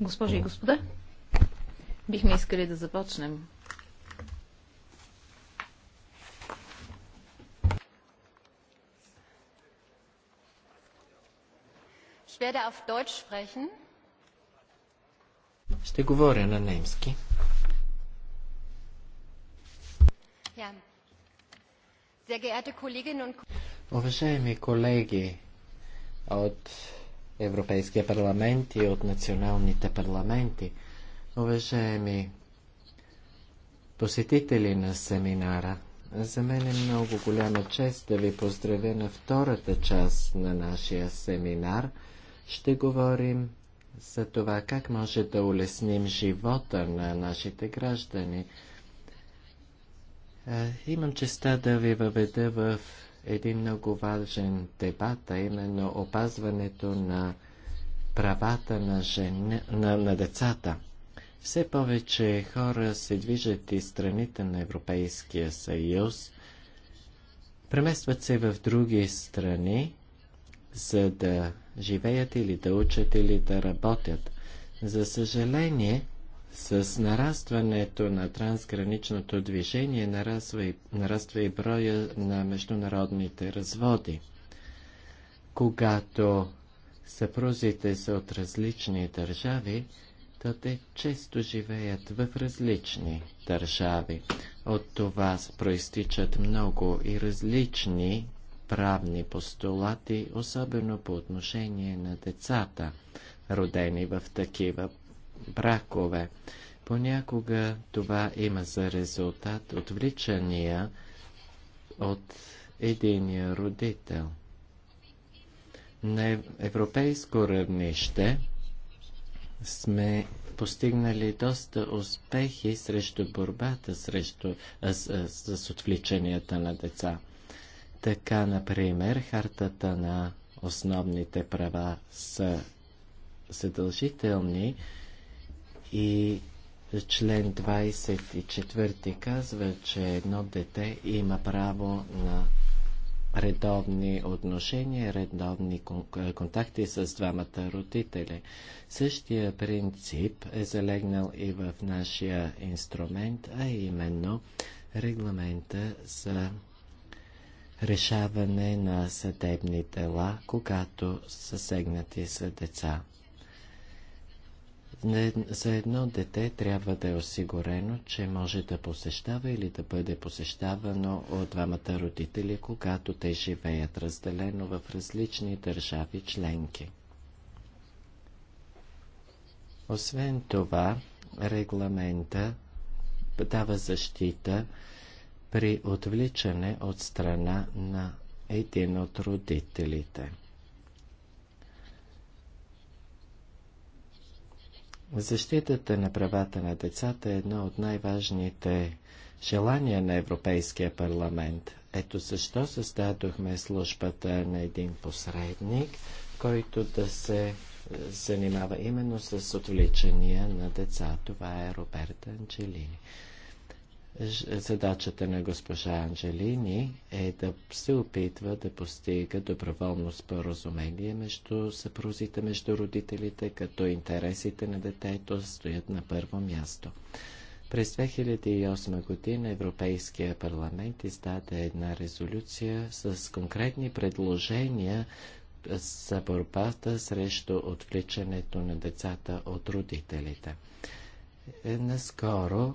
Госпожи и господа, бихме искали да започнем. Ще говоря на немски. Уважаеми колеги от Европейския парламент и от националните парламенти. Уважаеми посетители на семинара, за мен е много голяма чест да ви поздравя на втората част на нашия семинар. Ще говорим за това как може да улесним живота на нашите граждани. Е, имам честа да ви въведа в един много важен дебат, а именно опазването на правата на, жен... на, на децата. Все повече хора се движат и страните на Европейския съюз, преместват се в други страни, за да живеят или да учат или да работят. За съжаление, с нарастването на трансграничното движение нараства и, нараства и броя на международните разводи. Когато съпрузите са от различни държави, то те често живеят в различни държави. От това проистичат много и различни правни постулати, особено по отношение на децата, родени в такива бракове. Понякога това има за резултат отвличания от единия родител. На европейско равнище сме постигнали доста успехи срещу борбата срещу, с, с, с отвличанията на деца. Така, например, хартата на основните права са задължителни, и член 24 казва, че едно дете има право на редовни отношения, редовни е, контакти с двамата родители. Същия принцип е залегнал и в нашия инструмент, а именно регламента за решаване на съдебни дела, когато са сегнати са деца. За едно дете трябва да е осигурено, че може да посещава или да бъде посещавано от двамата родители, когато те живеят разделено в различни държави членки. Освен това, регламента дава защита при отвличане от страна на един от родителите. Защитата на правата на децата е едно от най-важните желания на Европейския парламент. Ето защо създадохме службата на един посредник, който да се е, занимава именно с отвличания на деца. Това е Роберта Анджелини. Задачата на госпожа Анджелини е да се опитва да постига доброволно споразумение между съпрузите, между родителите, като интересите на детето стоят на първо място. През 2008 година Европейския парламент издаде една резолюция с конкретни предложения за борбата срещу отвличането на децата от родителите. Е, наскоро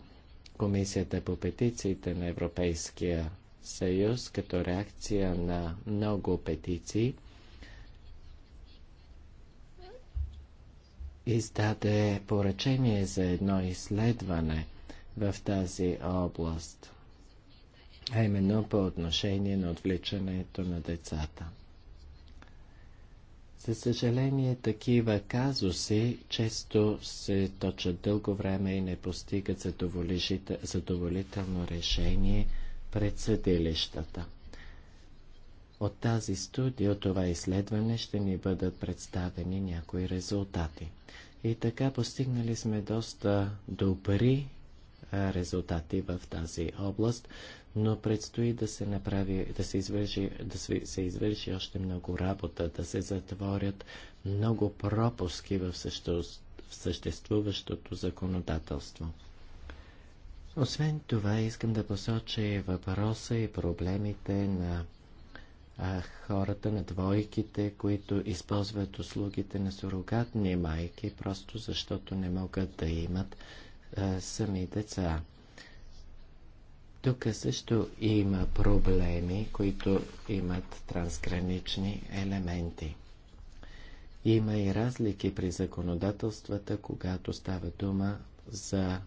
Комисията по петициите на Европейския съюз като реакция на много петиции издаде поръчение за едно изследване в тази област, а именно по отношение на отвличането на децата. За съжаление, такива казуси често се точат дълго време и не постигат задоволително решение пред съдилищата. От тази студия, от това изследване ще ни бъдат представени някои резултати. И така постигнали сме доста добри резултати в тази област, но предстои да се направи, да се извърши, да се, извърши още много работа, да се затворят много пропуски в, също, в съществуващото законодателство. Освен това, искам да посоча и въпроса и проблемите на а, хората, на двойките, които използват услугите на сурогатни майки, просто защото не могат да имат а, сами деца. Тук също има проблеми, които имат трансгранични елементи. Има и разлики при законодателствата, когато става дума за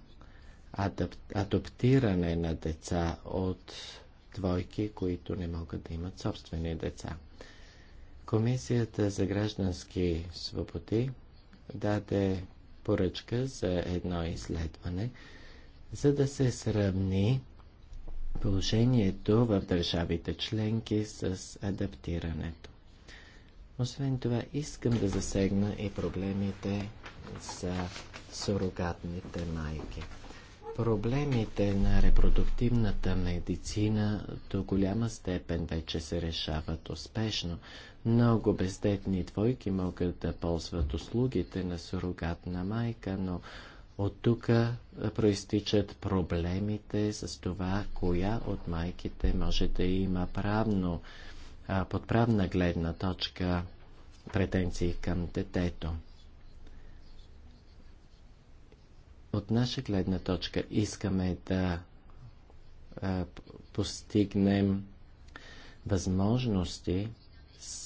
адап... адаптиране на деца от двойки, които не могат да имат собствени деца. Комисията за граждански свободи даде поръчка за едно изследване, за да се сравни положението в държавите членки с адаптирането. Освен това, искам да засегна и проблемите за сурогатните майки. Проблемите на репродуктивната медицина до голяма степен вече се решават успешно. Много бездетни двойки могат да ползват услугите на сурогатна майка, но от тук проистичат проблемите с това, коя от майките може да има правно, под правна гледна точка претенции към детето. От наша гледна точка искаме да постигнем възможности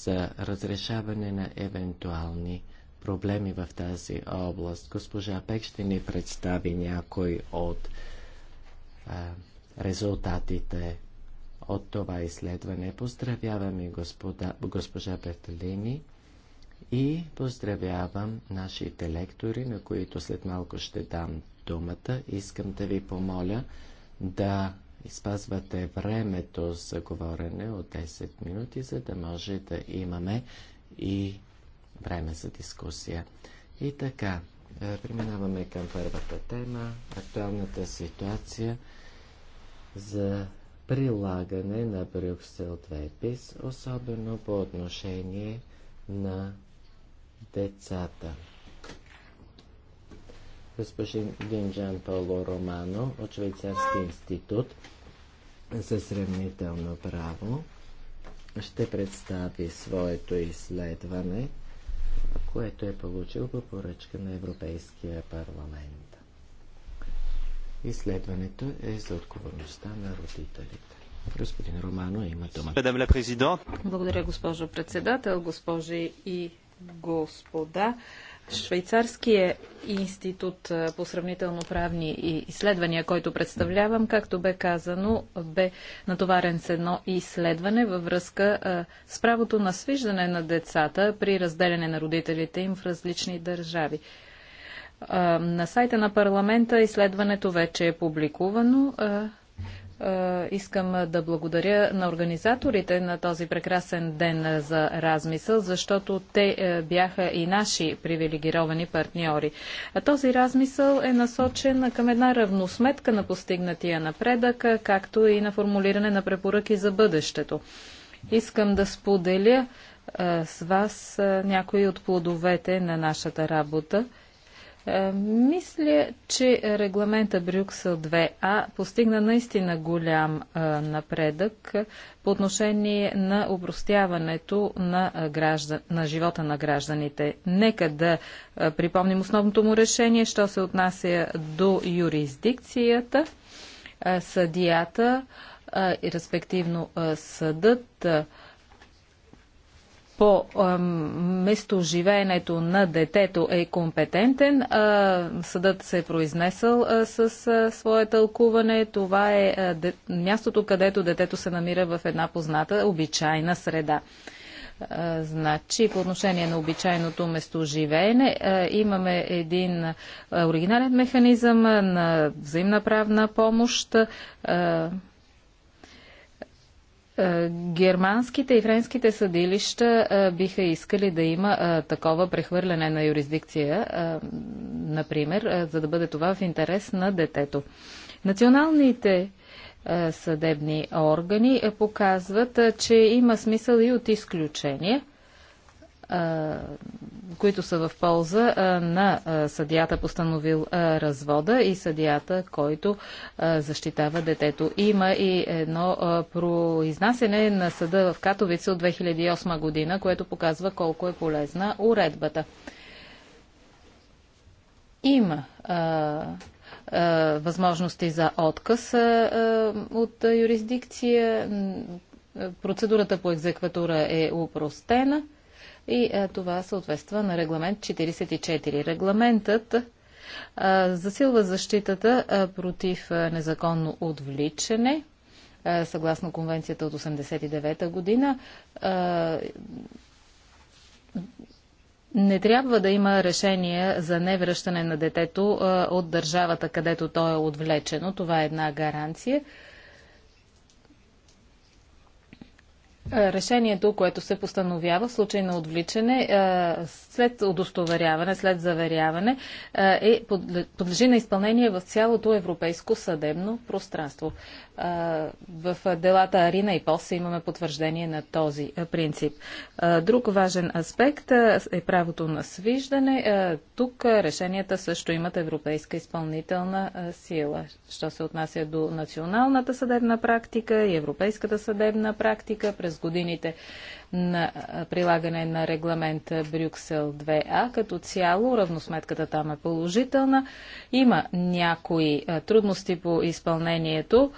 за разрешаване на евентуални проблеми в тази област. Госпожа Пек ще ни представи някой от а, резултатите от това изследване. Поздравявам и господа, госпожа Петлини и поздравявам нашите лектори, на които след малко ще дам думата. Искам да ви помоля да изпазвате времето за говорене от 10 минути, за да може да имаме и време за дискусия. И така, е, преминаваме към първата тема актуалната ситуация за прилагане на Брюксел 2 ПИС, особено по отношение на децата. Господин Джан Пауло Романо от Швейцарски институт за сравнително право ще представи своето изследване – което е получил по поръчка на Европейския парламент. Изследването е за отговорността на родителите. Господин Романо има дума. Благодаря, госпожо председател, госпожи и господа. Швейцарския институт по сравнително правни изследвания, който представлявам, както бе казано, бе натоварен с едно изследване във връзка с правото на свиждане на децата при разделяне на родителите им в различни държави. на сайта на парламента изследването вече е публикувано. Е, искам да благодаря на организаторите на този прекрасен ден за размисъл, защото те е, бяха и наши привилегировани партньори. Този размисъл е насочен към една равносметка на постигнатия напредък, както и на формулиране на препоръки за бъдещето. Искам да споделя е, с вас някои от плодовете на нашата работа. Е, мисля, че регламента Брюксел 2А постигна наистина голям е, напредък по отношение на обростяването на, е, граждан, на живота на гражданите. Нека да припомним основното му решение, що се отнася до юрисдикцията, съдията и респективно съдът по местоживеенето на детето е компетентен. Съдът се е произнесъл с свое тълкуване. Това е мястото, където детето се намира в една позната обичайна среда. Значи, по отношение на обичайното местоживеене, имаме един оригинален механизъм на взаимна правна помощ е, германските и френските съдилища е, биха искали да има е, такова прехвърляне на юрисдикция, например, за да бъде това в интерес на детето. Националните съдебни органи показват, че има смисъл и от изключения – които са в полза на съдията постановил развода и съдията, който защитава детето. Има и едно произнасене на съда в Катовица от 2008 година, което показва колко е полезна уредбата. Има възможности за отказ от юрисдикция. Процедурата по екзекватура е упростена – и а, е, това съответства на регламент 44. Регламентът а, е, засилва защитата а, е, против а, незаконно отвличане, а, съгласно конвенцията от 89 година. А, не трябва да има решение за невръщане на детето а, от държавата, където то е отвлечено. Това е една гаранция. Е, решението, което се постановява в случай на отвличане, е, след удостоверяване, след заверяване, е, подлежи на изпълнение в цялото европейско съдебно пространство в делата Арина и после имаме потвърждение на този принцип. Друг важен аспект е правото на свиждане. Тук решенията също имат европейска изпълнителна сила. Що се отнася до националната съдебна практика и европейската съдебна практика през годините на прилагане на регламент Брюксел 2А. Като цяло равносметката там е положителна. Има някои трудности по изпълнението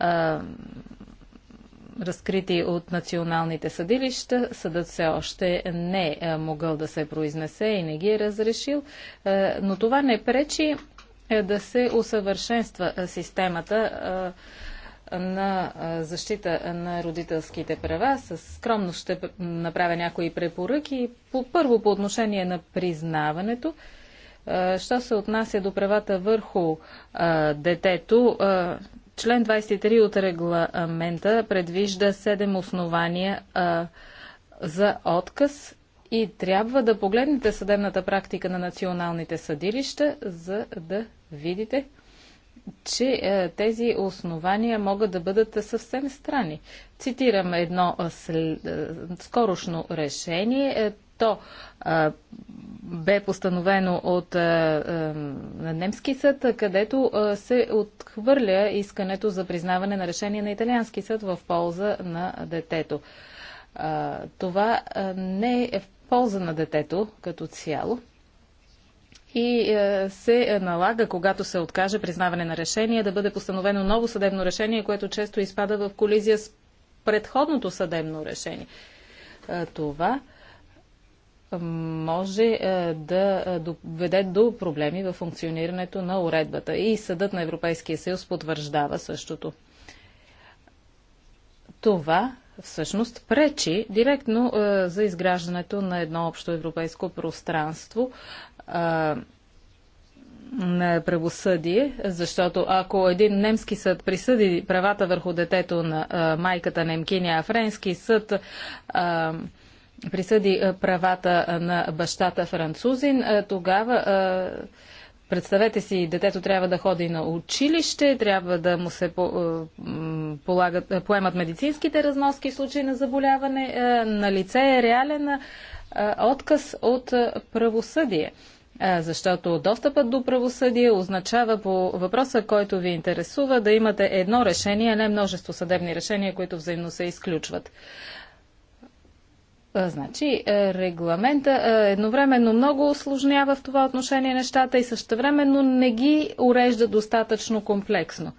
а, разкрити от националните съдилища. Съдът все още не е могъл да се произнесе и не ги е разрешил, но това не пречи е, да се усъвършенства системата на защита на родителските права. С скромно ще направя някои препоръки. Първо по отношение на признаването. Що се отнася до правата върху а, детето, а, Член 23 от регламента предвижда 7 основания а, за отказ и трябва да погледнете съдебната практика на националните съдилища, за да видите, че а, е, тези основания могат да бъдат съвсем страни. Цитирам едно а, е, скорошно решение. Е, защо а, бе постановено от а, а, немски съд, където а, се отхвърля искането за признаване на решение на италиански съд в полза на детето. А, това а, не е в полза на детето като цяло и се налага, когато се откаже признаване на решение, да бъде постановено ново съдебно решение, което често изпада в колизия с предходното съдебно решение. Това може е, да е, доведе до проблеми в функционирането на уредбата. И Съдът на Европейския съюз потвърждава същото. Това всъщност пречи директно е, за изграждането на едно общо европейско пространство на правосъдие, защото ако един немски съд присъди правата върху детето на майката немкиня, а френски съд присъди правата на бащата французин, тогава Представете си, детето трябва да ходи на училище, трябва да му се по, полагат, поемат медицинските разноски в случай на заболяване. На лице е реален отказ от правосъдие. Защото достъпът до правосъдие означава по въпроса, който ви интересува, да имате едно решение, а не множество съдебни решения, които взаимно се изключват. Е, значи, е, регламента е, едновременно много осложнява в това отношение нещата и същевременно не ги урежда достатъчно комплексно.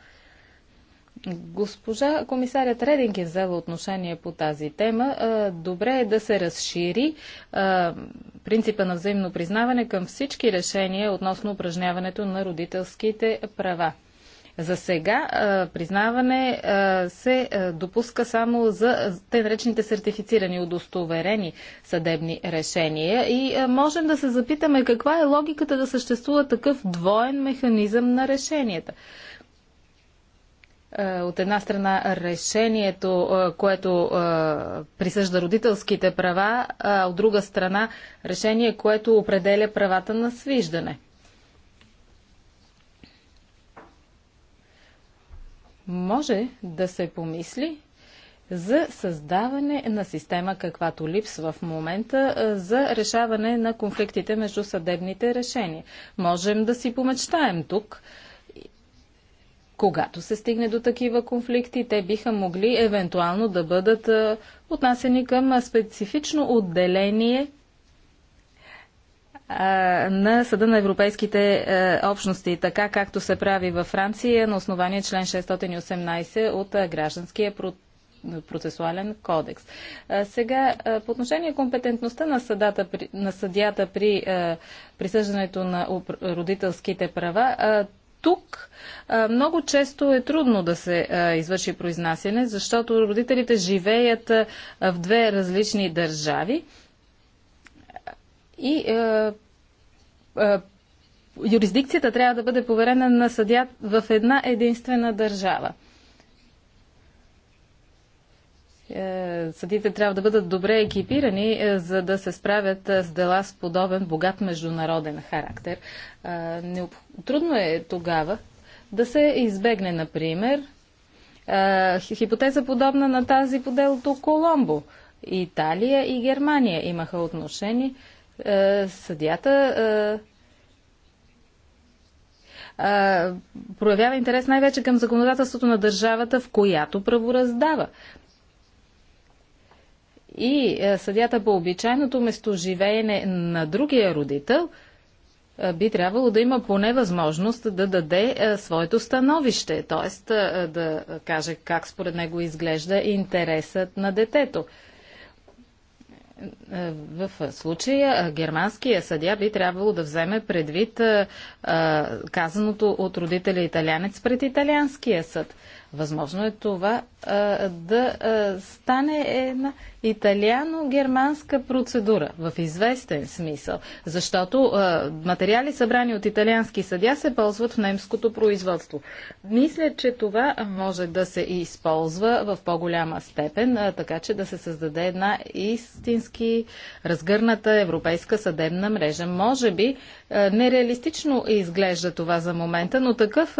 Госпожа комисарят Рединг е взела отношение по тази тема. Добре е да се разшири принципа на взаимно признаване към всички решения относно упражняването на родителските права. За сега признаване се допуска само за те наречените сертифицирани, удостоверени съдебни решения и можем да се запитаме каква е логиката да съществува такъв двоен механизъм на решенията от една страна решението, което присъжда родителските права, а от друга страна решение, което определя правата на свиждане. може да се помисли за създаване на система, каквато липсва в момента, за решаване на конфликтите между съдебните решения. Можем да си помечтаем тук. Когато се стигне до такива конфликти, те биха могли евентуално да бъдат отнасени към специфично отделение на Съда на европейските общности, така както се прави във Франция на основание член 618 от Гражданския протокол процесуален кодекс. Сега, по отношение компетентността на, съдата, на съдята при присъждането на родителските права, тук много често е трудно да се извърши произнасяне, защото родителите живеят в две различни държави и е, е, юрисдикцията трябва да бъде поверена на съдят в една единствена държава. Е, съдите трябва да бъдат добре екипирани, е, за да се справят е, с дела с подобен богат международен характер. Е, трудно е тогава да се избегне, например, е, хипотеза подобна на тази по делото Коломбо. Италия и Германия имаха отношение е, съдята е, е, проявява интерес най-вече към законодателството на държавата, в която правораздава. И съдята по обичайното местоживеене на другия родител би трябвало да има поне възможност да даде своето становище, т.е. да каже как според него изглежда интересът на детето. Е, в случая е, германския съдя би трябвало да вземе предвид е, казаното от родителя италянец пред италианския съд. Възможно е това да стане една италиано-германска процедура в известен смисъл, защото материали събрани от италиански съдя се ползват в немското производство. Мисля, че това може да се използва в по-голяма степен, така че да се създаде една истински разгърната европейска съдебна мрежа. Може би нереалистично изглежда това за момента, но такъв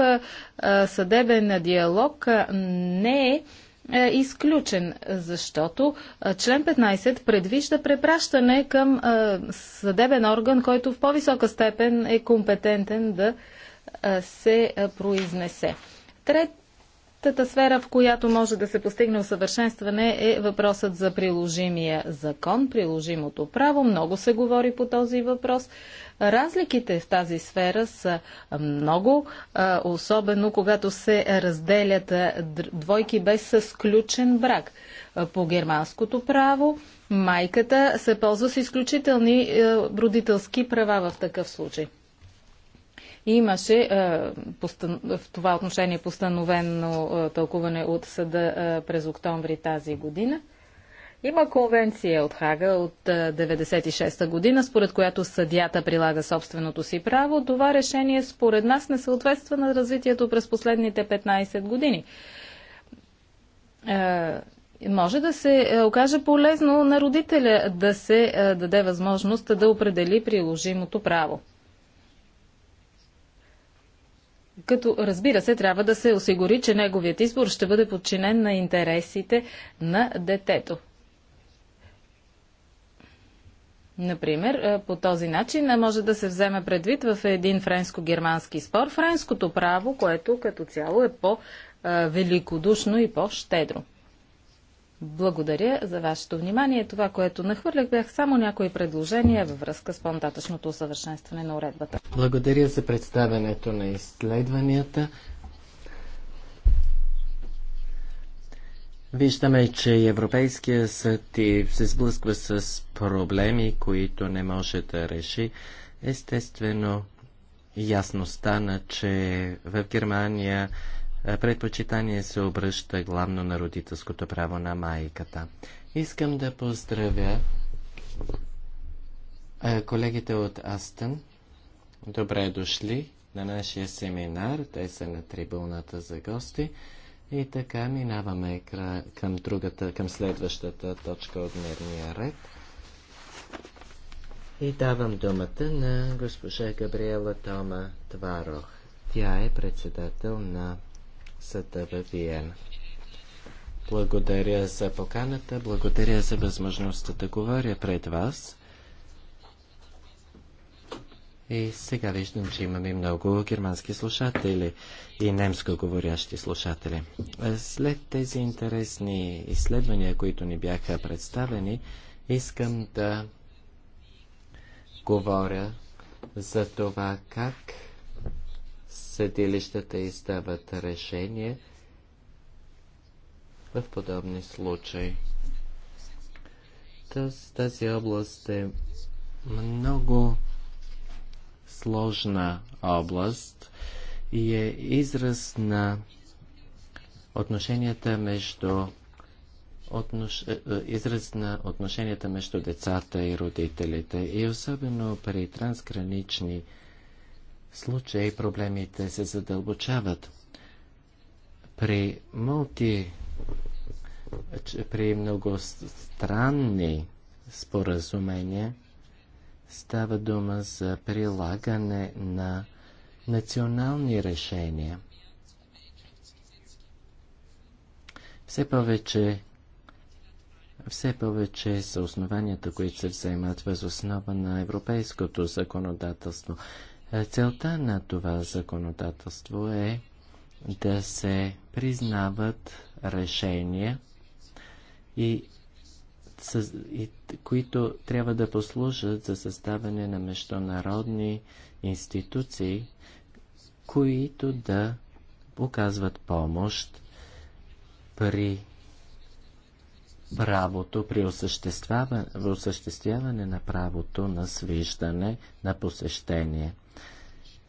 съдебен диалог не е е изключен, защото е, член 15 предвижда препращане към е, съдебен орган, който в по-висока степен е компетентен да е, се произнесе. Трет, Тата сфера, в която може да се постигне усъвършенстване е въпросът за приложимия закон, приложимото право. Много се говори по този въпрос. Разликите в тази сфера са много, особено когато се разделят двойки без сключен брак. По германското право майката се ползва с изключителни родителски права в такъв случай. Имаше в това отношение постановено тълкуване от съда през октомври тази година. Има конвенция от Хага от 96-та година, според която съдята прилага собственото си право. Това решение според нас не съответства на развитието през последните 15 години. може да се окаже полезно на родителя да се даде възможност да определи приложимото право. Като разбира се, трябва да се осигури, че неговият избор ще бъде подчинен на интересите на детето. Например, е, по този начин е, може да се вземе предвид в един френско-германски спор френското право, което като цяло е по-великодушно е, и по-щедро. Благодаря за вашето внимание. Това, което нахвърлях, бях само някои предложения във връзка с по-нататъчното усъвършенстване на уредбата. Благодаря за представянето на изследванията. Виждаме, че Европейския съд и се сблъсква с проблеми, които не може да реши. Естествено, ясно стана, че в Германия е, предпочитание се обръща главно на родителското право на майката. Искам да поздравя е, колегите от Астън. Добре дошли на нашия семинар. Те са на трибуната за гости. И така минаваме към, другата, към следващата точка от дневния ред. И давам думата на госпожа Габриела Тома Тварох. Тя е председател на за тебе, Виена. Благодаря за поканата, благодаря за възможността да говоря пред вас. И сега виждам, че имаме много германски слушатели и немско говорящи слушатели. След тези интересни изследвания, които ни бяха представени, искам да говоря за това как съдилищата издават решение в подобни случаи. Таз, тази област е много сложна област и е израз на отношенията между отнош... Е, е, израз на отношенията между децата и родителите и особено при трансгранични случай проблемите се задълбочават. При мулти при многостранни споразумения става дума за прилагане на национални решения. Все повече все повече са основанията, които се вземат въз основа на европейското законодателство. Целта на това законодателство е да се признават решения и, и които трябва да послужат за съставяне на международни институции, които да оказват помощ при правото, при осъществяване, осъществяване на правото на свиждане, на посещение –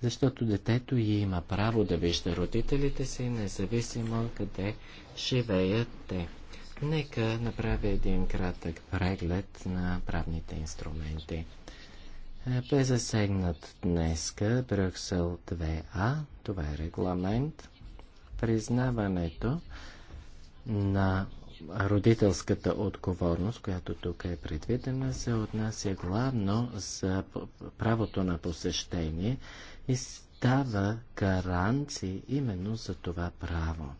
защото детето и има право да вижда родителите си, независимо къде живеят те. Нека направя един кратък преглед на правните инструменти. Е, бе засегнат днеска Брюксел 2А, това е регламент, признаването на родителската отговорност, която тук е предвидена, се отнася главно за правото на посещение и става гаранции именно за това право.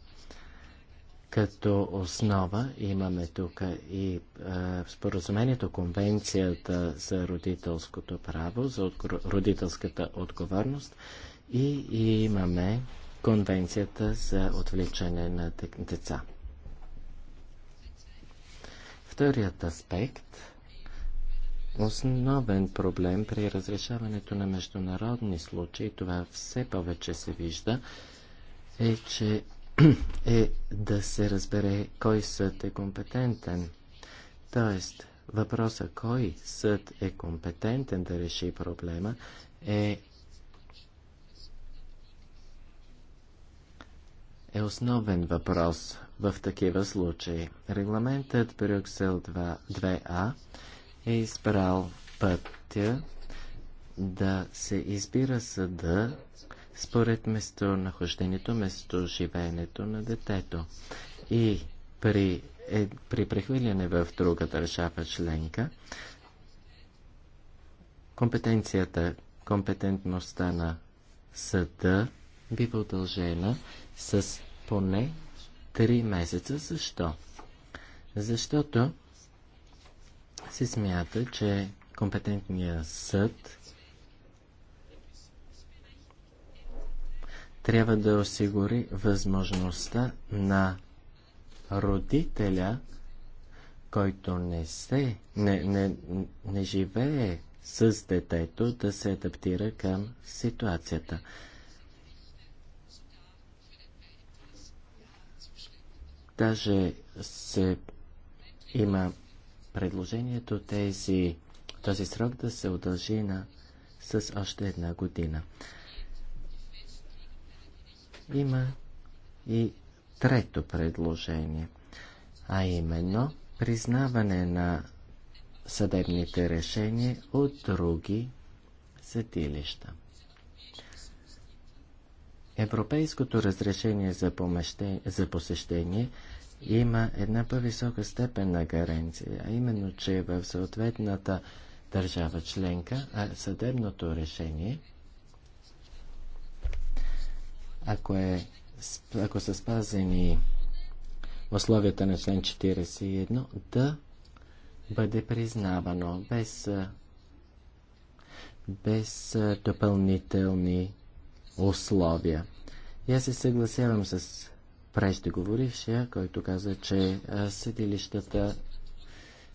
Като основа имаме тук и е, споразумението, конвенцията за родителското право, за родителската отговорност и, и имаме конвенцията за отвличане на деца. Вторият аспект – Основен проблем при разрешаването на международни случаи, това все повече се вижда, е, че е да се разбере кой съд е компетентен. Тоест, въпроса кой съд е компетентен да реши проблема е е основен въпрос в такива случаи. Регламентът Брюксел 2, 2А е избрал пътя да се избира съда според местонахождението, местоживеенето на детето. И при, е, при прехвърляне в друга държава членка, компетенцията, компетентността на съда бива удължена с поне 3 месеца. Защо? Защото се смята, че компетентният съд трябва да осигури възможността на родителя, който не, се, не, не, не живее с детето, да се адаптира към ситуацията. Даже се има предложението тези, този срок да се удължи на с още една година. Има и трето предложение, а именно признаване на съдебните решения от други съдилища. Европейското разрешение за, помещение, за посещение има една по-висока степен на гаранция, а именно, че в съответната държава членка, а съдебното решение, ако, е, ако са спазени условията на член 41, да бъде признавано без, без допълнителни условия. Я се съгласявам с преждеговорившия, който каза, че съдилищата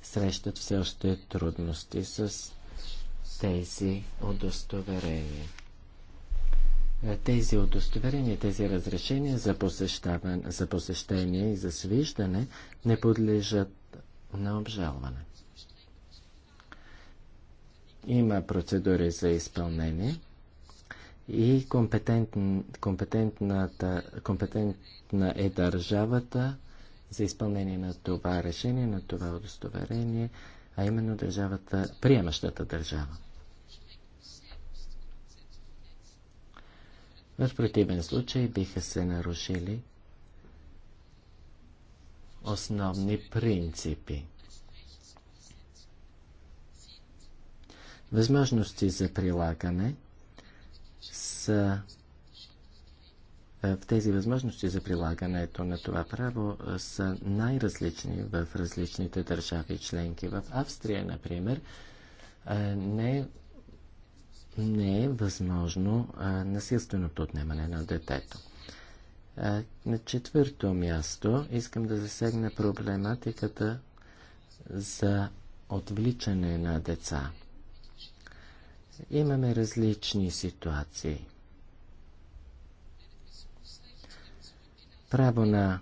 срещат все още трудности с тези удостоверения. Тези удостоверения, тези разрешения за, за посещение и за свиждане не подлежат на обжалване. Има процедури за изпълнение – и компетентна, компетентна е държавата за изпълнение на това решение, на това удостоверение, а именно държавата, приемащата държава. В противен случай биха се нарушили основни принципи. Възможности за прилагане – са е, в тези възможности за прилагането на това право е, са най-различни в различните държави и членки. В Австрия, например, е, не, не е възможно насилственото отнемане на детето. На четвърто място искам да засегна проблематиката за отвличане на деца. Имаме различни ситуации – право на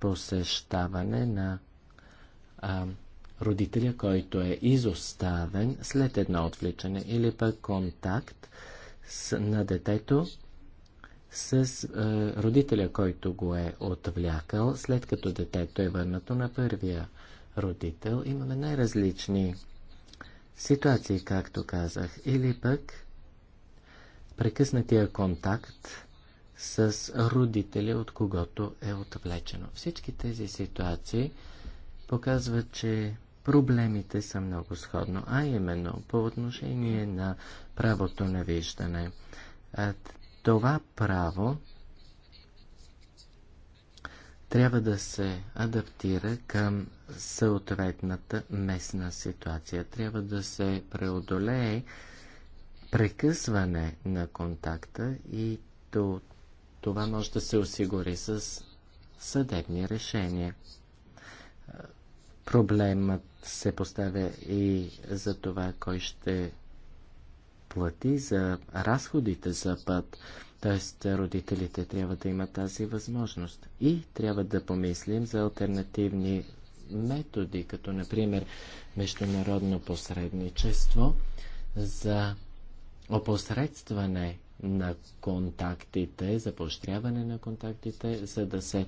посещаване на а, родителя, който е изоставен след едно отвличане или пък контакт с, на детето с е, родителя, който го е отвлякал, след като детето е върнато на първия родител. Имаме най-различни ситуации, както казах, или пък прекъснатия контакт с родителя, от когото е отвлечено. Всички тези ситуации показват, че проблемите са много сходно, а именно по отношение на правото на виждане. Това право трябва да се адаптира към съответната местна ситуация. Трябва да се преодолее прекъсване на контакта и това може да се осигури с съдебни решения. Проблемът се поставя и за това, кой ще плати за разходите за път. Т.е. родителите трябва да имат тази възможност. И трябва да помислим за альтернативни методи, като например международно посредничество за опосредстване на контактите, за поощряване на контактите, за да се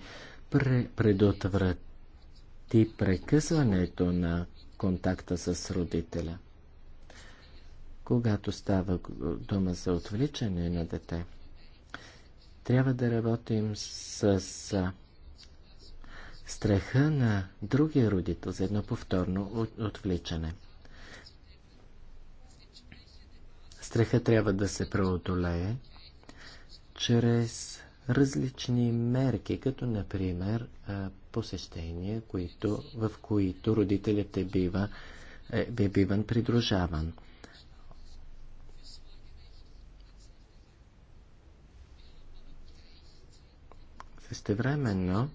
предотврати прекъсването на контакта с родителя. Когато става дума за отвличане на дете, трябва да работим с, страха на другия родител за едно повторно отвличане. Страха трябва да се преодолее чрез различни мерки, като например посещения, които, в които родителят е, бива, е, е биван придружаван. Същевременно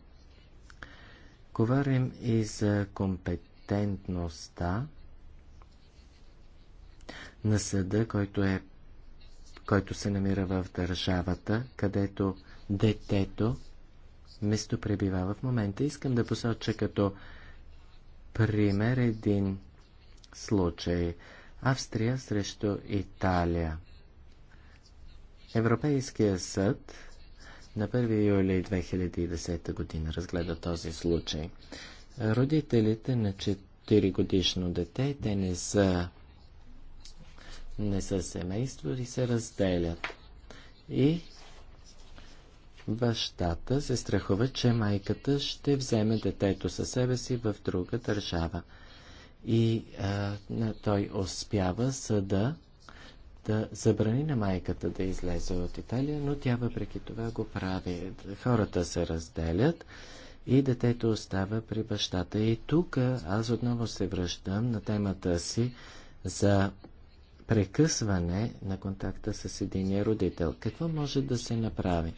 говорим и за компетентността на съда, който, е, който се намира в държавата, където детето место пребивава в момента. Искам да посоча като пример един случай. Австрия срещу Италия. Европейския съд на 1 юли 2010 година разгледа този случай. Родителите на 4 годишно дете, те не са не са семейство и се разделят. И бащата се страхува, че майката ще вземе детето със себе си в друга държава. И а, той успява съда да забрани на майката да излезе от Италия, но тя въпреки това го прави. Хората се разделят и детето остава при бащата. И тук аз отново се връщам на темата си за прекъсване на контакта с единия родител. Какво може да се направи?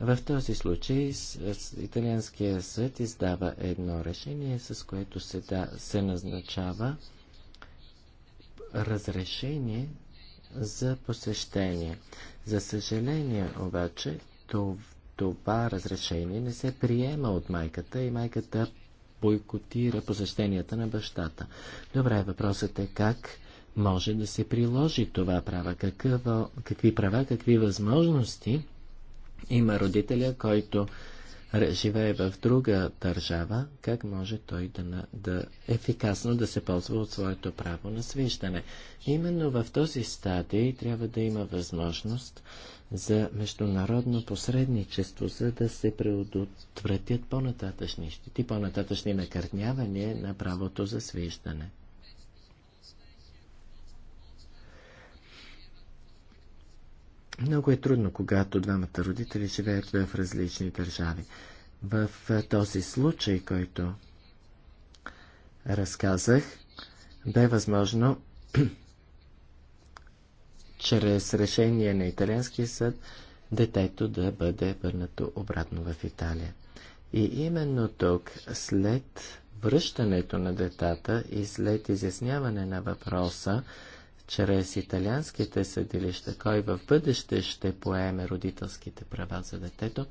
В този случай Италианския съд издава едно решение, с което се, да, се назначава разрешение за посещение. За съжаление обаче, това разрешение не се приема от майката и майката бойкотира посещенията на бащата. Добре, въпросът е как може да се приложи това права? какво, какви права, какви възможности има родителя, който живее в друга държава, как може той да, да ефикасно да се ползва от своето право на свиждане. Именно в този стадий трябва да има възможност за международно посредничество, за да се предотвратят по-нататъчни щити, по-нататъчни накърнявания на правото за свиждане. Много е трудно, когато двамата родители живеят в различни държави. В този случай, който разказах, бе възможно чрез решение на италианския съд детето да бъде върнато обратно в Италия. И именно тук, след връщането на детата и след изясняване на въпроса, чрез италианските съдилища, кой в бъдеще ще поеме родителските права за детето,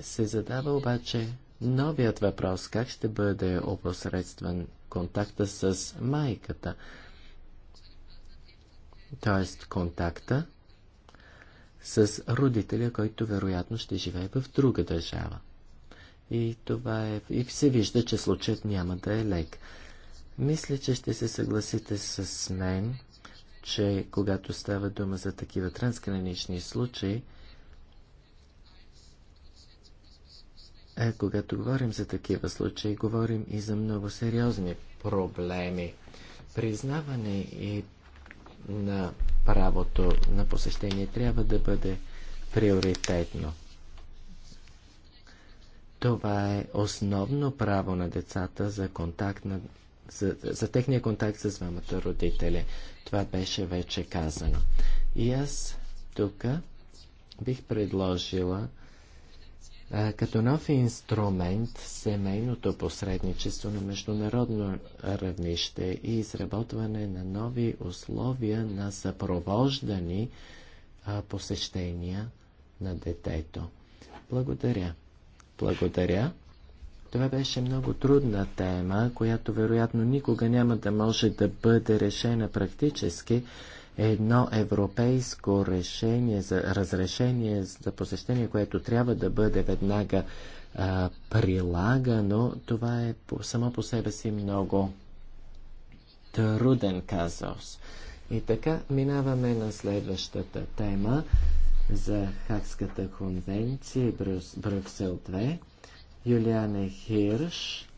се задава обаче новият въпрос, как ще бъде опосредстван контакта с майката, т.е. контакта с родителя, който вероятно ще живее в друга държава. И това е, и се вижда, че случаят няма да е лек. Мисля, че ще се съгласите с мен, че когато става дума за такива трансгранични случаи, е, когато говорим за такива случаи, говорим и за много сериозни проблеми. Признаване и на правото на посещение трябва да бъде приоритетно. Това е основно право на децата за контакт на за, за техния контакт с двамата родители. Това беше вече казано. И аз тук бих предложила а, като нов инструмент семейното посредничество на международно равнище и изработване на нови условия на съпровождани а, посещения на детето. Благодаря. Благодаря. Това беше много трудна тема, която вероятно никога няма да може да бъде решена практически. Едно европейско решение за разрешение за посещение, което трябва да бъде веднага а, прилагано, това е по, само по себе си много труден казус. И така минаваме на следващата тема за Хакската конвенция Брюксел 2. Юлиане Хирш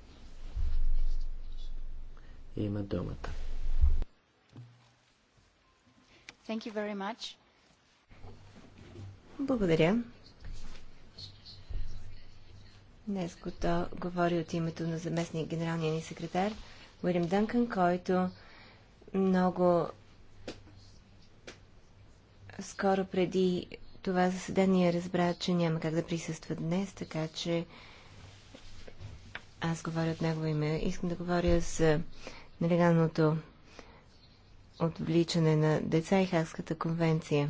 има думата. Thank you very much. Благодаря. Днес то говори от името на заместник генералния ни секретар Уилям Дънкън, който много скоро преди това заседание разбра, че няма как да присъства днес, така че аз говоря от негово име. Искам да говоря за нелегалното отвличане на деца и Хагската конвенция.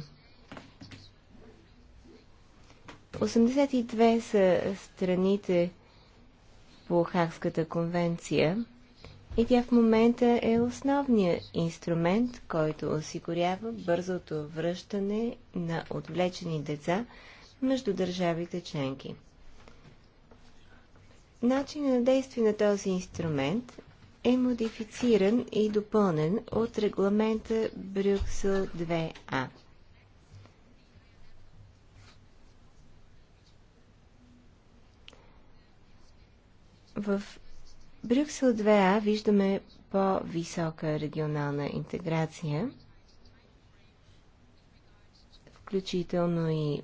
82 са страните по Хагската конвенция и тя в момента е основният инструмент, който осигурява бързото връщане на отвлечени деца между държавите членки. Начинът на действие на този инструмент е модифициран и допълнен от регламента Брюксел 2А. В Брюксел 2А виждаме по-висока регионална интеграция, включително и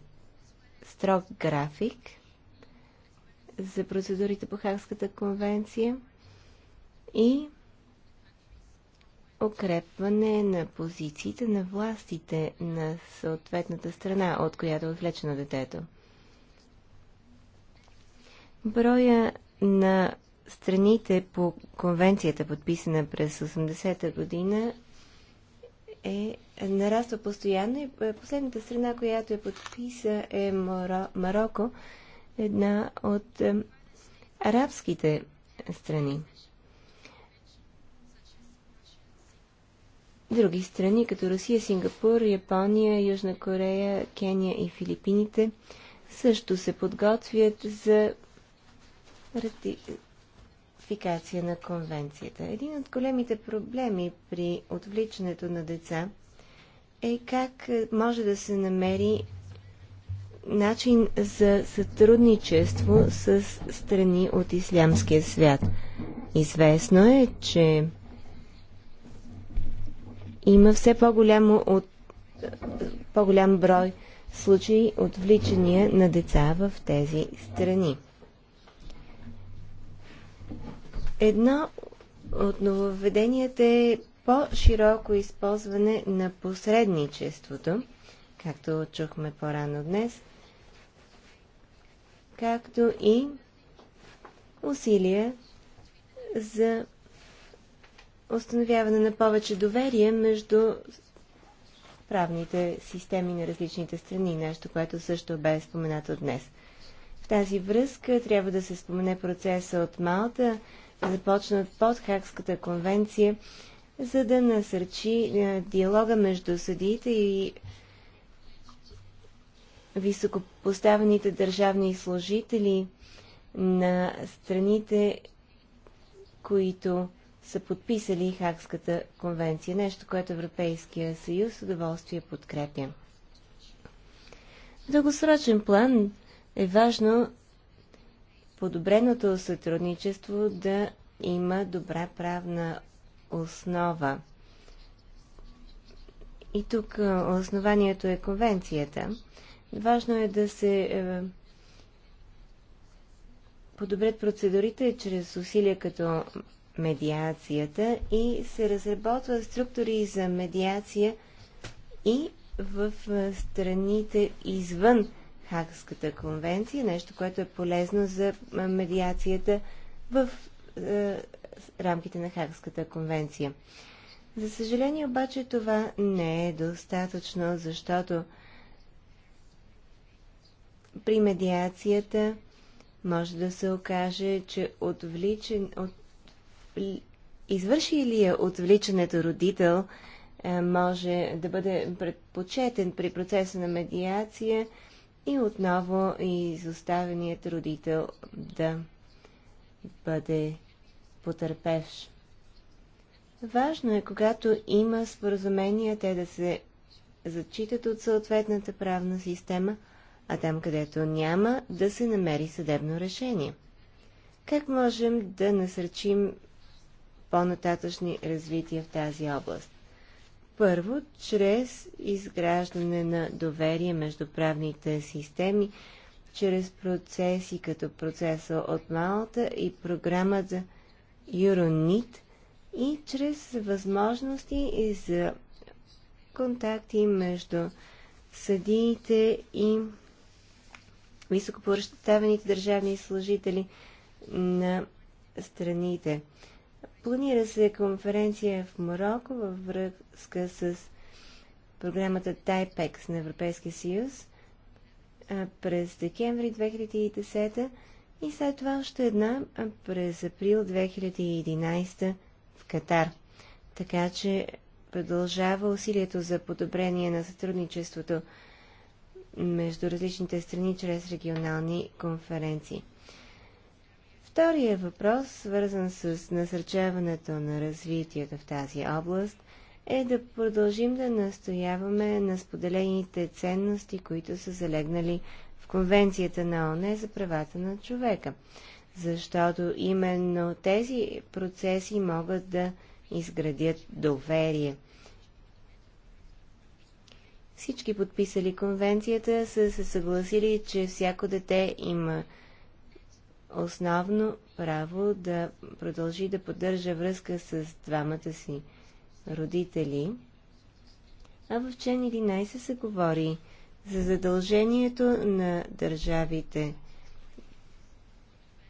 строг график – за процедурите по Хагската конвенция и укрепване на позициите на властите на съответната страна, от която е отвлечено детето. Броя на страните по конвенцията, подписана през 80-та година, е нараства постоянно и е, последната страна, която е подписа е Мароко, една от арабските страни. Други страни, като Русия, Сингапур, Япония, Южна Корея, Кения и Филипините, също се подготвят за ратификация на конвенцията. Един от големите проблеми при отвличането на деца е как е, може да се намери начин за сътрудничество с страни от ислямския свят. Известно е, че има все по-голямо от, по-голям брой случаи отвличания на деца в тези страни. Едно от нововведенията е по-широко използване на посредничеството, както чухме по-рано днес – както и усилия за установяване на повече доверие между правните системи на различните страни, нещо, което също бе споменато днес. В тази връзка трябва да се спомене процеса от Малта, започнат под Хакската конвенция, за да насърчи е, диалога между съдиите и високопоставените държавни служители на страните, които са подписали Хакската конвенция. Нещо, което Европейския съюз с удоволствие подкрепя. В дългосрочен план е важно подобреното сътрудничество да има добра правна основа. И тук основанието е конвенцията. Важно е да се е, подобрят процедурите чрез усилия като медиацията и се разработват структури за медиация и в е, страните извън Хагската конвенция, нещо, което е полезно за е, медиацията в е, рамките на Хагската конвенция. За съжаление обаче това не е достатъчно, защото при медиацията може да се окаже, че отвличен, от, извърши ли я е отвличането родител, е, може да бъде предпочетен при процеса на медиация и отново изоставеният родител да бъде потърпевш. Важно е, когато има споразумения, те да се зачитат от съответната правна система – а там, където няма, да се намери съдебно решение. Как можем да насърчим по-нататъчни развития в тази област? Първо, чрез изграждане на доверие между правните системи, чрез процеси като процеса от Малта и програмата Юронит и чрез възможности и за контакти между съдиите и високопоръщаваните държавни служители на страните. Планира се конференция в Марокко във връзка с програмата TIPEX на Европейския съюз през декември 2010 и след това още една през април 2011 в Катар. Така че продължава усилието за подобрение на сътрудничеството между различните страни чрез регионални конференции. Втория въпрос, свързан с насърчаването на развитието в тази област, е да продължим да настояваме на споделените ценности, които са залегнали в Конвенцията на ОНЕ за правата на човека, защото именно тези процеси могат да изградят доверие – всички подписали конвенцията са се съгласили, че всяко дете има основно право да продължи да поддържа връзка с двамата си родители. А в чен 11 се говори за задължението на държавите,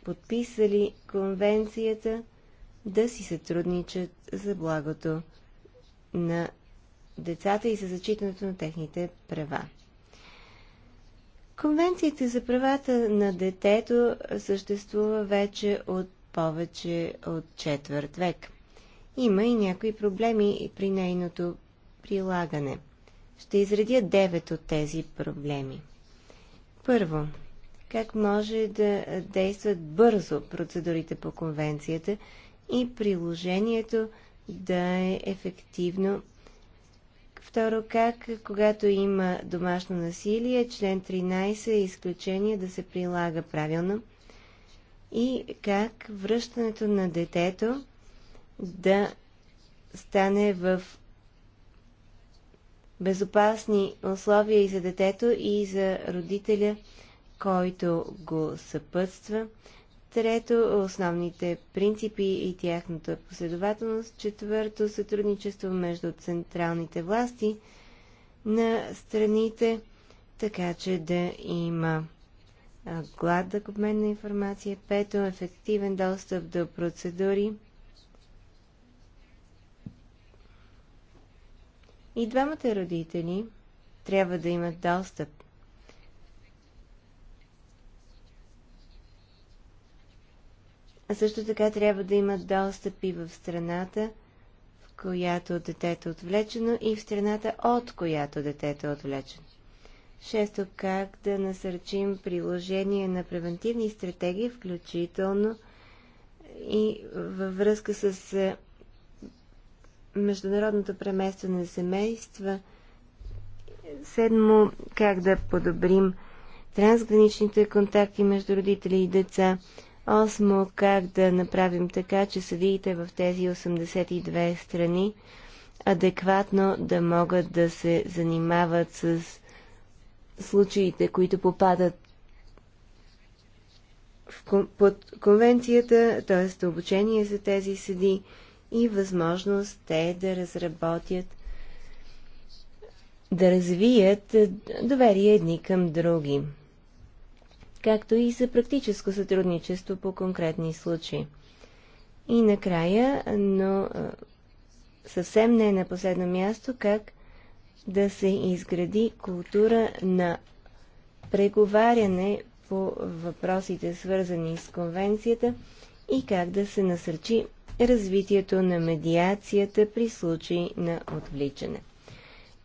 подписали конвенцията, да си сътрудничат за благото на децата и за зачитането на техните права. Конвенцията за правата на детето съществува вече от повече от четвърт век. Има и някои проблеми при нейното прилагане. Ще изредя девет от тези проблеми. Първо, как може да действат бързо процедурите по конвенцията и приложението да е ефективно Второ, как когато има домашно насилие, член 13 е изключение да се прилага правилно и как връщането на детето да стане в безопасни условия и за детето, и за родителя, който го съпътства, Трето, основните принципи и тяхната последователност. Четвърто, сътрудничество между централните власти на страните, така че да има гладък обмен на информация. Пето, ефективен достъп до процедури. И двамата родители трябва да имат достъп А също така трябва да има достъпи в страната, в която детето е отвлечено и в страната, от която детето е отвлечено. Шесто, как да насърчим приложение на превентивни стратегии, включително и във връзка с е, международното преместване на семейства. Седмо, как да подобрим трансграничните контакти между родители и деца. Осмо, как да направим така, че съдиите в тези 82 страни адекватно да могат да се занимават с случаите, които попадат в, под конвенцията, т.е. обучение за тези съди и възможност те да разработят, да развият доверие едни към други както и за практическо сътрудничество по конкретни случаи. И накрая, но съвсем не на последно място, как да се изгради култура на преговаряне по въпросите, свързани с конвенцията и как да се насърчи развитието на медиацията при случаи на отвличане.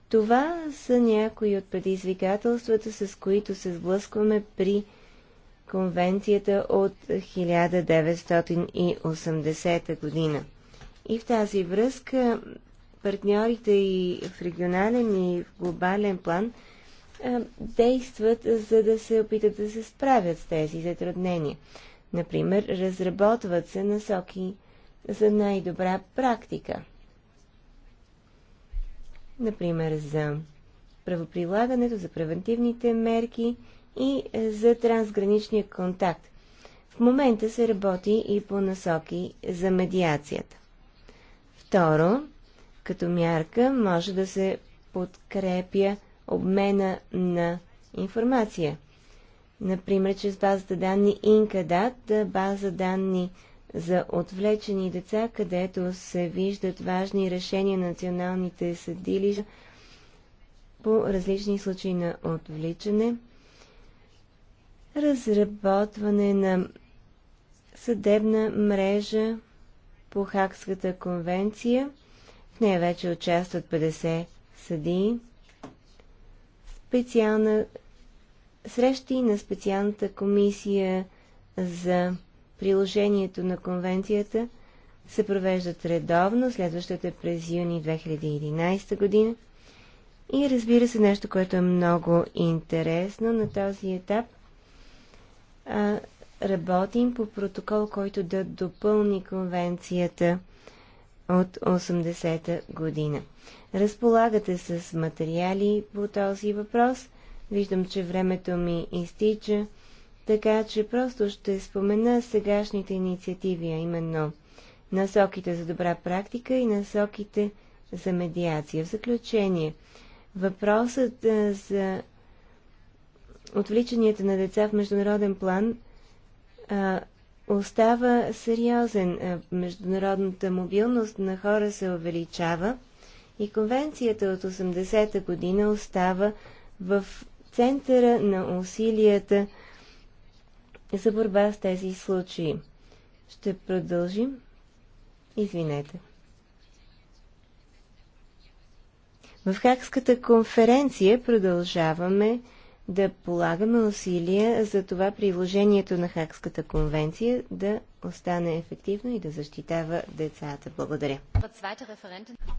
Това са някои от предизвикателствата, с които се сблъскваме при конвенцията от 1980 година. И в тази връзка партньорите и в регионален и в глобален план а, действат, за да се опитат да се справят с тези затруднения. Например, разработват се насоки за най-добра практика. Например, за правоприлагането, за превентивните мерки – и е, за трансграничния контакт. В момента се работи и по насоки за медиацията. Второ, като мярка може да се подкрепя обмена на информация. Например, чрез базата данни Инкадат, база данни за отвлечени деца, където се виждат важни решения на националните съдилища по различни случаи на отвличане – разработване на съдебна мрежа по Хакската конвенция. В нея вече участват 50 съдии. Специална срещи на специалната комисия за приложението на конвенцията се провеждат редовно, следващата е през юни 2011 година. И разбира се, нещо, което е много интересно на този етап – а, работим по протокол, който да допълни конвенцията от 80-та година. Разполагате с материали по този въпрос. Виждам, че времето ми изтича, така че просто ще спомена сегашните инициативи, а именно насоките за добра практика и насоките за медиация. В заключение, въпросът за отвличанията на деца в международен план а, остава сериозен. Международната мобилност на хора се увеличава и конвенцията от 80-та година остава в центъра на усилията за борба с тези случаи. Ще продължим. Извинете. В Хакската конференция продължаваме да полагаме усилия за това приложението на Хакската конвенция да остане ефективно и да защитава децата. Благодаря.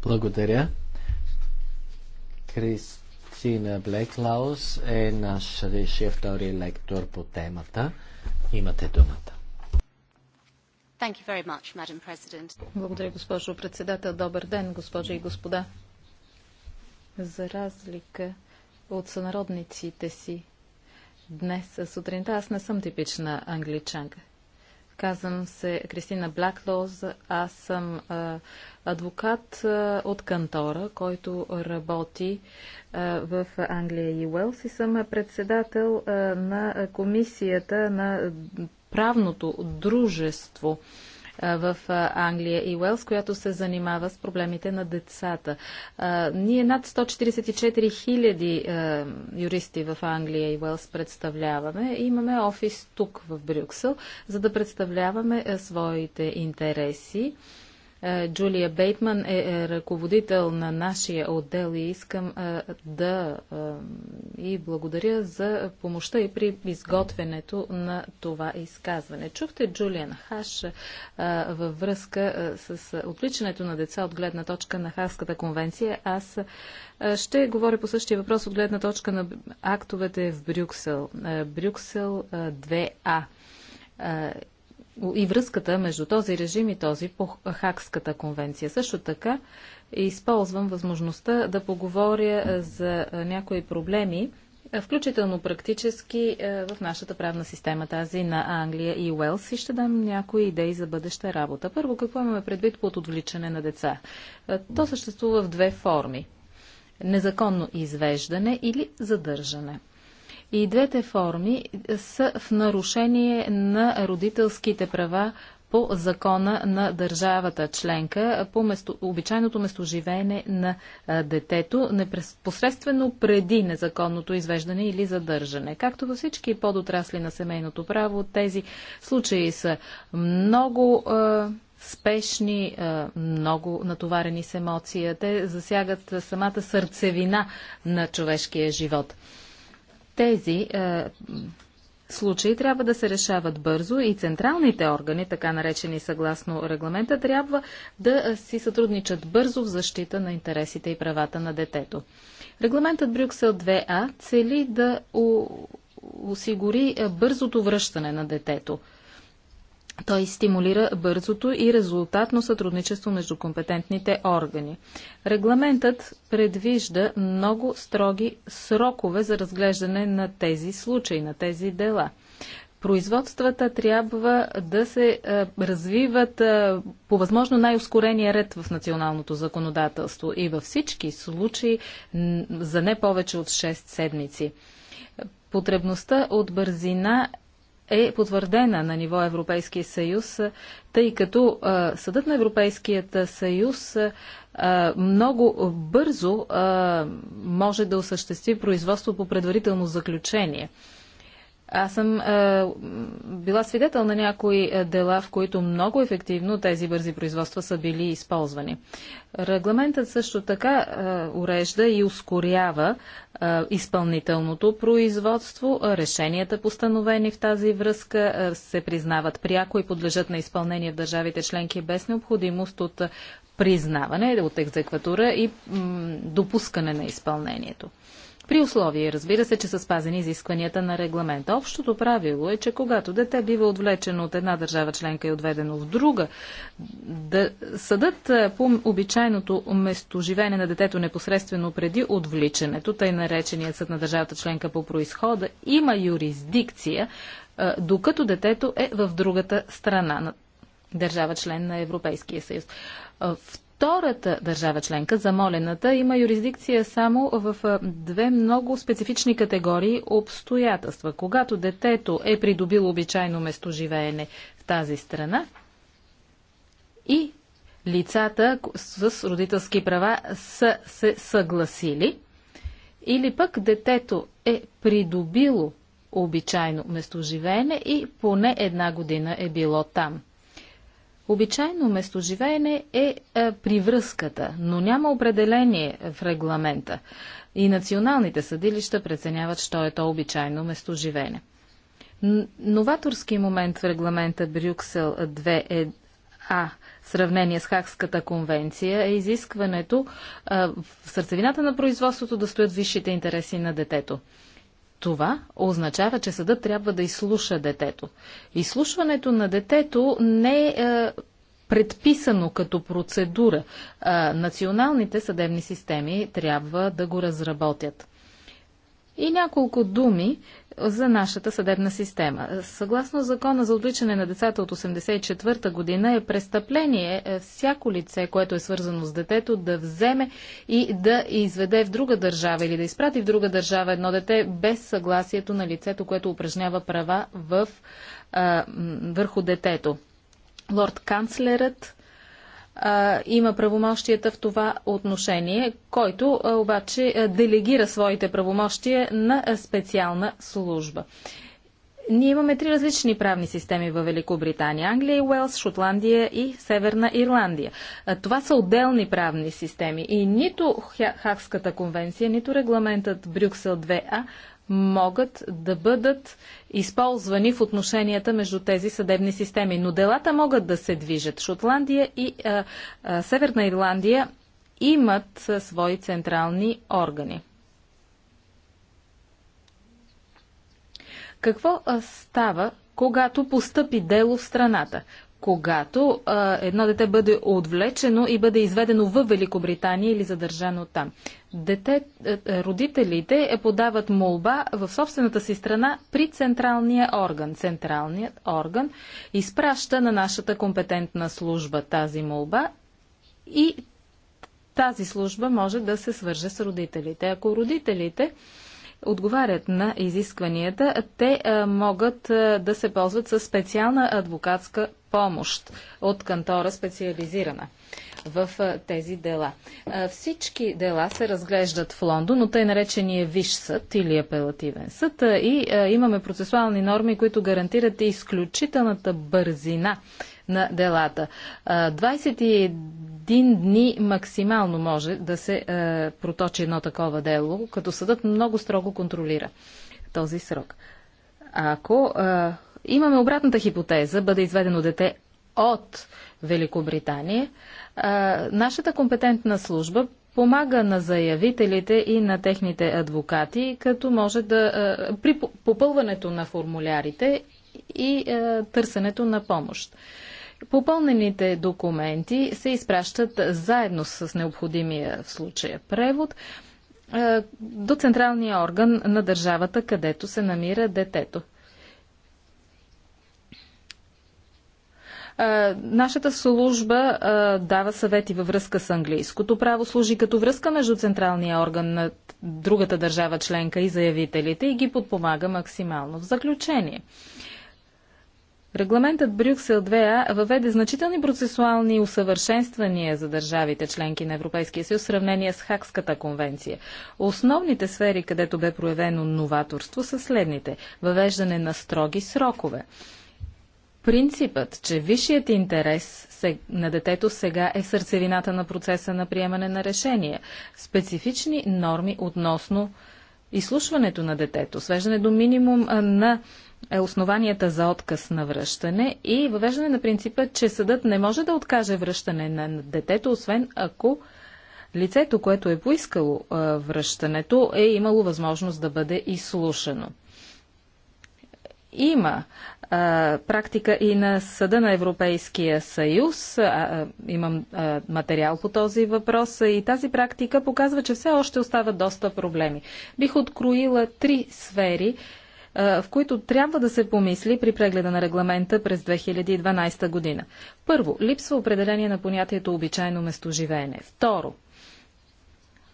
Благодаря. Кристина Блеклаус е нашия втори лектор по темата. Имате думата. Much, Благодаря, госпожо председател. Добър ден, госпожи и господа. За разлика от сънародниците си днес сутринта. Аз не съм типична англичанка. Казвам се Кристина Блаклоз. Аз съм а, адвокат а, от кантора, който работи а, в Англия и Уелс и съм председател а, на комисията на правното дружество. А, в Англия и Уелс, която се занимава с проблемите на децата. Ние над 144 хиляди юристи в Англия и Уелс представляваме. Имаме офис тук в Брюксел, за да представляваме своите интереси. Е, Джулия Бейтман е, е ръководител на нашия отдел и искам е, да и благодаря за помощта и при изготвянето на това изказване. Чухте Джулиан Хаш във връзка с отличането на деца от гледна точка на Хаската конвенция. Аз ще говоря по същия въпрос от гледна точка на актовете в Брюксел. Брюксел 2А и връзката между този режим и този по Хакската конвенция. Също така използвам възможността да поговоря е, за е, някои проблеми, е, включително практически в нашата правна система, тази на Англия и Уелс и ще дам някои идеи за бъдеща работа. Първо, какво имаме предвид под отвличане на деца? То съществува в две форми. Незаконно извеждане или задържане. И двете форми е, са в нарушение на родителските права по закона на държавата членка, по место, обичайното местоживеене на е, детето, непосредствено преди незаконното извеждане или задържане. Както във всички подотрасли на семейното право, тези случаи са много. Е, спешни, много натоварени с емоция. Те засягат самата сърцевина на човешкия живот. Тези е, случаи трябва да се решават бързо и централните органи, така наречени съгласно регламента, трябва да си сътрудничат бързо в защита на интересите и правата на детето. Регламентът Брюксел 2А цели да осигури е, бързото връщане на детето той стимулира бързото и резултатно сътрудничество между компетентните органи. Регламентът предвижда много строги срокове за разглеждане на тези случаи, на тези дела. Производствата трябва да се а, е, развиват а, е, по възможно най-ускорения ред в националното законодателство и във всички случаи за не повече от 6 седмици. Потребността от бързина е потвърдена на ниво Европейския съюз, тъй като Съдът на Европейският съюз много бързо може да осъществи производство по предварително заключение. Аз съм а, е, била свидетел на някои е, дела, в които много ефективно тези бързи производства са били използвани. Регламентът също така а, е, урежда и ускорява а, изпълнителното производство. Решенията, постановени в тази връзка, а, се признават пряко и подлежат на изпълнение в държавите членки без необходимост от признаване, от екзекватура и допускане на изпълнението. При условие, разбира се, че са спазени изискванията на регламента. Общото правило е, че когато дете бива отвлечено от една държава членка и отведено в друга, да, съдът е, по обичайното местоживение на детето непосредствено преди отвличането, тъй нареченият съд на държавата членка по происхода, има юрисдикция, е, докато детето е в другата страна на държава член на Европейския съюз. Е, в втората държава членка, замолената, има юрисдикция само в две много специфични категории обстоятелства. Когато детето е придобило обичайно местоживеене в тази страна и лицата с родителски права са се съгласили, или пък детето е придобило обичайно местоживеене и поне една година е било там. Обичайно местоживеене е, е привръзката, но няма определение в регламента и националните съдилища преценяват, що е то обичайно местоживеене. Новаторски момент в регламента Брюксел 2 е, а в сравнение с Хакската конвенция е изискването а, в сърцевината на производството да стоят висшите интереси на детето. Това означава, че съдът трябва да изслуша детето. Изслушването на детето не е, е предписано като процедура. Националните съдебни системи трябва да го разработят. И няколко думи за нашата съдебна система. Съгласно закона за отличане на децата от 1984 година е престъпление е, всяко лице, което е свързано с детето, да вземе и да изведе в друга държава или да изпрати в друга държава едно дете без съгласието на лицето, което упражнява права в, а, върху детето. Лорд канцлерът има правомощията в това отношение, който обаче делегира своите правомощия на специална служба. Ние имаме три различни правни системи в Великобритания Англия и Уелс, Шотландия и Северна Ирландия. Това са отделни правни системи и нито Хакската конвенция, нито регламентът Брюксел 2А могат да бъдат използвани в отношенията между тези съдебни системи. Но делата могат да се движат. Шотландия и а, а, Северна Ирландия имат а, свои централни органи. Какво а, става, когато постъпи дело в страната? Когато а, едно дете бъде отвлечено и бъде изведено в Великобритания или задържано там. Дете, е, е, родителите е, подават молба в собствената си страна при централния орган. Централният орган изпраща на нашата компетентна служба тази молба и тази служба може да се свърже с родителите. Ако родителите отговарят на изискванията, те могат да се ползват с специална адвокатска помощ от кантора специализирана в тези дела. Всички дела се разглеждат в Лондон, но тъй наречения Виш съд или апелативен съд и имаме процесуални норми, които гарантират изключителната бързина на делата един дни максимално може да се е, проточи едно такова дело, като съдът много строго контролира този срок. Ако е, имаме обратната хипотеза, бъде изведено дете от Великобритания, е, нашата компетентна служба помага на заявителите и на техните адвокати, като може да е, при попълването на формулярите и е, търсенето на помощ. Попълнените документи се изпращат заедно с необходимия в случая превод е, до централния орган на държавата, където се намира детето. Е, нашата служба е, дава съвети във връзка с английското право, служи като връзка между централния орган на другата държава членка и заявителите и ги подпомага максимално. В заключение, Регламентът Брюксел 2А въведе значителни процесуални усъвършенствания за държавите членки на Европейския съюз в сравнение с Хакската конвенция. Основните сфери, където бе проявено новаторство, са следните. Въвеждане на строги срокове. Принципът, че висшият интерес на детето сега е сърцевината на процеса на приемане на решения. Специфични норми относно изслушването на детето, свеждане до минимум на е основанията за отказ на връщане и въвеждане на принципа, че съдът не може да откаже връщане на детето, освен ако лицето, което е поискало връщането, е имало възможност да бъде изслушано. Има а, практика и на Съда на Европейския съюз. А, имам а, материал по този въпрос и тази практика показва, че все още остават доста проблеми. Бих откроила три сфери, в които трябва да се помисли при прегледа на регламента през 2012 година. Първо, липсва определение на понятието обичайно местоживеене. Второ,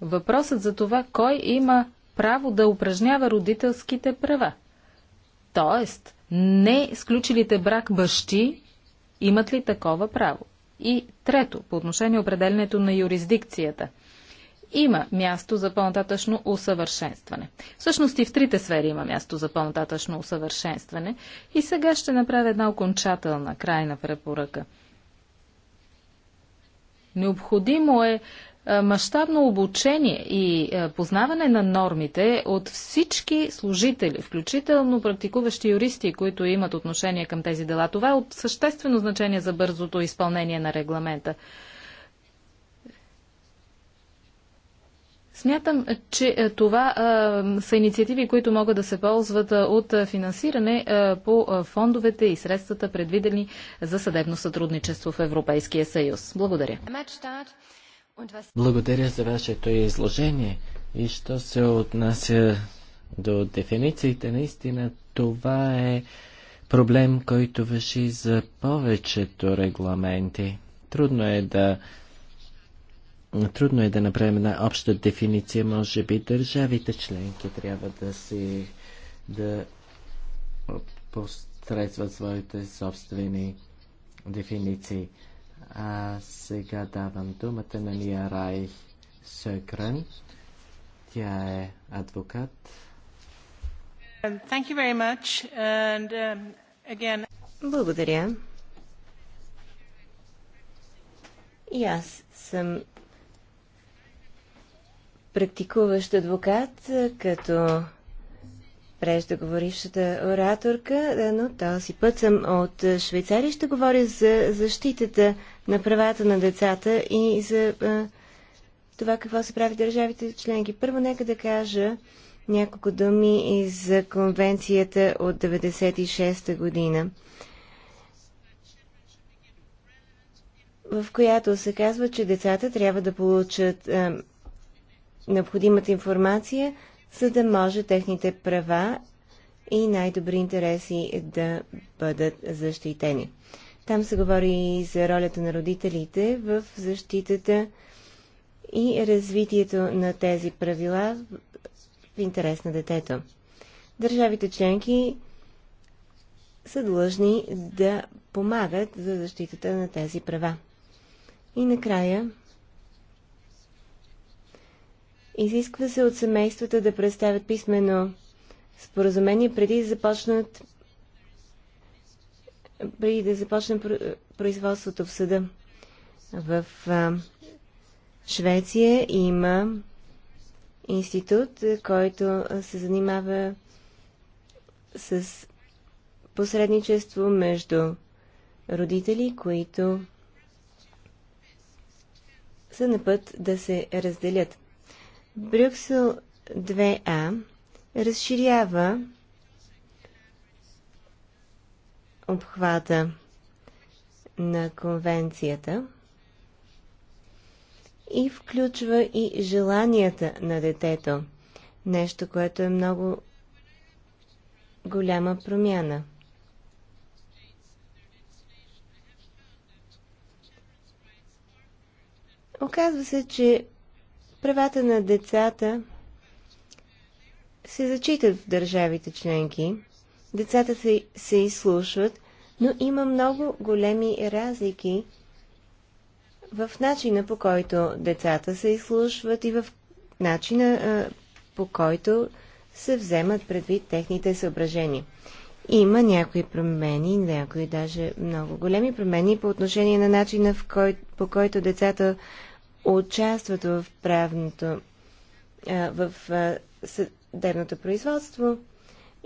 въпросът за това кой има право да упражнява родителските права. Тоест, не сключилите брак бащи имат ли такова право? И трето, по отношение определенето на юрисдикцията – има място за по-нататъчно усъвършенстване. Всъщност и в трите сфери има място за по-нататъчно усъвършенстване. И сега ще направя една окончателна крайна препоръка. Необходимо е, е мащабно обучение и е, познаване на нормите от всички служители, включително практикуващи юристи, които имат отношение към тези дела. Това е от съществено значение за бързото изпълнение на регламента. Смятам, че е, това е, са инициативи, които могат да се ползват е, от финансиране по фондовете и средствата, предвидени за съдебно сътрудничество в Европейския съюз. Благодаря. Благодаря за вашето изложение. И що се отнася до дефинициите, наистина това е проблем, който въжи за повечето регламенти. Трудно е да трудно е да направим една обща дефиниция. Може би държавите членки трябва да си да посредстват своите собствени дефиниции. А сега давам думата на Ния Рай Сегрен. Тя е адвокат. Thank you very much. And, um, again... Благодаря. И аз съм практикуващ адвокат, като преждоговорившата ораторка, но този път съм от Швейцария. Ще говоря за защитата на правата на децата и за това какво се прави държавите членки. Първо нека да кажа няколко думи и за конвенцията от 96-та година, в която се казва, че децата трябва да получат необходимата информация, за да може техните права и най-добри интереси да бъдат защитени. Там се говори и за ролята на родителите в защитата и развитието на тези правила в интерес на детето. Държавите членки са длъжни да помагат за защитата на тези права. И накрая Изисква се от семействата да представят писмено споразумение преди да започнат преди да започне производството в съда. В а, Швеция има институт, който се занимава с посредничество между родители, които са на път да се разделят. Брюксел 2А разширява обхвата на конвенцията и включва и желанията на детето. Нещо, което е много голяма промяна. Оказва се, че правата на децата се зачитат в държавите членки, децата се, се изслушват, но има много големи разлики в начина по който децата се изслушват и в начина по който се вземат предвид техните съображения. Има някои промени, някои даже много големи промени по отношение на начина в кой, по който децата участват в правното, в съдебното производство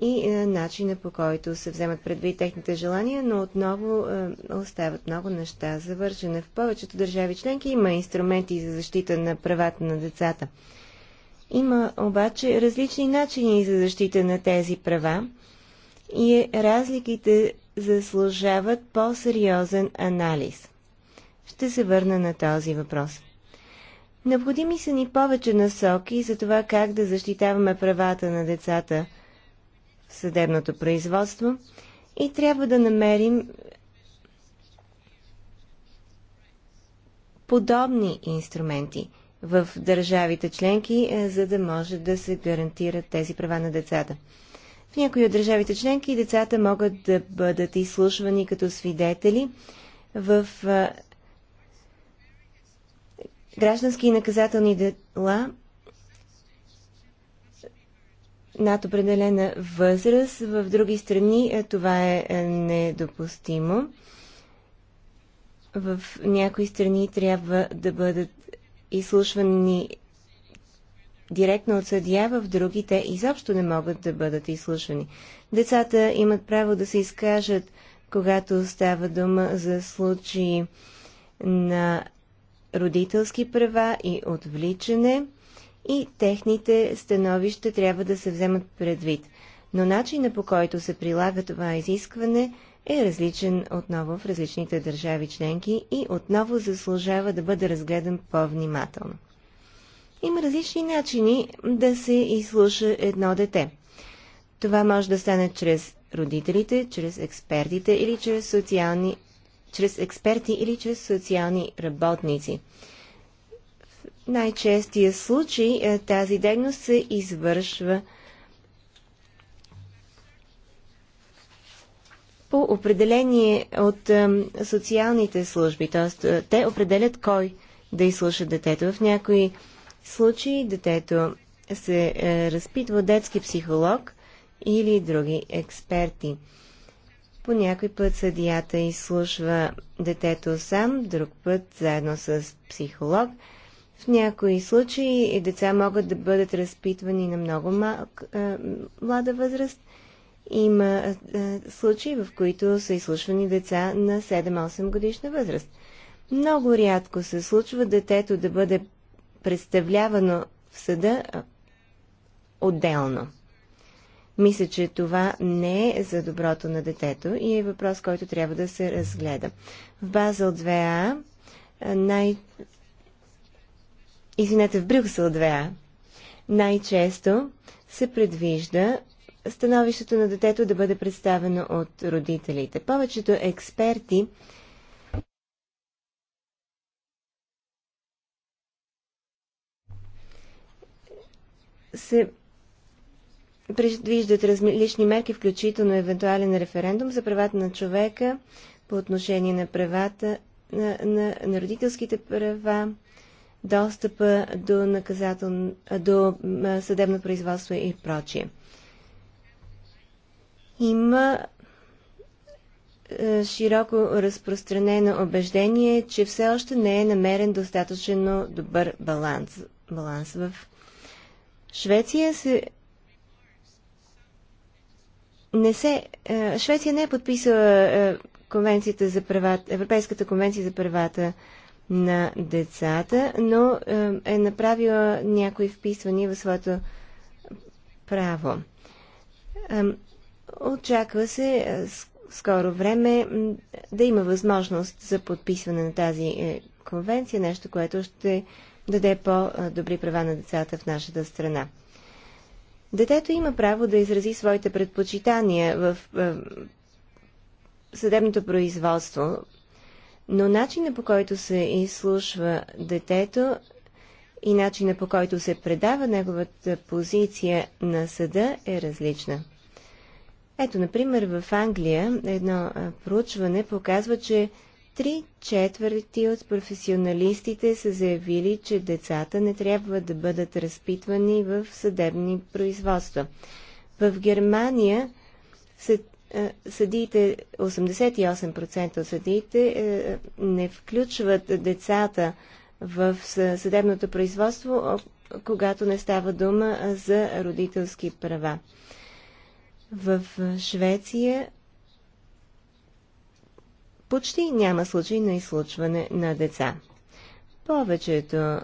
и начина по който се вземат предвид техните желания, но отново остават много неща завършена. В повечето държави членки има инструменти за защита на правата на децата. Има обаче различни начини за защита на тези права и е, разликите заслужават по-сериозен анализ. Ще се върна на този въпрос. Необходими са ни повече насоки за това как да защитаваме правата на децата в съдебното производство и трябва да намерим подобни инструменти в държавите членки, е, за да може да се гарантират тези права на децата. В някои от държавите членки децата могат да бъдат изслушвани като свидетели в е, граждански и наказателни дела над определена възраст. В други страни е, това е, е недопустимо. В някои страни трябва да бъдат изслушвани директно от съдия, в други те изобщо не могат да бъдат изслушвани. Децата имат право да се изкажат, когато става дума за случаи на родителски права и отвличане и техните становища трябва да се вземат предвид. Но начинът по който се прилага това изискване е различен отново в различните държави членки и отново заслужава да бъде разгледан по-внимателно. Има различни начини да се изслуша едно дете. Това може да стане чрез родителите, чрез експертите или чрез социални чрез експерти или чрез социални работници. В най-честия случай е, тази дейност се извършва по определение от е, социалните служби, т.е. те определят кой да изслуша детето. В някои случаи детето се е, разпитва от детски психолог или други експерти. По някой път съдията изслушва детето сам, друг път заедно с психолог. В някои случаи деца могат да бъдат разпитвани на много малък, е, млада възраст. Има е, случаи, в които са изслушвани деца на 7-8 годишна възраст. Много рядко се случва детето да бъде представлявано в съда отделно. Мисля, че това не е за доброто на детето и е въпрос, който трябва да се разгледа. В Базел 2А най... Извинете, в Брюксел 2А най-често се предвижда становището на детето да бъде представено от родителите. Повечето експерти се предвиждат различни мерки, включително евентуален референдум за правата на човека по отношение на правата на, на, на родителските права, достъпа до, наказател, до съдебно производство и прочие. Има е, широко разпространено убеждение, че все още не е намерен достатъчно добър баланс. баланс. В Швеция се не се, е, Швеция не е подписала е, конвенцията за правата, Европейската конвенция за правата на децата, но е, е направила някои вписвания в своето право. Очаква се скоро време да има възможност за подписване на тази конвенция, нещо, което ще даде по-добри права на децата в нашата страна. Детето има право да изрази своите предпочитания в е, съдебното производство, но начинът по който се изслушва детето и начина по който се предава неговата позиция на съда е различна. Ето, например, в Англия едно е, проучване показва, че Три четвърти от професионалистите са заявили, че децата не трябва да бъдат разпитвани в съдебни производства. В Германия съдиите, 88% от съдиите не включват децата в съдебното производство, когато не става дума за родителски права. В Швеция почти няма случаи на излучване на деца. Повечето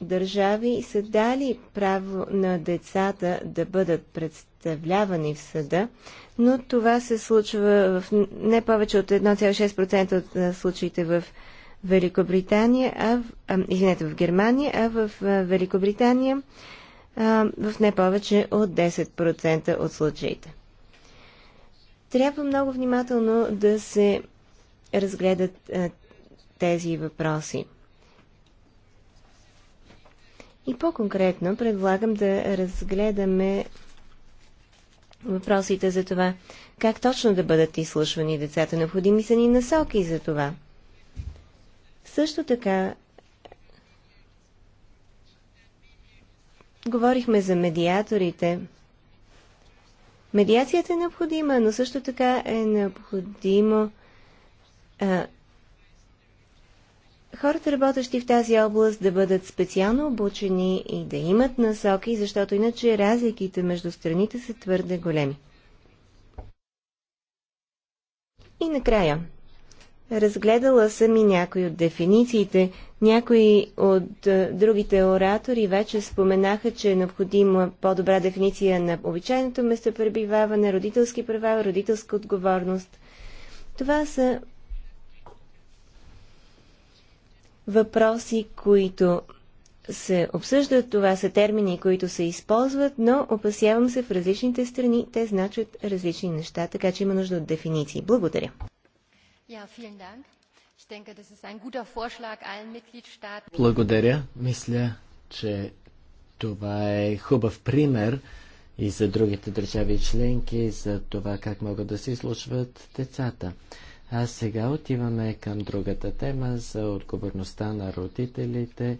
държави са дали право на децата да бъдат представлявани в съда, но това се случва в не повече от 1,6% от случаите в Великобритания, а в, а, извинете, в Германия, а в Великобритания а, в не повече от 10% от случаите. Трябва много внимателно да се разгледат а, тези въпроси. И по-конкретно предлагам да разгледаме въпросите за това, как точно да бъдат изслушвани децата. Необходими са ни насоки за това. Също така, говорихме за медиаторите. Медиацията е необходима, но също така е необходимо хората, работещи в тази област, да бъдат специално обучени и да имат насоки, защото иначе разликите между страните са твърде големи. И накрая. Разгледала съм и някои от дефинициите. Някои от другите оратори вече споменаха, че е необходима по-добра дефиниция на обичайното местопребиваване, родителски права, родителска отговорност. Това са въпроси, които се обсъждат, това са термини, които се използват, но опасявам се в различните страни, те значат различни неща, така че има нужда от дефиниции. Благодаря. Благодаря. Мисля, че това е хубав пример и за другите държави членки, за това как могат да се изслушват децата. А сега отиваме към другата тема за отговорността на родителите,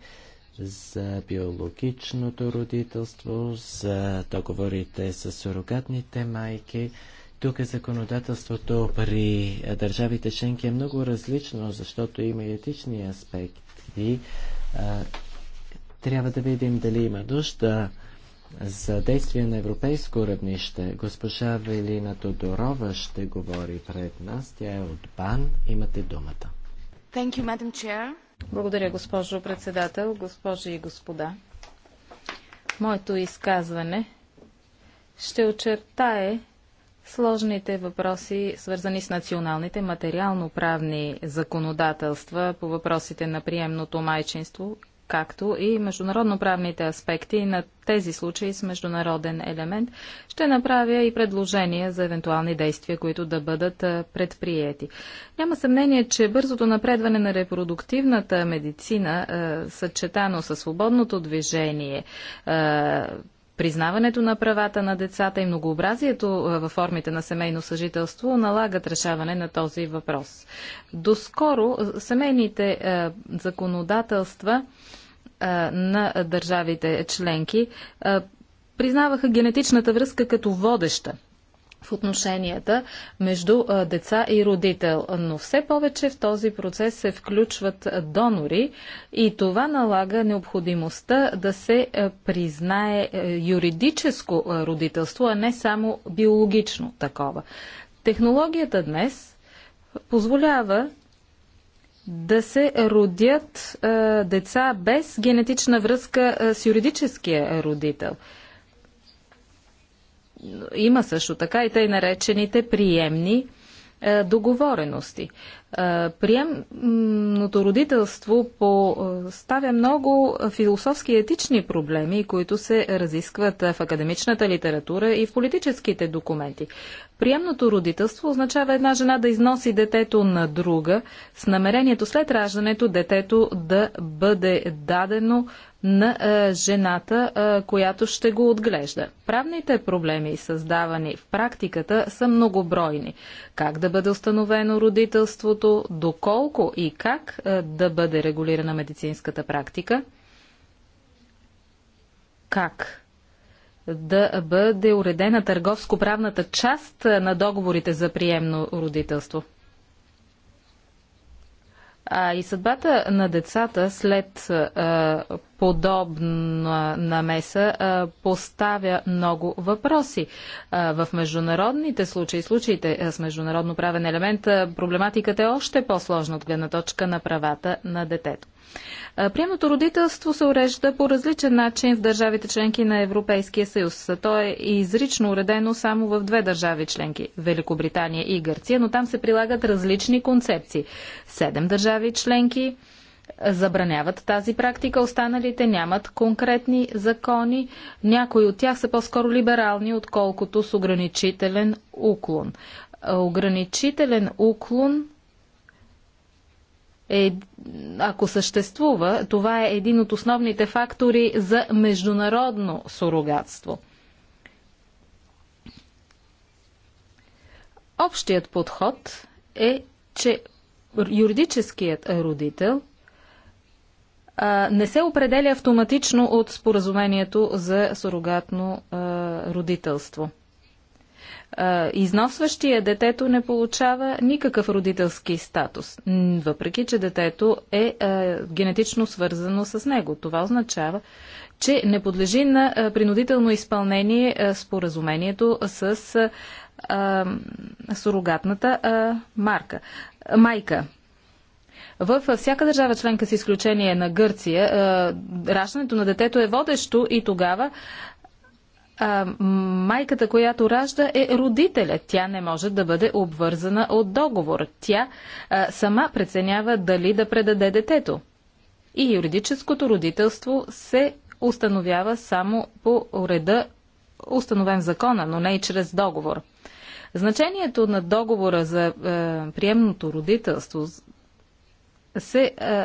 за биологичното родителство, за договорите с сурогатните майки. Тук законодателството при държавите членки е много различно, защото има и етични аспекти. Трябва да видим дали има нужда за действия на европейско равнище. Госпожа Велина Тодорова ще говори пред нас. Тя е от БАН. Имате думата. Thank you, Madam Chair. Благодаря, госпожо председател, госпожи и господа. Моето изказване ще очертае сложните въпроси, свързани с националните материално-правни законодателства по въпросите на приемното майчинство както и международноправните аспекти на тези случаи с международен елемент, ще направя и предложения за евентуални действия, които да бъдат предприети. Няма съмнение, че бързото напредване на репродуктивната медицина, съчетано със свободното движение, Признаването на правата на децата и многообразието във формите на семейно съжителство налагат решаване на този въпрос. Доскоро семейните законодателства на държавите членки признаваха генетичната връзка като водеща в отношенията между деца и родител. Но все повече в този процес се включват донори и това налага необходимостта да се признае юридическо родителство, а не само биологично такова. Технологията днес позволява да се родят а, деца без генетична връзка с юридическия родител. Има също така и тъй наречените приемни а, договорености. Е, приемното родителство поставя е, много философски и етични проблеми, които се разискват в академичната литература и в политическите документи. Приемното родителство означава една жена да износи детето на друга с намерението след раждането детето да бъде дадено на е, жената, е, която ще го отглежда. Правните проблеми, създавани в практиката, са многобройни. Как да бъде установено родителството, доколко и как е, да бъде регулирана медицинската практика, как да бъде уредена търговско-правната част на договорите за приемно родителство. А и съдбата на децата след а, подобна намеса а, поставя много въпроси. А, в международните случаи, случаите с международно правен елемент, проблематиката е още по-сложна от гледна точка на правата на детето. Приемното родителство се урежда по различен начин в държавите членки на Европейския съюз. То е изрично уредено само в две държави членки – Великобритания и Гърция, но там се прилагат различни концепции. Седем държави членки забраняват тази практика, останалите нямат конкретни закони, някои от тях са по-скоро либерални, отколкото с ограничителен уклон. Ограничителен уклон е, ако съществува, това е един от основните фактори за международно сурогатство. Общият подход е, че юридическият родител а, не се определя автоматично от споразумението за сурогатно а, родителство износващия детето не получава никакъв родителски статус, въпреки че детето е генетично свързано с него. Това означава, че не подлежи на принудително изпълнение споразумението с сурогатната марка, майка. В всяка държава членка, с изключение на Гърция, раждането на детето е водещо и тогава а, майката, която ражда, е родителя. Тя не може да бъде обвързана от договор. Тя а, сама преценява дали да предаде детето. И юридическото родителство се установява само по реда, установен в закона, но не и чрез договор. Значението на договора за е, приемното родителство се е,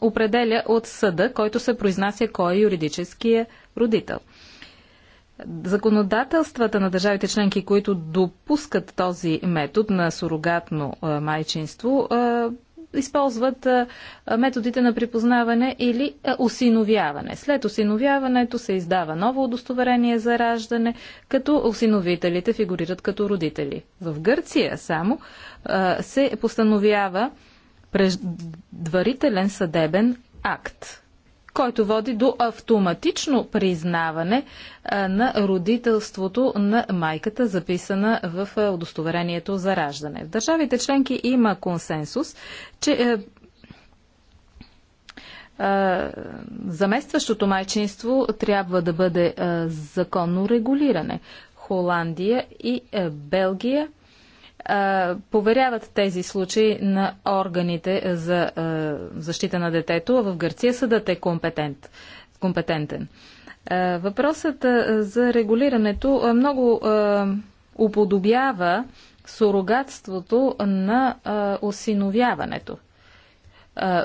определя от съда, който се произнася кой е юридическия родител. Законодателствата на държавите членки, които допускат този метод на сурогатно майчинство, използват методите на припознаване или осиновяване. След осиновяването се издава ново удостоверение за раждане, като осиновителите фигурират като родители. В Гърция само се постановява предварителен съдебен акт който води до автоматично признаване на родителството на майката, записана в удостоверението за раждане. В държавите членки има консенсус, че е, заместващото майчинство трябва да бъде законно регулиране. Холандия и е, Белгия а, поверяват тези случаи на органите за а, защита на детето. В Гърция съдът е компетент, компетентен. А, въпросът а, за регулирането а, много а, уподобява сурогатството на а, осиновяването.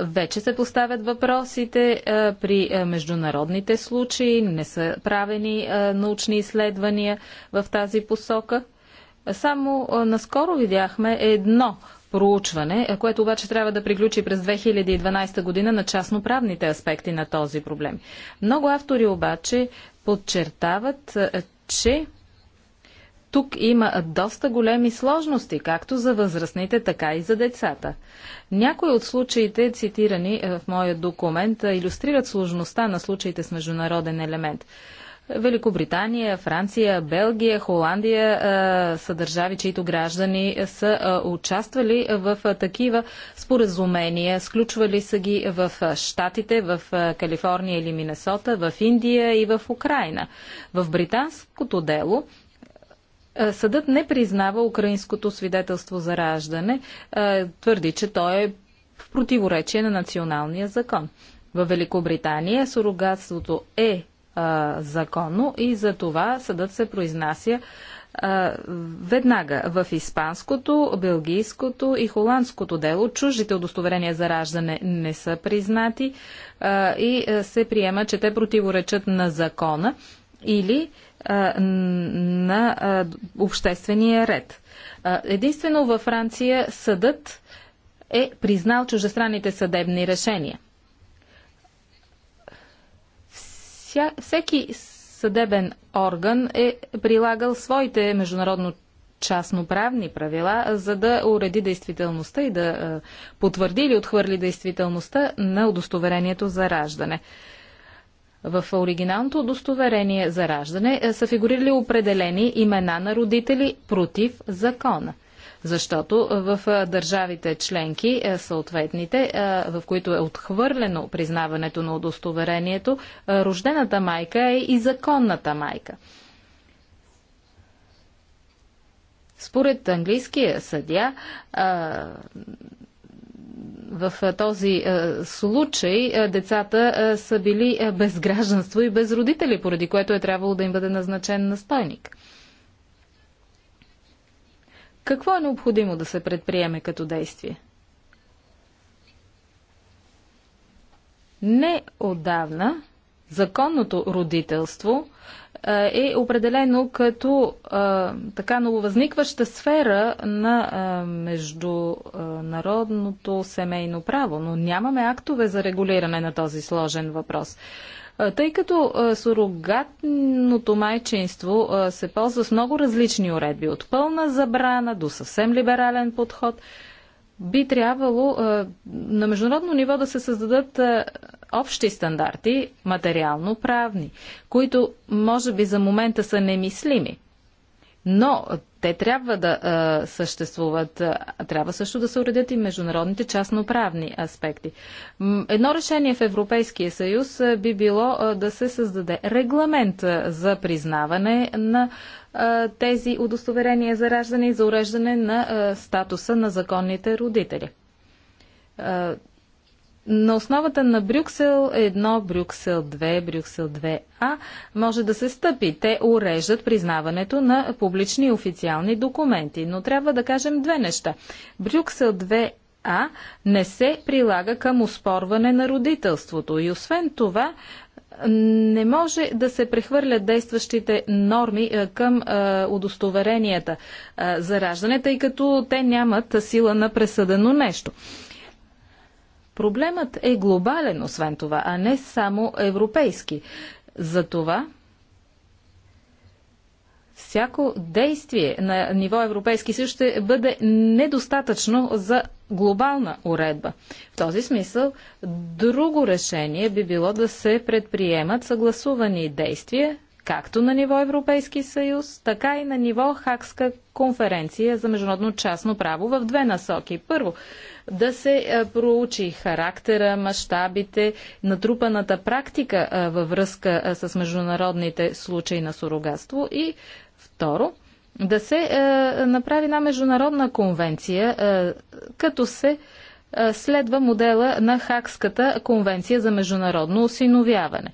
Вече се поставят въпросите при международните случаи, не са правени научни изследвания в тази посока. Само наскоро видяхме едно проучване, което обаче трябва да приключи през 2012 година на частноправните аспекти на този проблем. Много автори обаче подчертават, че тук има доста големи сложности, както за възрастните, така и за децата. Някои от случаите, цитирани в моя документ, иллюстрират сложността на случаите с международен елемент. Великобритания, Франция, Белгия, Холандия са държави, чието граждани са участвали в такива споразумения. Сключвали са ги в Штатите, в Калифорния или Минесота, в Индия и в Украина. В британското дело съдът не признава украинското свидетелство за раждане. Твърди, че то е в противоречие на националния закон. Във Великобритания сурогатството е а, законно и за това съдът се произнася веднага в испанското, белгийското и холандското дело. Чуждите удостоверения за раждане не са признати и се приема, че те противоречат на закона или на обществения ред. единствено във Франция съдът е признал чуждестранните съдебни решения – Вся, всеки съдебен орган е прилагал своите международно частноправни правила, за да уреди действителността и да е, потвърди или отхвърли действителността на удостоверението за раждане. В оригиналното удостоверение за раждане е, са фигурирали определени имена на родители против закона. Защото в държавите членки, е, съответните, е, в които е отхвърлено признаването на удостоверението, е, рождената майка е и законната майка. Според английския съдя, в този случай децата са били без гражданство и без родители, поради което е трябвало да им бъде назначен настойник. Какво е необходимо да се предприеме като действие? Не отдавна законното родителство е определено като а, така нововъзникваща сфера на а, международното семейно право, но нямаме актове за регулиране на този сложен въпрос. Тъй като сурогатното майчинство се ползва с много различни уредби, от пълна забрана до съвсем либерален подход, би трябвало на международно ниво да се създадат общи стандарти, материално-правни, които може би за момента са немислими. Но те трябва да а, съществуват. Трябва също да се уредят и международните частноправни аспекти. Едно решение в Европейския съюз би било а, да се създаде регламент за признаване на а, тези удостоверения за раждане и за уреждане на а, статуса на законните родители на основата на Брюксел 1, Брюксел 2, Брюксел 2А може да се стъпи. Те уреждат признаването на публични официални документи. Но трябва да кажем две неща. Брюксел 2 а не се прилага към оспорване на родителството и освен това не може да се прехвърлят действащите норми е, към е, удостоверенията е, за раждане, тъй като те нямат сила на пресъдено нещо. Проблемът е глобален, освен това, а не само европейски. Затова всяко действие на ниво Европейски съюз ще бъде недостатъчно за глобална уредба. В този смисъл, друго решение би било да се предприемат съгласувани действия както на ниво Европейски съюз, така и на ниво Хакска конференция за международно частно право в две насоки. Първо, да се е, проучи характера, мащабите, натрупаната практика е, във връзка е, с международните случаи на сурогатство и второ, да се направи една международна конвенция, като се следва модела на Хакската конвенция за международно осиновяване.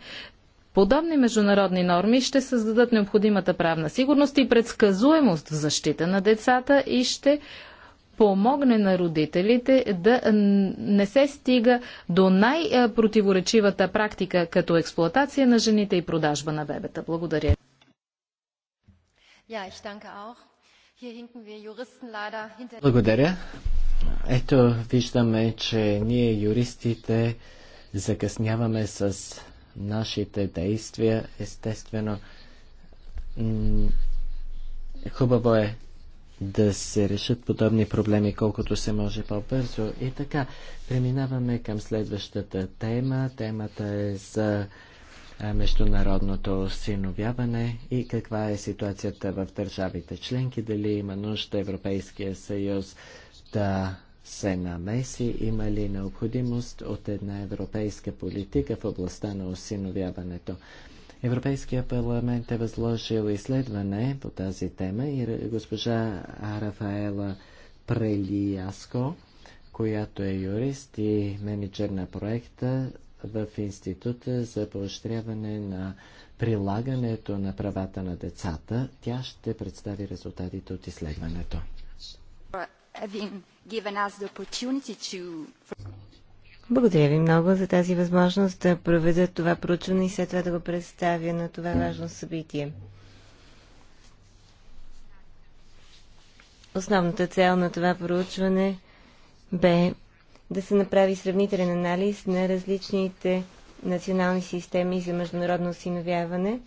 Подобни международни норми ще създадат необходимата правна сигурност и предсказуемост в защита на децата и ще помогне на родителите да не се стига до най-противоречивата практика като експлоатация на жените и продажба на бебета. Благодаря. Благодаря. Ето, виждаме, че ние юристите закъсняваме с нашите действия, естествено, хубаво е да се решат подобни проблеми колкото се може по-бързо. И така, преминаваме към следващата тема. Темата е за международното осиновяване и каква е ситуацията в държавите членки, дали има нужда Европейския съюз да се намеси, има ли необходимост от една европейска политика в областта на осиновяването. Европейския парламент е възложил изследване по тази тема и госпожа Рафаела Прелияско, която е юрист и менеджер на проекта в Института за поощряване на прилагането на правата на децата. Тя ще представи резултатите от изследването. Благодаря ви много за тази възможност да проведа това проучване и след това да го представя на това важно събитие. Основната цел на това проучване бе да се направи сравнителен анализ на различните национални системи за международно осиновяване,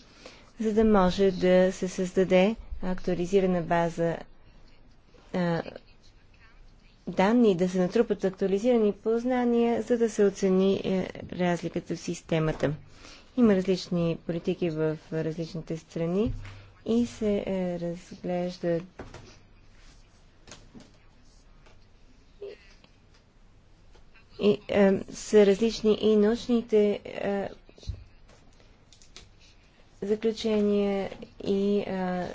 за да може да се създаде актуализирана база данни, да се натрупат актуализирани познания, за да се оцени е, разликата в системата. Има различни политики в различните страни и се е, разглежда, и, е, са различни и научните е, заключения и е,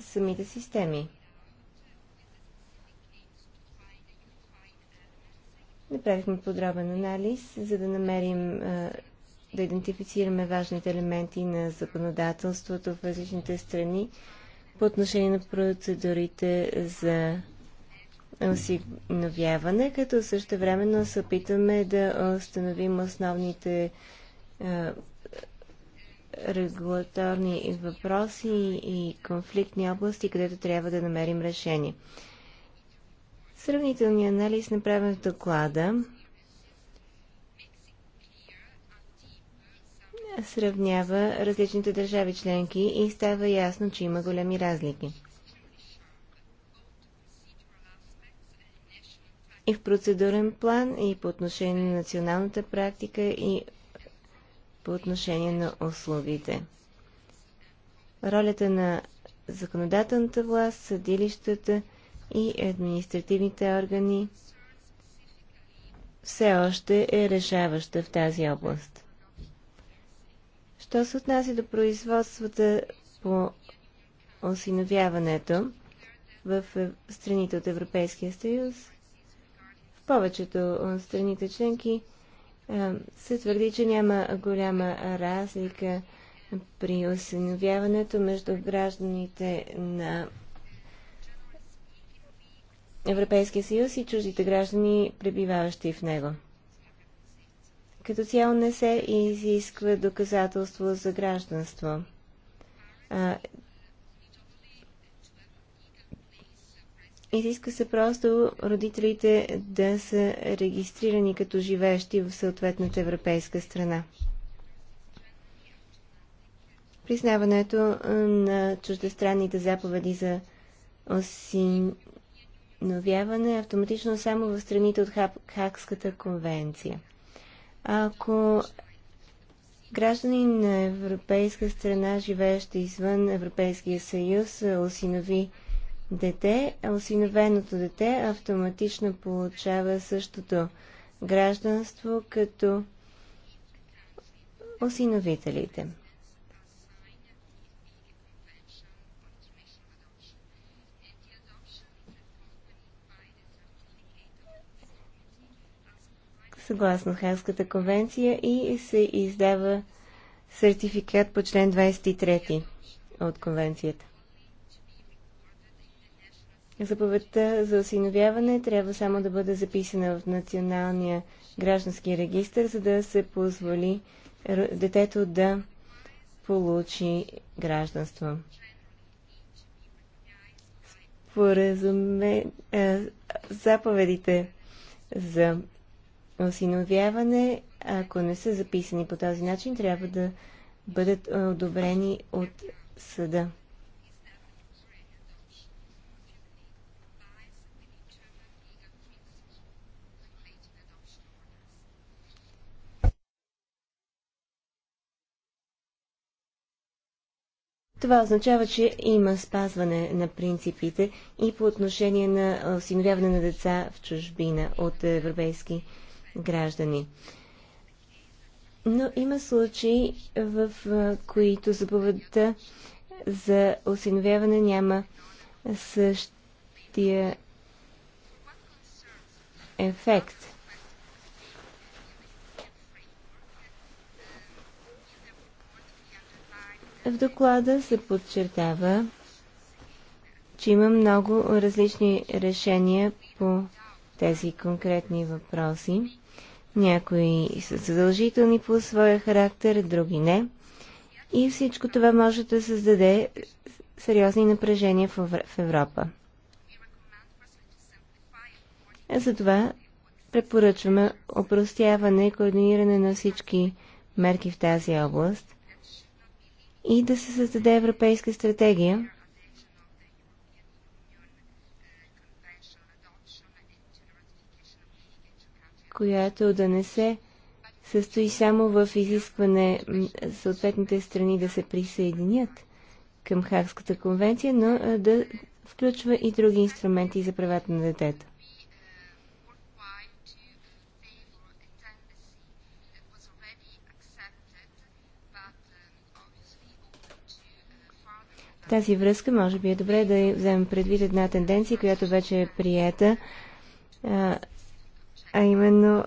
самите системи. Направихме подробен анализ, за да намерим, да идентифицираме важните елементи на законодателството в различните страни по отношение на процедурите за осиновяване, като времено се опитваме да установим основните регулаторни въпроси и конфликтни области, където трябва да намерим решение. Сравнителният анализ, направен в доклада, сравнява различните държави членки и става ясно, че има големи разлики. И в процедурен план, и по отношение на националната практика, и по отношение на услугите. Ролята на законодателната власт, съдилищата – и административните органи все още е решаваща в тази област. Що се отнася до производствата по осиновяването в е, страните от Европейския съюз, в повечето страните членки е, се твърди, че няма голяма разлика при осиновяването между гражданите на Европейския съюз и чуждите граждани, пребиваващи в него. Като цяло не се изисква доказателство за гражданство. А, изисква се просто родителите да са регистрирани като живеещи в съответната европейска страна. Признаването на чуждестранните заповеди за осин обновяване автоматично само в страните от Хакската конвенция. Ако гражданин на европейска страна, живееща извън Европейския съюз, осинови дете, осиновеното дете автоматично получава същото гражданство като осиновителите. съгласно Хелската конвенция и се издава сертификат по член 23 от конвенцията. Заповедта за осиновяване трябва само да бъде записана в Националния граждански регистр, за да се позволи детето да получи гражданство. Споразуме... Е, заповедите за осиновяване, ако не са записани по този начин, трябва да бъдат одобрени от съда. Това означава, че има спазване на принципите и по отношение на осиновяване на деца в чужбина от Европейски граждани. Но има случаи, в които заповедта за осиновяване няма същия ефект. В доклада се подчертава, че има много различни решения по тези конкретни въпроси. Някои са задължителни по своя характер, други не. И всичко това може да създаде сериозни напрежения в Европа. Затова препоръчваме опростяване и координиране на всички мерки в тази област и да се създаде европейска стратегия която да не се състои само в изискване съответните страни да се присъединят към Хагската конвенция, но да включва и други инструменти за правата на детето. В тази връзка може би е добре да вземем предвид една тенденция, която вече е приета а именно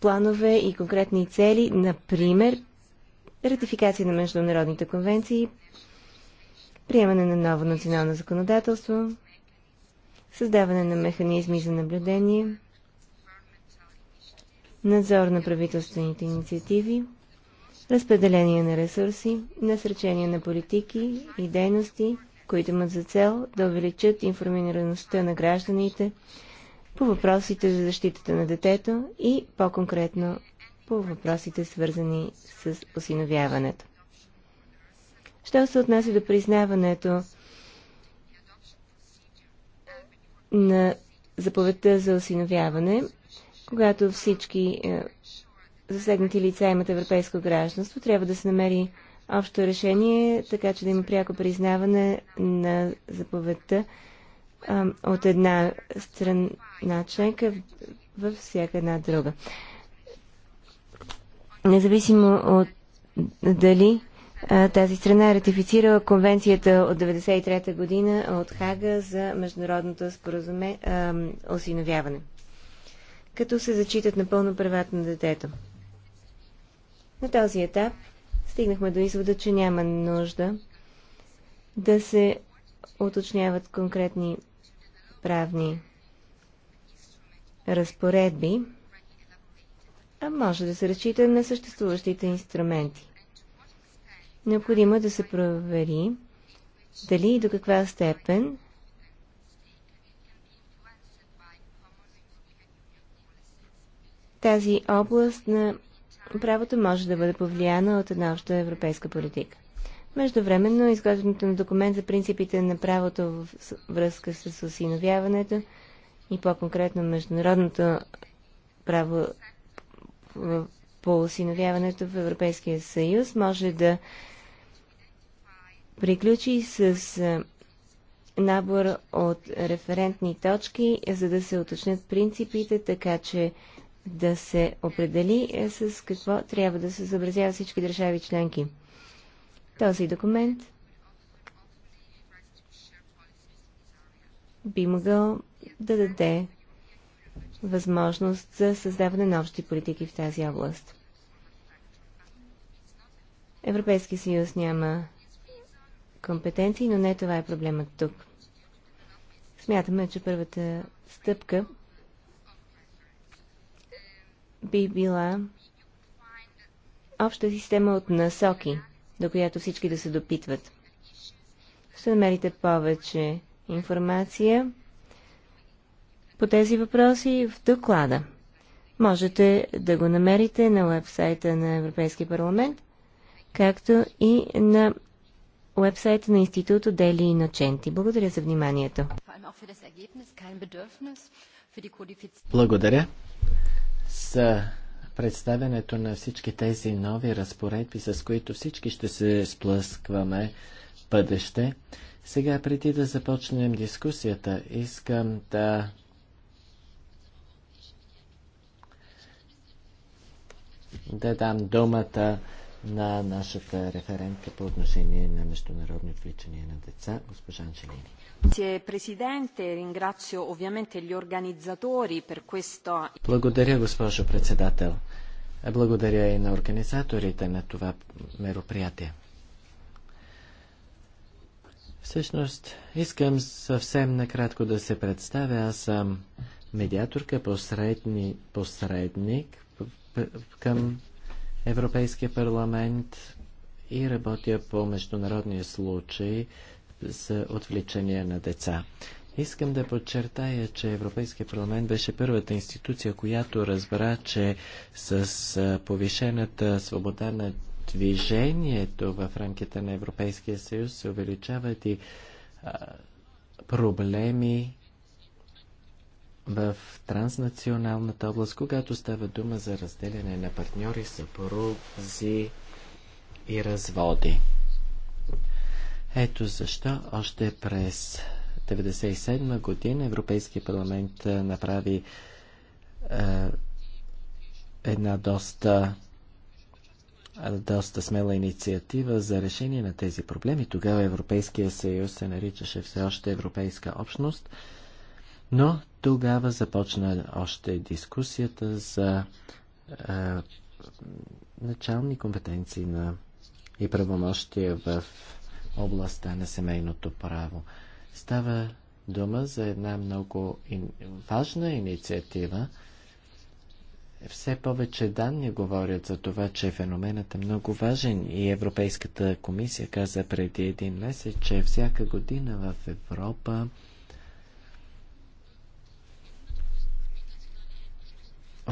планове и конкретни цели, например ратификация на международните конвенции, приемане на ново национално законодателство, създаване на механизми за наблюдение, надзор на правителствените инициативи, разпределение на ресурси, насречение на политики и дейности, които имат за цел да увеличат информираността на гражданите по въпросите за защитата на детето и по-конкретно по въпросите свързани с осиновяването. Що се отнася до признаването на заповедта за осиновяване, когато всички е, засегнати лица имат европейско гражданство, трябва да се намери общо решение, така че да има пряко признаване на заповедта а, от една страна членка във всяка една друга. Независимо от дали а, тази страна е ратифицирала конвенцията от 1993 година от Хага за международното споразуме, а, осиновяване, като се зачитат напълно правата на детето. На този етап стигнахме до извода, че няма нужда да се уточняват конкретни правни разпоредби, а може да се разчита на съществуващите инструменти. Необходимо е да се провери дали и до каква степен тази област на правото може да бъде повлияна от една обща европейска политика. Междувременно изготвянето на документ за принципите на правото в връзка с осиновяването и по-конкретно международното право по осиновяването в Европейския съюз може да приключи с набор от референтни точки, за да се уточнят принципите, така че да се определи с какво трябва да се съобразява всички държави членки. Този документ би могъл да даде възможност за създаване на общи политики в тази област. Европейски съюз няма компетенции, но не това е проблемът тук. Смятаме, че първата стъпка би била обща система от насоки до която всички да се допитват. Ще намерите повече информация по тези въпроси в доклада. Можете да го намерите на вебсайта на Европейския парламент, както и на вебсайта на Институто Дели Ноченти. Благодаря за вниманието. Благодаря. За представянето на всички тези нови разпоредби, с които всички ще се сплъскваме бъдеще. Сега, преди да започнем дискусията, искам да да дам думата на нашата референтка по отношение на международни отвличания на деца, госпожа Анжелини. Благодаря, госпожо председател. Благодаря и на организаторите на това мероприятие. Всъщност, искам съвсем накратко да се представя. Аз съм медиаторка, посредни, посредник към Европейския парламент и работя по международния случай за отвлечение на деца. Искам да подчертая, че Европейския парламент беше първата институция, която разбра, че с повишената свобода на движението в рамките на Европейския съюз се увеличават и проблеми в транснационалната област, когато става дума за разделяне на партньори, съпрузи и разводи. Ето защо още през 1997 година Европейския парламент направи е, една доста доста смела инициатива за решение на тези проблеми. Тогава Европейския съюз се наричаше все още Европейска общност, но тогава започна още дискусията за а, начални компетенции на и правомощия в областта на семейното право. Става дума за една много ин... важна инициатива. Все повече данни говорят за това, че феноменът е много важен и Европейската комисия каза преди един месец, че всяка година в Европа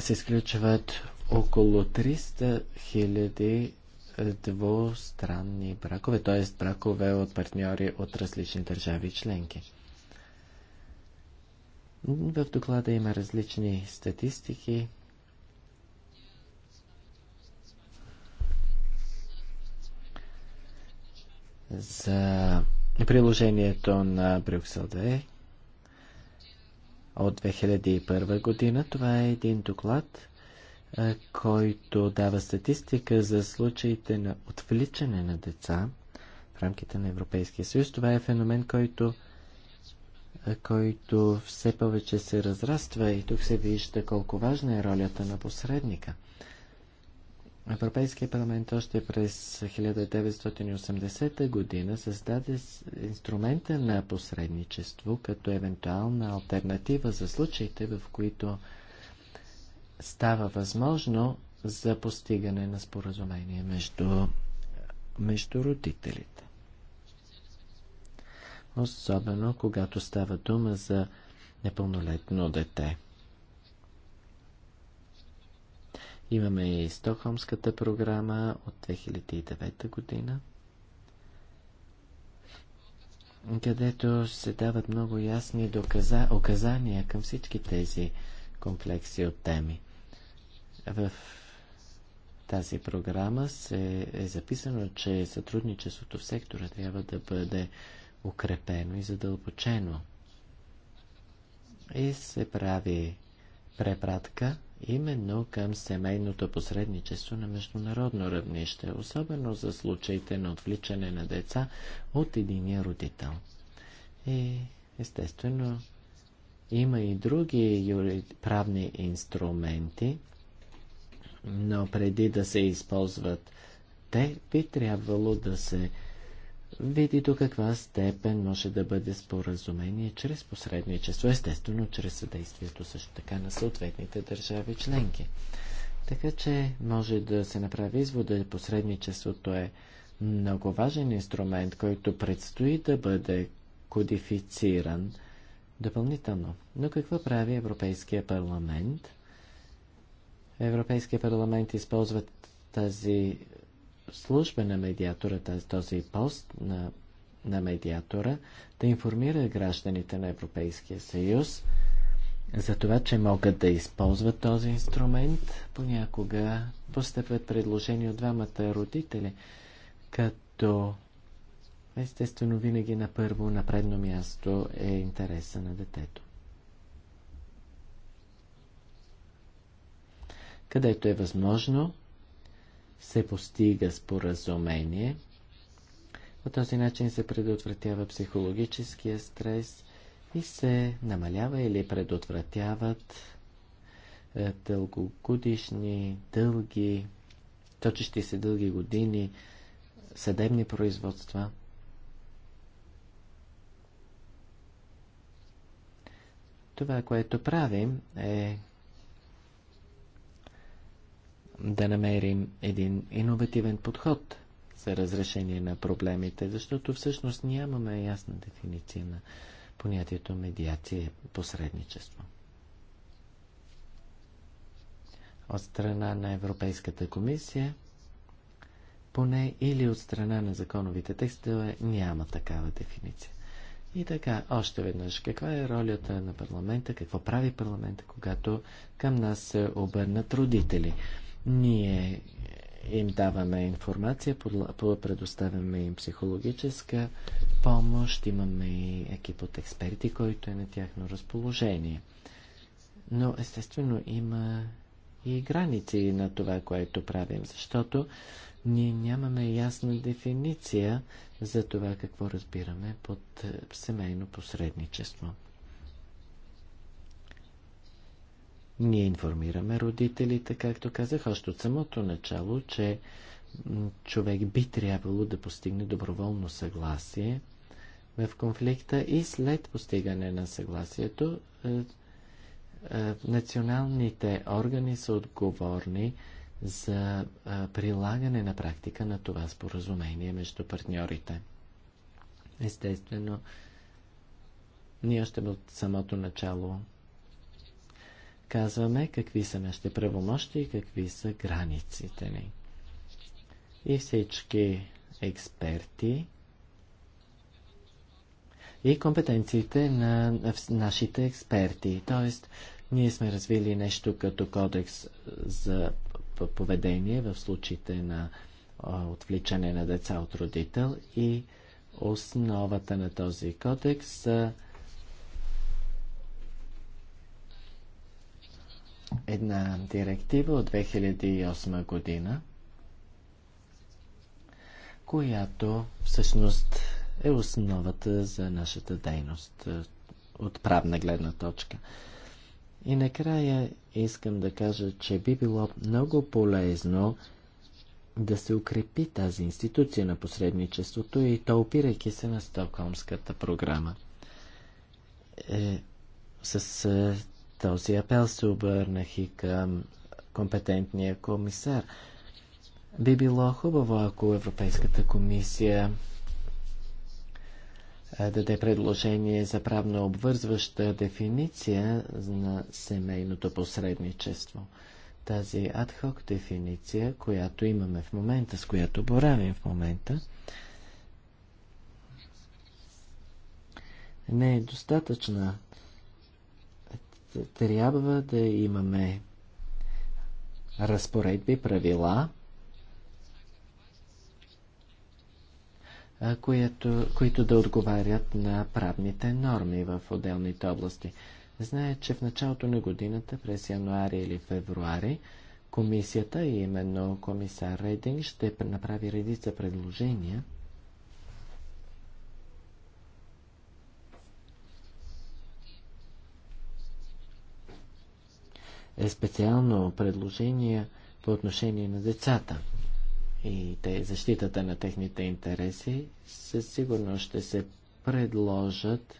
се изключват около 300 хиляди двустранни бракове, т.е. бракове от партньори от различни държави членки. В доклада има различни статистики. За приложението на Брюксел 2 от 2001 година. Това е един доклад, който дава статистика за случаите на отвличане на деца в рамките на Европейския съюз. Това е феномен, който, който все повече се разраства и тук се вижда колко важна е ролята на посредника – Европейския парламент още през 1980 година създаде инструмента на посредничество като евентуална альтернатива за случаите, в които става възможно за постигане на споразумение между, между родителите. Особено когато става дума за непълнолетно дете. Имаме и Стокхолмската програма от 2009 година, където се дават много ясни доказа, оказания към всички тези комплекси от теми. В тази програма се е записано, че сътрудничеството в сектора трябва да бъде укрепено и задълбочено. И се прави препратка именно към семейното посредничество на международно равнище, особено за случаите на отвличане на деца от единия родител. И естествено има и други правни инструменти, но преди да се използват те, би трябвало да се види до каква степен може да бъде споразумение чрез посредничество, естествено чрез съдействието също така на съответните държави членки. Така че може да се направи извода, посредничеството е много важен инструмент, който предстои да бъде кодифициран допълнително. Но какво прави Европейския парламент? Европейския парламент използва тази служба на медиатора, този пост на, на медиатора, да информира гражданите на Европейския съюз за това, че могат да използват този инструмент. Понякога постъпват предложения от двамата родители, като естествено винаги на първо, на предно място е интереса на детето. Където е възможно, се постига споразумение. По този начин се предотвратява психологическия стрес и се намалява или предотвратяват е, дългогодишни, дълги, точещи се дълги години съдебни производства. Това, което правим, е да намерим един иновативен подход за разрешение на проблемите, защото всъщност нямаме ясна дефиниция на понятието медиация посредничество. От страна на Европейската комисия, поне или от страна на законовите текстове, няма такава дефиниция. И така, още веднъж, каква е ролята на парламента, какво прави парламента, когато към нас се обърнат родители? Ние им даваме информация, предоставяме им психологическа помощ, имаме и екип от експерти, който е на тяхно разположение. Но естествено има и граници на това, което правим, защото ние нямаме ясна дефиниция за това какво разбираме под е, семейно посредничество. Ние информираме родителите, както казах, още от самото начало, че човек би трябвало да постигне доброволно съгласие в конфликта и след постигане на съгласието е, е, националните органи са отговорни за е, прилагане на практика на това споразумение между партньорите. Естествено, ние още от самото начало казваме какви са нашите правомощи и какви са границите ни. И всички експерти и компетенциите на нашите експерти. Тоест, ние сме развили нещо като кодекс за поведение в случаите на отвличане на деца от родител и основата на този кодекс са една директива от 2008 година, която всъщност е основата за нашата дейност е, от правна гледна точка. И накрая искам да кажа, че би било много полезно да се укрепи тази институция на посредничеството и то опирайки се на Стокхолмската програма. Е, с е, този апел се обърнах и към компетентния комисар. Би било хубаво, ако Европейската комисия даде предложение за правно обвързваща дефиниция на семейното посредничество. Тази адхок дефиниция, която имаме в момента, с която боравим в момента, не е достатъчна трябва да имаме разпоредби, правила, Което, които да отговарят на правните норми в отделните области. Знае, че в началото на годината, през януари или февруари, комисията, и именно комисар Рейдинг, ще направи редица предложения – е специално предложение по отношение на децата и те, защитата на техните интереси, със сигурност ще се предложат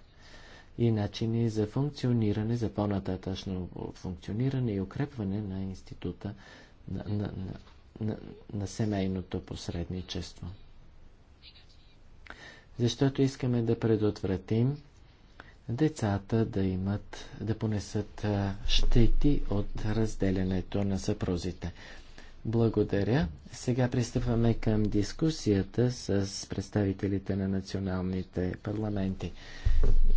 и начини за функциониране, за по-нататъчно функциониране и укрепване на института на, на, на, на, на семейното посредничество. Защото искаме да предотвратим децата да имат, да понесат щети от разделянето на съпрузите. Благодаря. Сега пристъпваме към дискусията с представителите на националните парламенти.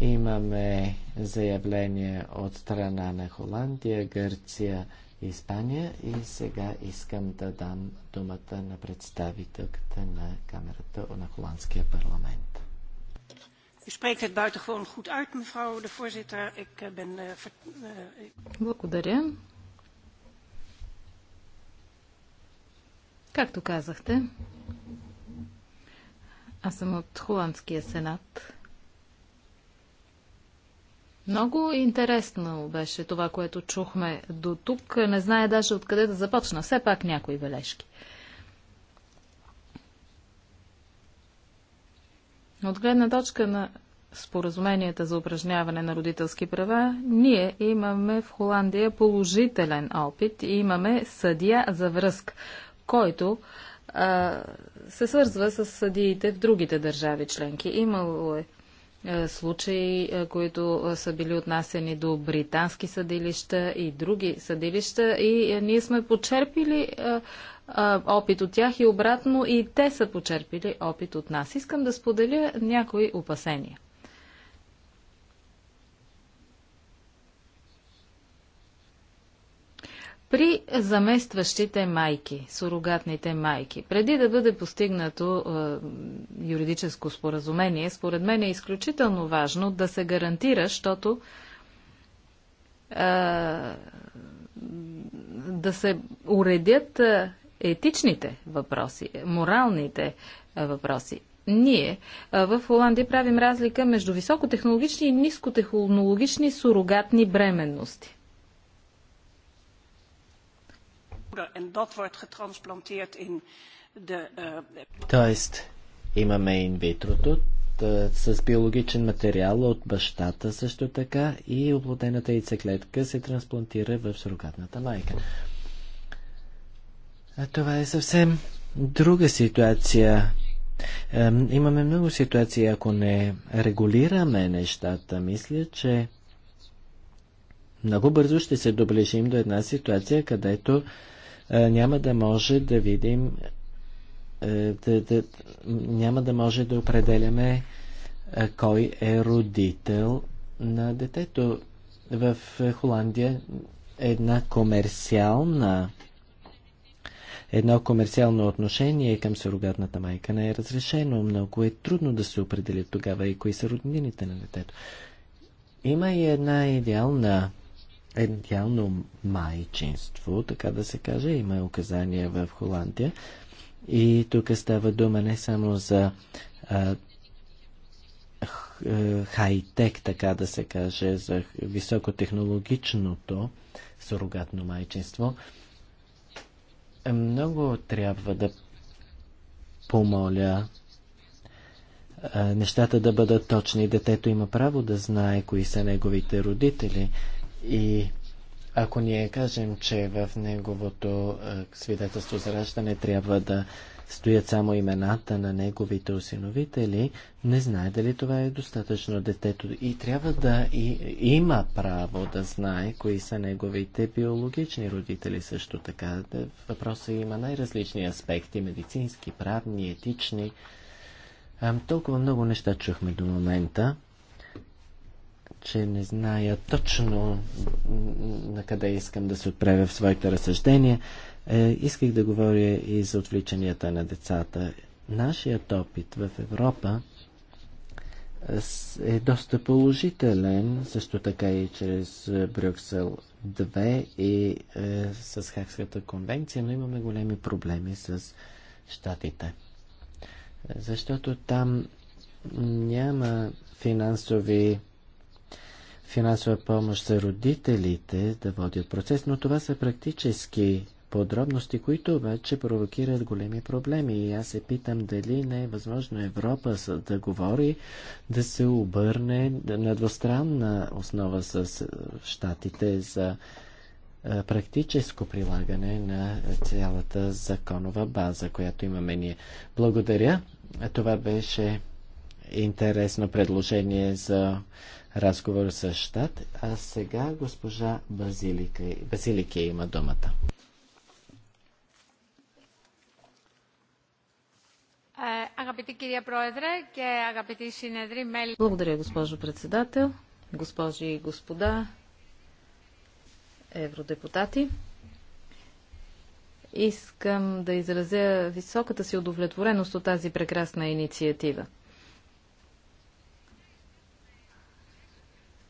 Имаме заявление от страна на Холандия, Гърция, Испания и сега искам да дам думата на представителката на Камерата на Холандския парламент. Благодаря. Както казахте, аз съм от Холандския сенат. Много интересно беше това, което чухме до тук. Не знае даже откъде да започна. Все пак някои бележки. От гледна точка на споразуменията за упражняване на родителски права, ние имаме в Холандия положителен опит и имаме съдия за връзка, който а, се свързва с съдиите в другите държави членки. Имало е, е случаи, е, които са били отнасени до британски съдилища и други съдилища. И е, ние сме почерпили опит от тях и обратно и те са почерпили опит от нас. Искам да споделя някои опасения. При заместващите майки, сурогатните майки, преди да бъде постигнато е, юридическо споразумение, според мен е изключително важно да се гарантира, защото е, да се уредят е, етичните въпроси, моралните въпроси. Ние в Холандия правим разлика между високотехнологични и нискотехнологични сурогатни бременности. Eh, Тоест, имаме инвитрото с биологичен материал от бащата също така и оплодената яйцеклетка се трансплантира в сурогатната майка. Това е съвсем друга ситуация. Имаме много ситуации, ако не регулираме нещата. Мисля, че много бързо ще се доближим до една ситуация, където е, няма да може да видим, е, да, да, няма да може да определяме е, кой е родител на детето. В Холандия една комерциална едно комерциално отношение към сурогатната майка не е разрешено. Много е трудно да се определят тогава и кои са роднините на детето. Има и една идеална идеално майчинство, така да се каже. Има указания в Холандия. И тук става дума не само за а, хай-тек, така да се каже, за високотехнологичното сурогатно майчинство, много трябва да помоля нещата да бъдат точни. Детето има право да знае кои са неговите родители и ако ние кажем, че в неговото свидетелство за раждане трябва да стоят само имената на неговите осиновители, не знае дали това е достатъчно детето. И трябва да и, има право да знае кои са неговите биологични родители също така. Въпросът има най-различни аспекти, медицински, правни, етични. Ам, толкова много неща чухме до момента че не зная точно на къде искам да се отправя в своите разсъждения. Е, исках да говоря и за отвличанията на децата. Нашият опит в Европа е, е доста положителен, също така и чрез е, Брюксел 2 и е, с Хакската конвенция, но имаме големи проблеми с щатите. Защото там няма финансови финансова помощ за родителите да водят процес, но това са практически подробности, които обаче провокират големи проблеми. И аз се питам дали не е възможно Европа да говори, да се обърне на двустранна основа с е, щатите за е, практическо прилагане на цялата законова база, която имаме ние. Благодаря. Това беше интересно предложение за разговор с щат. А сега госпожа Базилика, Базилики има думата. Е, Благодаря, госпожо председател, госпожи и господа евродепутати. Искам да изразя високата си удовлетвореност от тази прекрасна инициатива.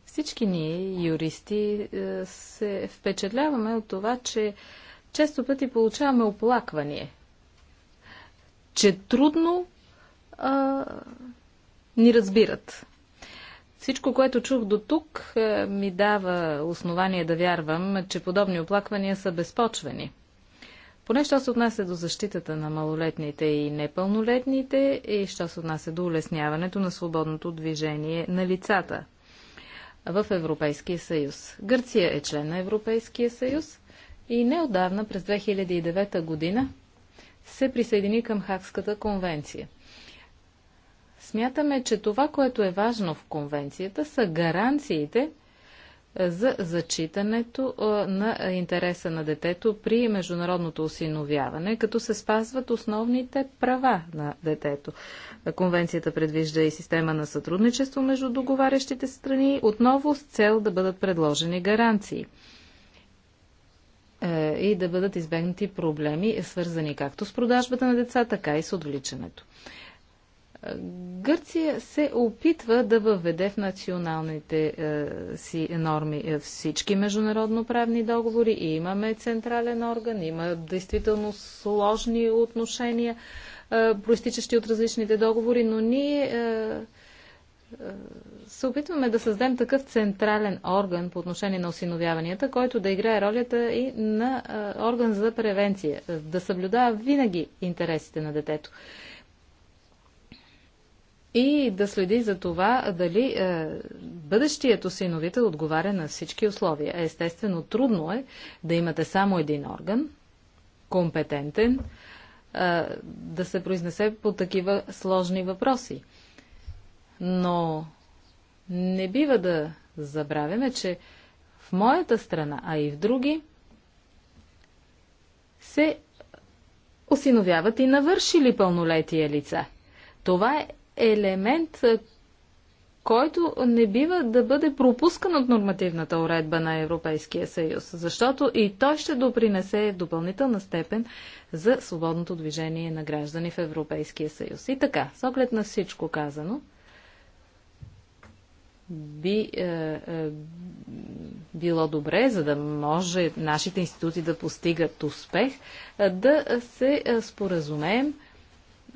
Всички ние, юристи, е, се впечатляваме от това, че често пъти получаваме оплакване – че трудно а, ни разбират. Всичко, което чух до тук, е, ми дава основание да вярвам, че подобни оплаквания са безпочвени. Поне що се отнася до защитата на малолетните и непълнолетните и що се отнася до улесняването на свободното движение на лицата в Европейския съюз. Гърция е член на Европейския съюз и неодавна през 2009 година се присъедини към Хакската конвенция. Смятаме, че това, което е важно в конвенцията, са гаранциите за зачитането на интереса на детето при международното осиновяване, като се спазват основните права на детето. Конвенцията предвижда и система на сътрудничество между договарящите страни, отново с цел да бъдат предложени гаранции. Е, и да бъдат избегнати проблеми, свързани както с продажбата на деца, така и с отвличането. Е, Гърция се опитва да въведе в националните е, си норми е, всички международно правни договори и имаме централен орган, има действително сложни отношения, е, проистичащи от различните договори, но ние е, се опитваме да създадем такъв централен орган по отношение на осиновяванията, който да играе ролята и на орган за превенция, да съблюдава винаги интересите на детето и да следи за това дали е, бъдещият осиновител отговаря на всички условия. Естествено, трудно е да имате само един орган, компетентен, е, да се произнесе по такива сложни въпроси. Но не бива да забравяме, че в моята страна, а и в други, се осиновяват и навършили пълнолетия лица. Това е елемент, който не бива да бъде пропускан от нормативната уредба на Европейския съюз, защото и той ще допринесе в допълнителна степен за свободното движение на граждани в Европейския съюз. И така, с оглед на всичко казано, би е, е, било добре, за да може нашите институции да постигат успех, е, да се е, споразумеем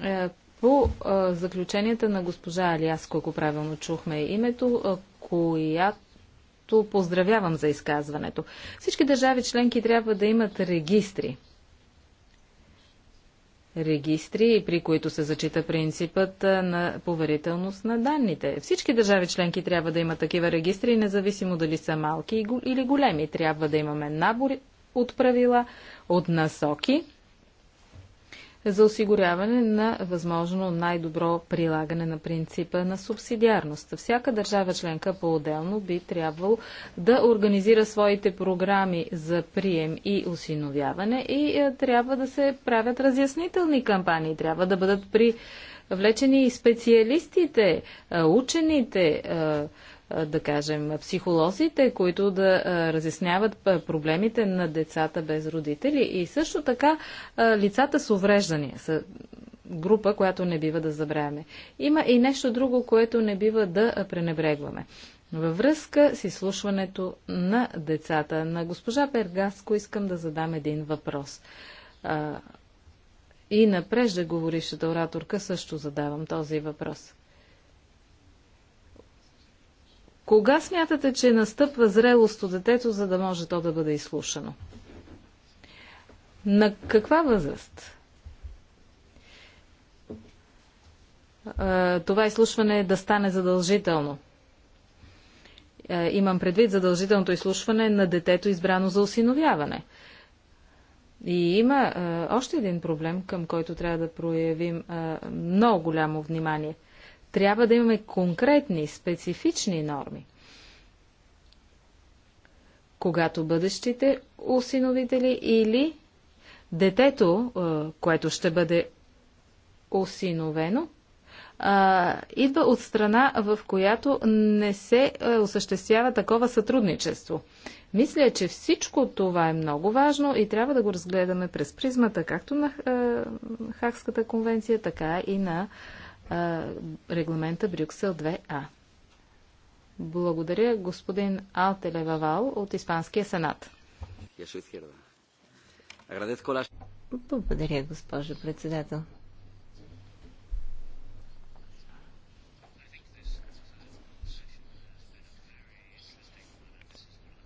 е, по е, заключенията на госпожа Алиас, колко правилно чухме името, е, която поздравявам за изказването. Всички държави членки трябва да имат регистри – регистри, при които се зачита принципът на поверителност на данните. Всички държави членки трябва да имат такива регистри, независимо дали са малки или големи. Трябва да имаме набор от правила, от насоки, за осигуряване на възможно най-добро прилагане на принципа на субсидиарност. Всяка държава членка по-отделно би трябвало да организира своите програми за прием и осиновяване и е, трябва да се правят разяснителни кампании, трябва да бъдат при влечени и специалистите, е, учените, е, да кажем, психолозите, които да разясняват проблемите на децата без родители. И също така лицата с увреждания са група, която не бива да забравяме. Има и нещо друго, което не бива да пренебрегваме. Във връзка с изслушването на децата, на госпожа Пергаско искам да задам един въпрос. И на преждеговорившата ораторка също задавам този въпрос. Кога смятате, че настъпва зрелост от детето, за да може то да бъде изслушано? На каква възраст? Това изслушване е да стане задължително. Имам предвид задължителното изслушване на детето, избрано за осиновяване. И има още един проблем, към който трябва да проявим много голямо внимание – трябва да имаме конкретни, специфични норми. Когато бъдещите осиновители или детето, е, което ще бъде осиновено, идва от страна, в която не се е, осъществява такова сътрудничество. Мисля, че всичко това е много важно и трябва да го разгледаме през призмата както на е, Хагската конвенция, така и на регламента Брюксел 2А. Благодаря господин Алтеле Вавал от Испанския сенат. Благодаря, госпожо председател.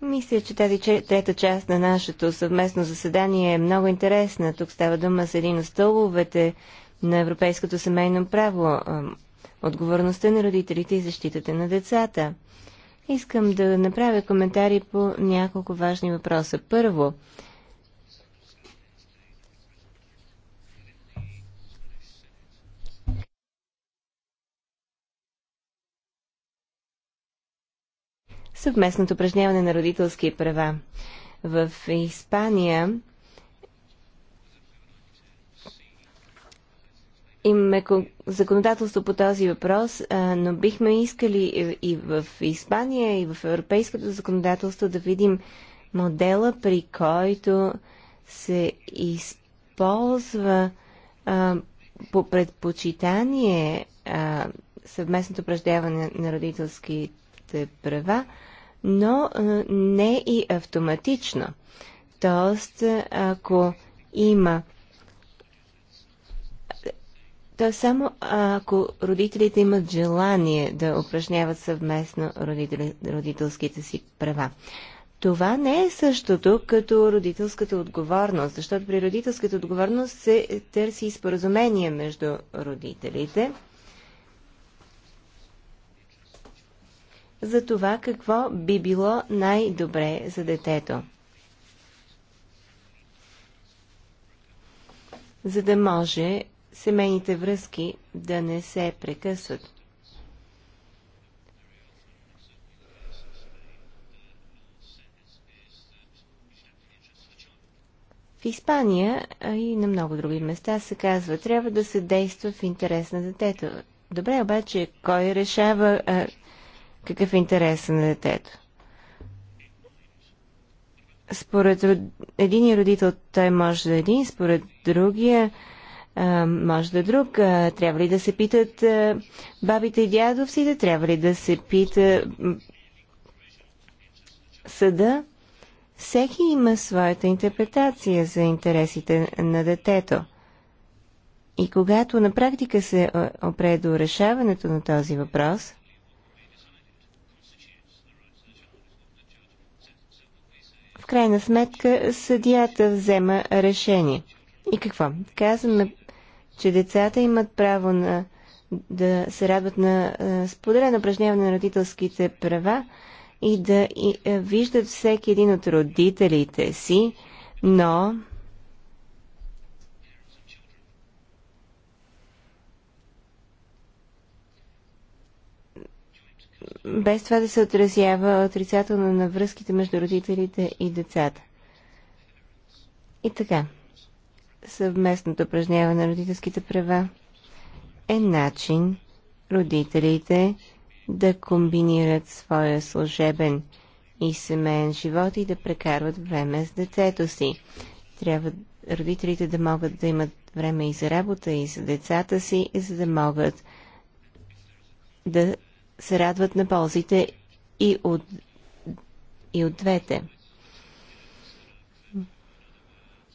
Мисля, че тази трета част на нашето съвместно заседание е много интересна. Тук става дума с един от стълбовете на европейското семейно право, отговорността на родителите и защитата на децата. Искам да направя коментари по няколко важни въпроса. Първо, съвместното упражняване на родителски права. В Испания имаме законодателство по този въпрос, но бихме искали и в Испания, и в европейското законодателство да видим модела, при който се използва по предпочитание съвместното упражняване на родителските права, но не и автоматично. Тоест, ако има то е само ако родителите имат желание да упражняват съвместно родител... родителските си права. Това не е същото като родителската отговорност, защото при родителската отговорност се търси и споразумение между родителите за това какво би било най-добре за детето. За да може семейните връзки да не се прекъсват. В Испания а и на много други места се казва, трябва да се действа в интерес на детето. Добре, обаче, кой решава а, какъв е интерес на детето? Според род... един родител той може да е един, според другия може да е друг. А, трябва ли да се питат а, бабите и дядовците? Трябва ли да се пита съда? Всеки има своята интерпретация за интересите на детето. И когато на практика се опре до решаването на този въпрос, в крайна сметка съдията взема решение. И какво? Казваме че децата имат право на, да се радват на споделено упражняване на родителските права и да и, виждат всеки един от родителите си, но без това да се отразява отрицателно на връзките между родителите и децата. И така съвместното упражняване на родителските права е начин родителите да комбинират своя служебен и семейен живот и да прекарват време с детето си. Трябва родителите да могат да имат време и за работа, и за децата си, за да могат да се радват на ползите и от, и от двете.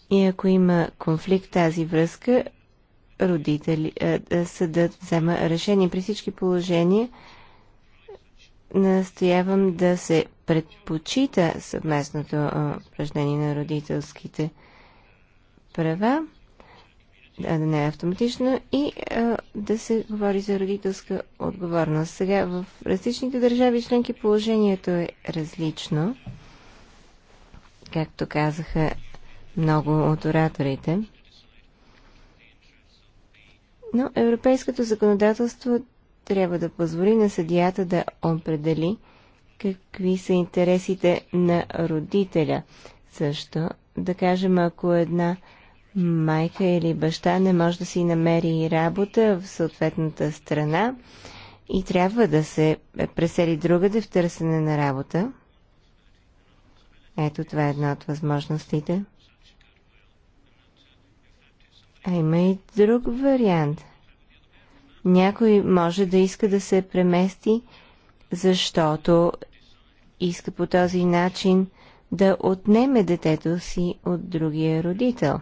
И ако има конфликт тази връзка, родители, е, е, съдът взема решение. При всички положения настоявам да се предпочита съвместното е, упражнение на родителските права, да не е автоматично, и а, да се говори за родителска отговорност. Сега в различните държави членки положението е различно. Както казаха много от ораторите. Но европейското законодателство трябва да позволи на съдията да определи какви са интересите на родителя. Също, да кажем, ако една майка или баща не може да си намери работа в съответната страна и трябва да се пресели другаде в търсене на работа, ето това е една от възможностите. А има и друг вариант. Някой може да иска да се премести, защото иска по този начин да отнеме детето си от другия родител.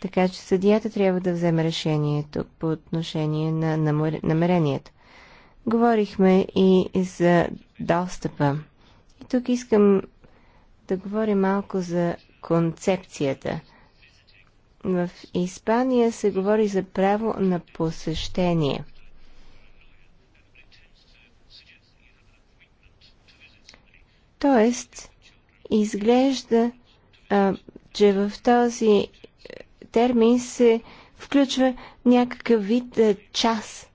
Така че съдията трябва да вземе решение тук по отношение на намерението. Говорихме и за достъпа. И тук искам да говоря малко за концепцията – в Испания се говори за право на посещение. Тоест, изглежда, а, че в този е, термин се включва някакъв вид а, е, час,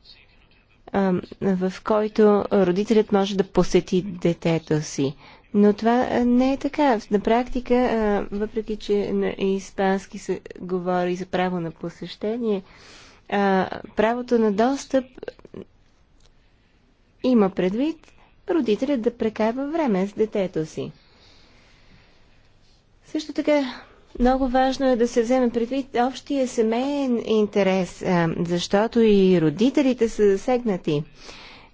а, в който родителят може да посети детето си. Но това не е така. На практика, въпреки че на испански се говори за право на посещение, правото на достъп има предвид родителят да прекарва време с детето си. Също така, много важно е да се вземе предвид общия семейен интерес, защото и родителите са засегнати.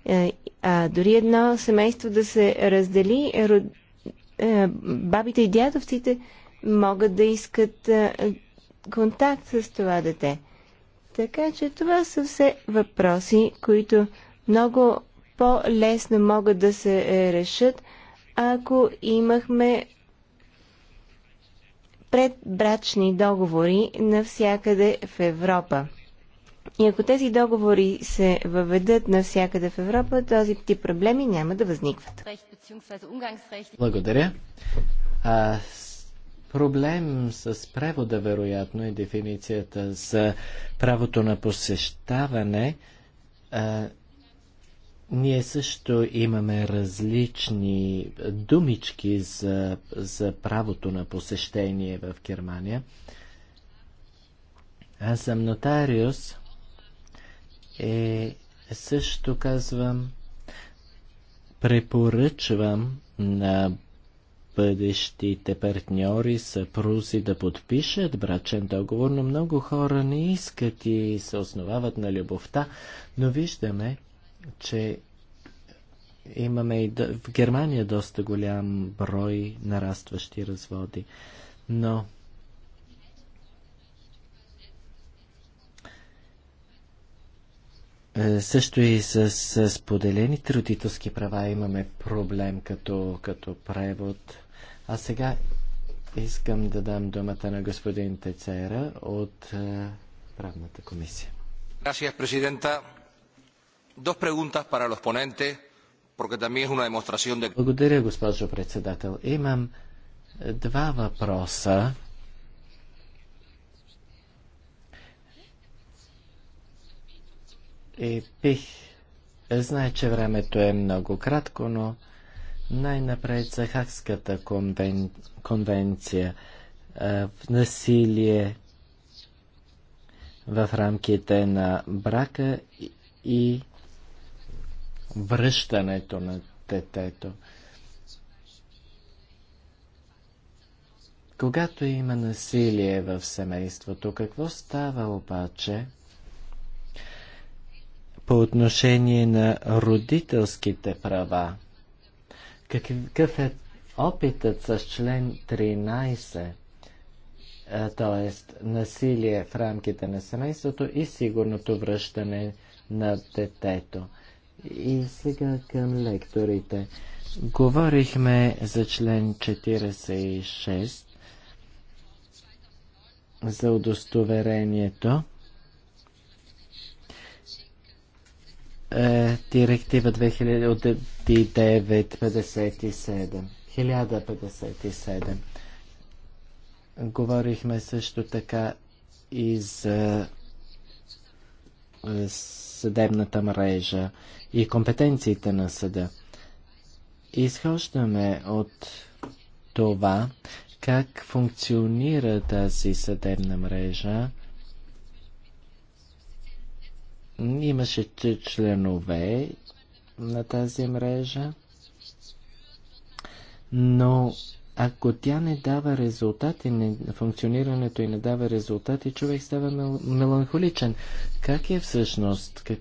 Е, а дори едно семейство да се раздели, род... Е, бабите и дядовците могат да искат е, контакт с това дете. Така че това са все въпроси, които много по-лесно могат да се решат, ако имахме предбрачни договори навсякъде в Европа. И ако тези договори се въведат навсякъде в Европа, този тип проблеми няма да възникват. Благодаря. А, проблем с превода, вероятно, е дефиницията за правото на посещаване. А, ние също имаме различни думички за, за правото на посещение в Германия. Аз съм нотариус е, също казвам, препоръчвам на бъдещите партньори, съпрузи да подпишат брачен договор, но много хора не искат и се основават на любовта, но виждаме, че имаме и в Германия доста голям брой нарастващи разводи. Но Е, също и с, с споделените родителски права имаме проблем като, като превод. А сега искам да дам думата на господин Тецера от е, правната комисия. Gracias, Presidenta. Dos preguntas para los ponentes, porque también es una demostración de... Благодаря, госпожо председател. Имам е, два въпроса И пих, е, Знае, че времето е много кратко, но най-напред за Хакската конвен... конвенция. Е, насилие в рамките на брака и връщането на детето. Когато има насилие в семейството, какво става обаче? по отношение на родителските права. Какъв е опитът с член 13, т.е. насилие в рамките на семейството и сигурното връщане на детето? И сега към лекторите. Говорихме за член 46, за удостоверението. Е, директива 2009 1057. Говорихме също така и за е, съдебната мрежа и компетенциите на съда. Изхождаме от това, как функционира тази съдебна мрежа, Имаше членове на тази мрежа, но ако тя не дава резултати, не, функционирането и не дава резултати, човек става мел, меланхоличен. Как е всъщност? Как,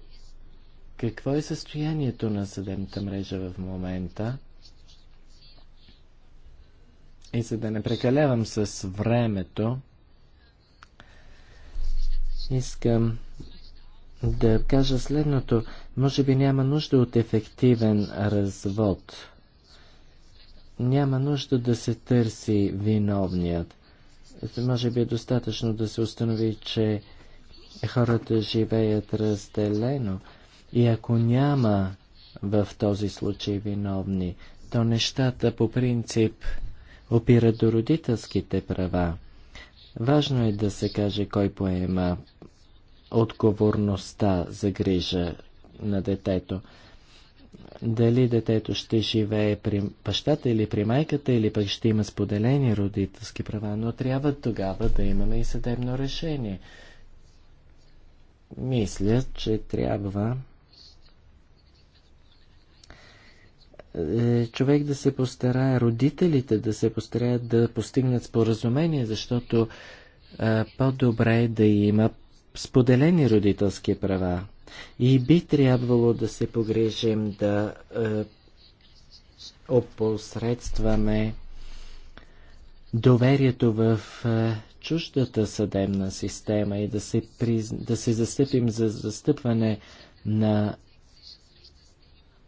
какво е състоянието на съдебната мрежа в момента? И за да не прекалявам с времето, искам да кажа следното. Може би няма нужда от ефективен развод. Няма нужда да се търси виновният. Може би е достатъчно да се установи, че хората живеят разделено. И ако няма в този случай виновни, то нещата по принцип опират до родителските права. Важно е да се каже кой поема отговорността за грижа на детето. Дали детето ще живее при бащата или при майката, или пък ще има споделени родителски права, но трябва тогава да имаме и съдебно решение. Мисля, че трябва е, човек да се постарае, родителите да се постараят да постигнат споразумение, защото е, по-добре е да има споделени родителски права. И би трябвало да се погрежим да е, опосредстваме доверието в е, чуждата съдебна система и да се, приз... да се застъпим за застъпване на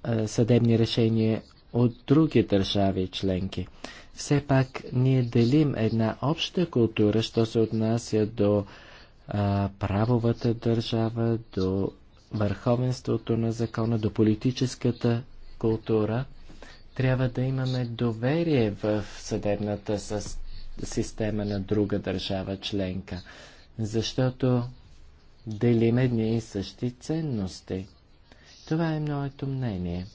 е, съдебни решения от други държави членки. Все пак ние делим една обща култура, що се отнася до е, а, правовата държава, до върховенството на закона, до политическата култура. Трябва да имаме доверие в съдебната система на друга държава членка, защото делим едни и същи ценности. Това е моето мнение.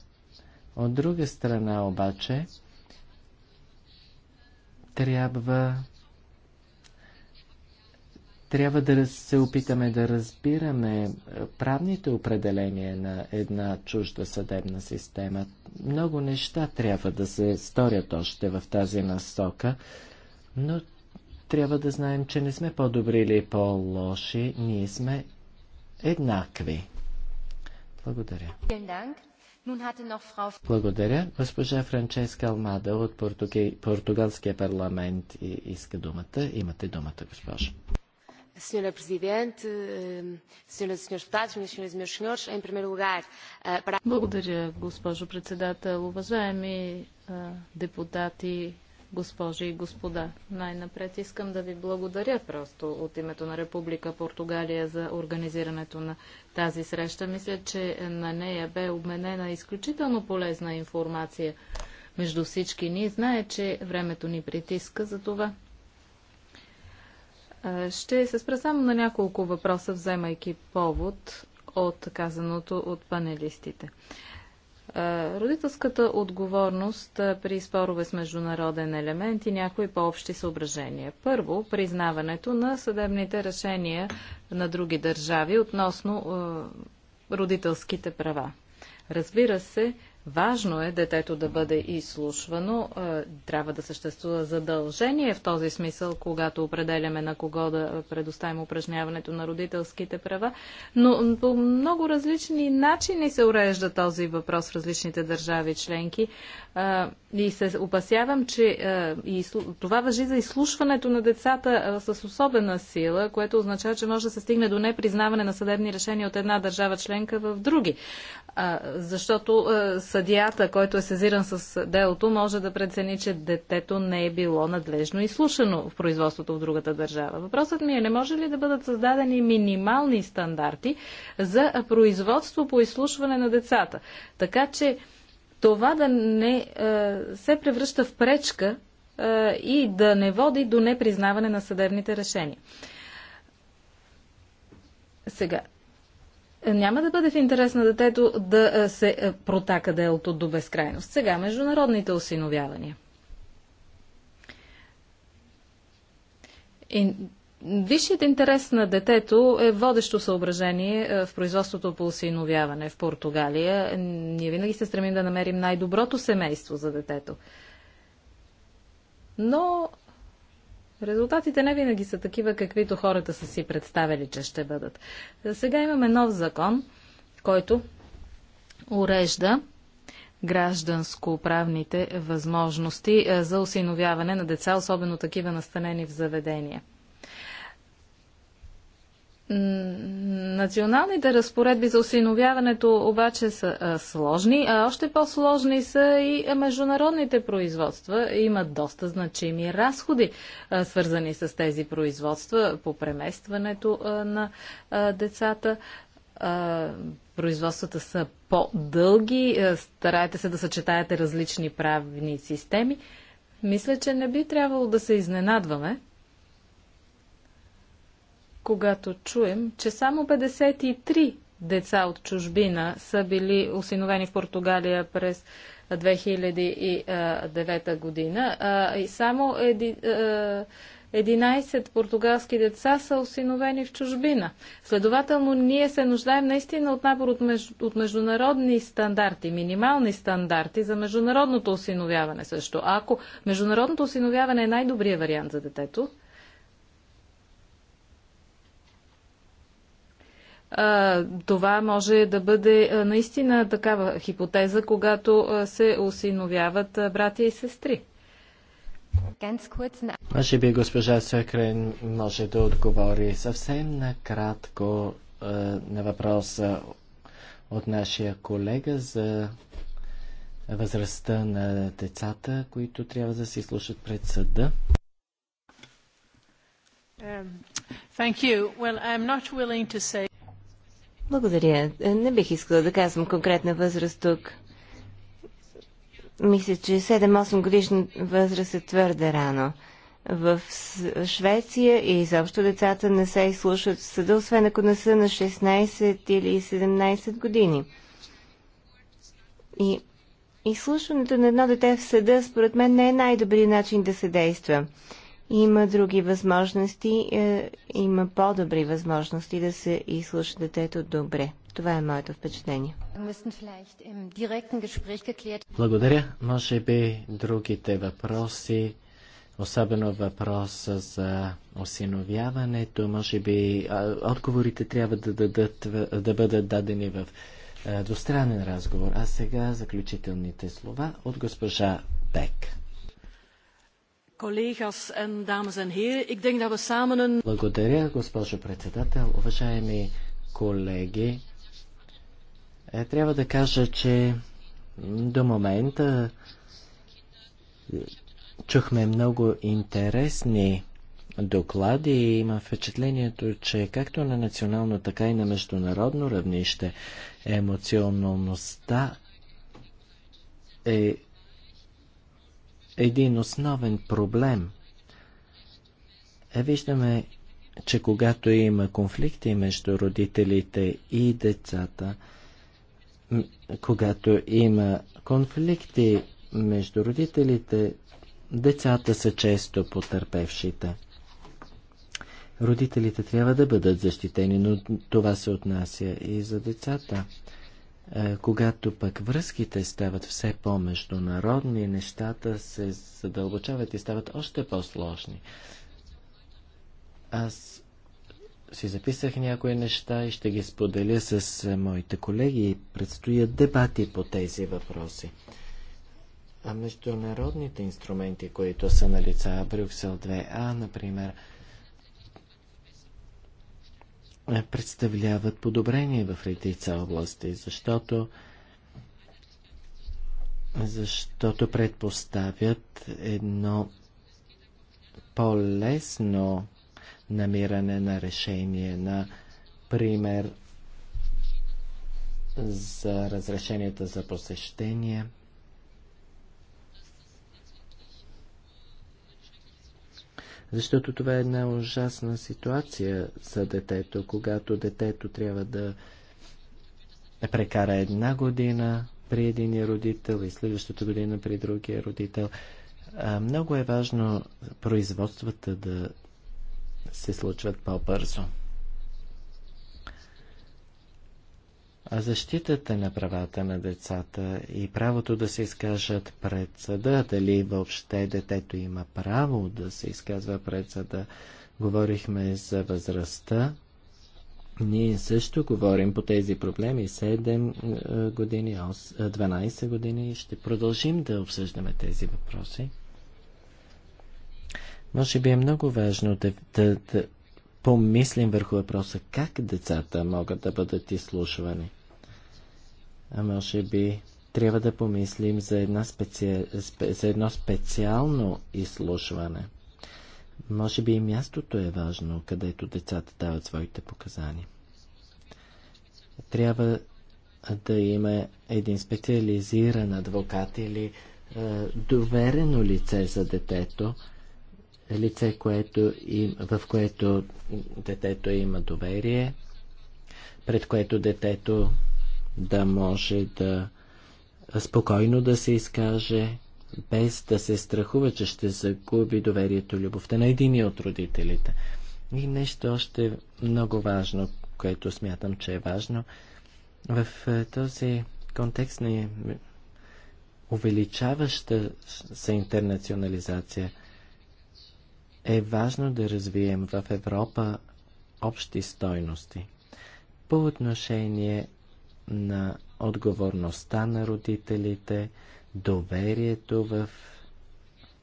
От друга страна обаче, трябва трябва да се опитаме да разбираме е, правните определения на една чужда съдебна система. Много неща трябва да се сторят още в тази насока, но трябва да знаем, че не сме по-добри или по-лоши, ние сме еднакви. Благодаря. Благодаря. Госпожа Франческа Алмада от Португалския парламент иска думата. Имате думата, госпожо. Senhora Presidente, eh, senhoras e senhores deputados, minhas senhoras e meus senhores, em primeiro lugar, eh, para... Благодаря, госпожо председател, уважаеми депутати, госпожи и господа. Най-напред искам да ви благодаря просто от името на Република Португалия за организирането на тази среща. Мисля, че на нея бе обменена изключително полезна информация между всички ни. Знае, че времето ни притиска за това. Ще се спра само на няколко въпроса, вземайки повод от казаното от панелистите. Родителската отговорност при спорове с международен елемент и някои по-общи съображения. Първо, признаването на съдебните решения на други държави относно родителските права. Разбира се, Важно е детето да бъде изслушвано. Е, трябва да съществува задължение в този смисъл, когато определяме на кого да предоставим упражняването на родителските права. Но по много различни начини се урежда този въпрос в различните държави членки. Е, и се опасявам, че е, това въжи за изслушването на децата с особена сила, което означава, че може да се стигне до непризнаване на съдебни решения от една държава членка в други. А, защото а, съдията, който е сезиран с делото, може да прецени, че детето не е било надлежно изслушано в производството в другата държава. Въпросът ми е, не може ли да бъдат създадени минимални стандарти за производство по изслушване на децата? Така че това да не а, се превръща в пречка а, и да не води до непризнаване на съдебните решения. Сега, няма да бъде в интерес на детето да е, се е, протака делото до безкрайност. Сега международните осиновявания. И висшият интерес на детето е водещо съображение е, в производството по осиновяване в Португалия. Ние винаги се стремим да намерим най-доброто семейство за детето. Но Резултатите не винаги са такива, каквито хората са си представили, че ще бъдат. Сега имаме нов закон, който урежда гражданско-правните възможности е, за осиновяване на деца, особено такива настанени в заведения – Националните разпоредби за осиновяването обаче са а, сложни, а още по-сложни са и международните производства. Имат доста значими разходи, а, свързани с тези производства по преместването а, на децата. Производствата са по-дълги, старайте се да съчетаете различни правни системи. Мисля, че не би трябвало да се изненадваме, когато чуем, че само 53 деца от чужбина са били осиновени в Португалия през 2009 година. И само 11 португалски деца са осиновени в чужбина. Следователно, ние се нуждаем наистина от набор от, меж... от международни стандарти, минимални стандарти за международното осиновяване също. ако международното осиновяване е най-добрият вариант за детето, това може да бъде наистина такава хипотеза, когато се осиновяват братя и сестри. Може би госпожа Съкрен може да отговори съвсем накратко на въпроса от нашия колега за възрастта на децата, които трябва да се слушат пред съда. Um, well, say... Благодаря. Е, не бих искала да казвам конкретна възраст тук. Мисля, че 7-8 годишна възраст е твърде рано. В Швеция и изобщо децата не се изслушват в съда, освен ако не са на 16 или 17 години. И изслушването на едно дете в съда, според мен, не е най-добрият начин да се действа. Има други възможности, е, има по-добри възможности да се изслуша детето добре. Това е моето впечатление. Благодаря. Може би другите въпроси, особено въпроса за осиновяването, може би отговорите трябва да, дадат, да бъдат дадени в е, двустранен разговор. А сега заключителните слова от госпожа Пек collega's en dames en heren. Ik denk dat we samen een... Благодаря, госпожо председател. Уважаеми колеги, е, трябва да кажа, че до момента е, чухме много интересни доклади и има впечатлението, че както на национално, така и на международно равнище емоционалността е един основен проблем. е, Виждаме, че когато има конфликти между родителите и децата, когато има конфликти между родителите, децата са често потърпевшите. Родителите трябва да бъдат защитени, но това се отнася и за децата. Е, когато пък връзките стават все по-международни, нещата се задълбочават и стават още по-сложни. Аз си записах някои неща и ще ги споделя с е, моите колеги. Предстоят дебати по тези въпроси. А международните инструменти, които са на лица Брюксел 2А, например, е, представляват подобрение в редица области, защото защото предпоставят едно по-лесно намиране на решение на пример за разрешенията за посещение – Защото това е една ужасна ситуация за детето, когато детето трябва да е прекара една година при един родител и следващата година при другия родител. А, много е важно производствата да се случват по-бързо. А защитата на правата на децата и правото да се изкажат пред съда, дали въобще детето има право да се изказва пред съда, говорихме за възрастта. Ние също говорим по тези проблеми 7 е, години, 12 е, години. и Ще продължим да обсъждаме тези въпроси. Може би е много важно да, да, да, помислим върху въпроса как децата могат да бъдат изслушвани. А може би трябва да помислим за, една специ... за едно специално изслушване. Може би и мястото е важно, където децата дават своите показания. Трябва да има един специализиран адвокат или е, доверено лице за детето, лице, което им, в което детето има доверие, пред което детето да може да спокойно да се изкаже, без да се страхува, че ще загуби доверието, любовта на един от родителите. И нещо още много важно, което смятам, че е важно. В е, този контекст на е, увеличаваща се интернационализация – е важно да развием в Европа общи стойности. По отношение на отговорността на родителите, доверието в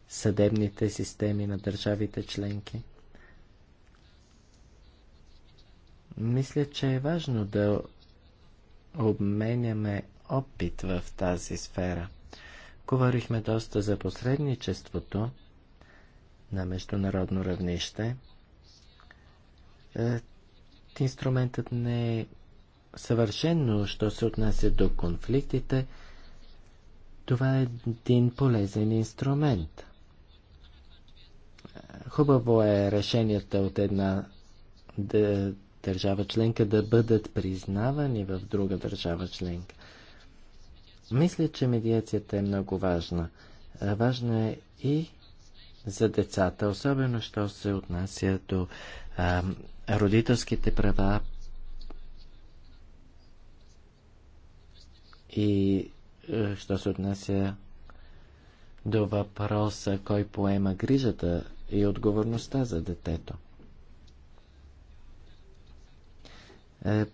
съдебните системи на държавите членки. Мисля, че е важно да обменяме опит в тази сфера. Говорихме доста за посредничеството, на международно равнище. Е, инструментът не е съвършенно, що се отнася до конфликтите. Това е един полезен инструмент. Хубаво е решенията от една държава членка да бъдат признавани в друга държава членка. Мисля, че медиацията е много важна. Важна е и за децата, особено що се отнася до а, родителските права и а, е, що се отнася до въпроса кой поема грижата и отговорността за детето. Е,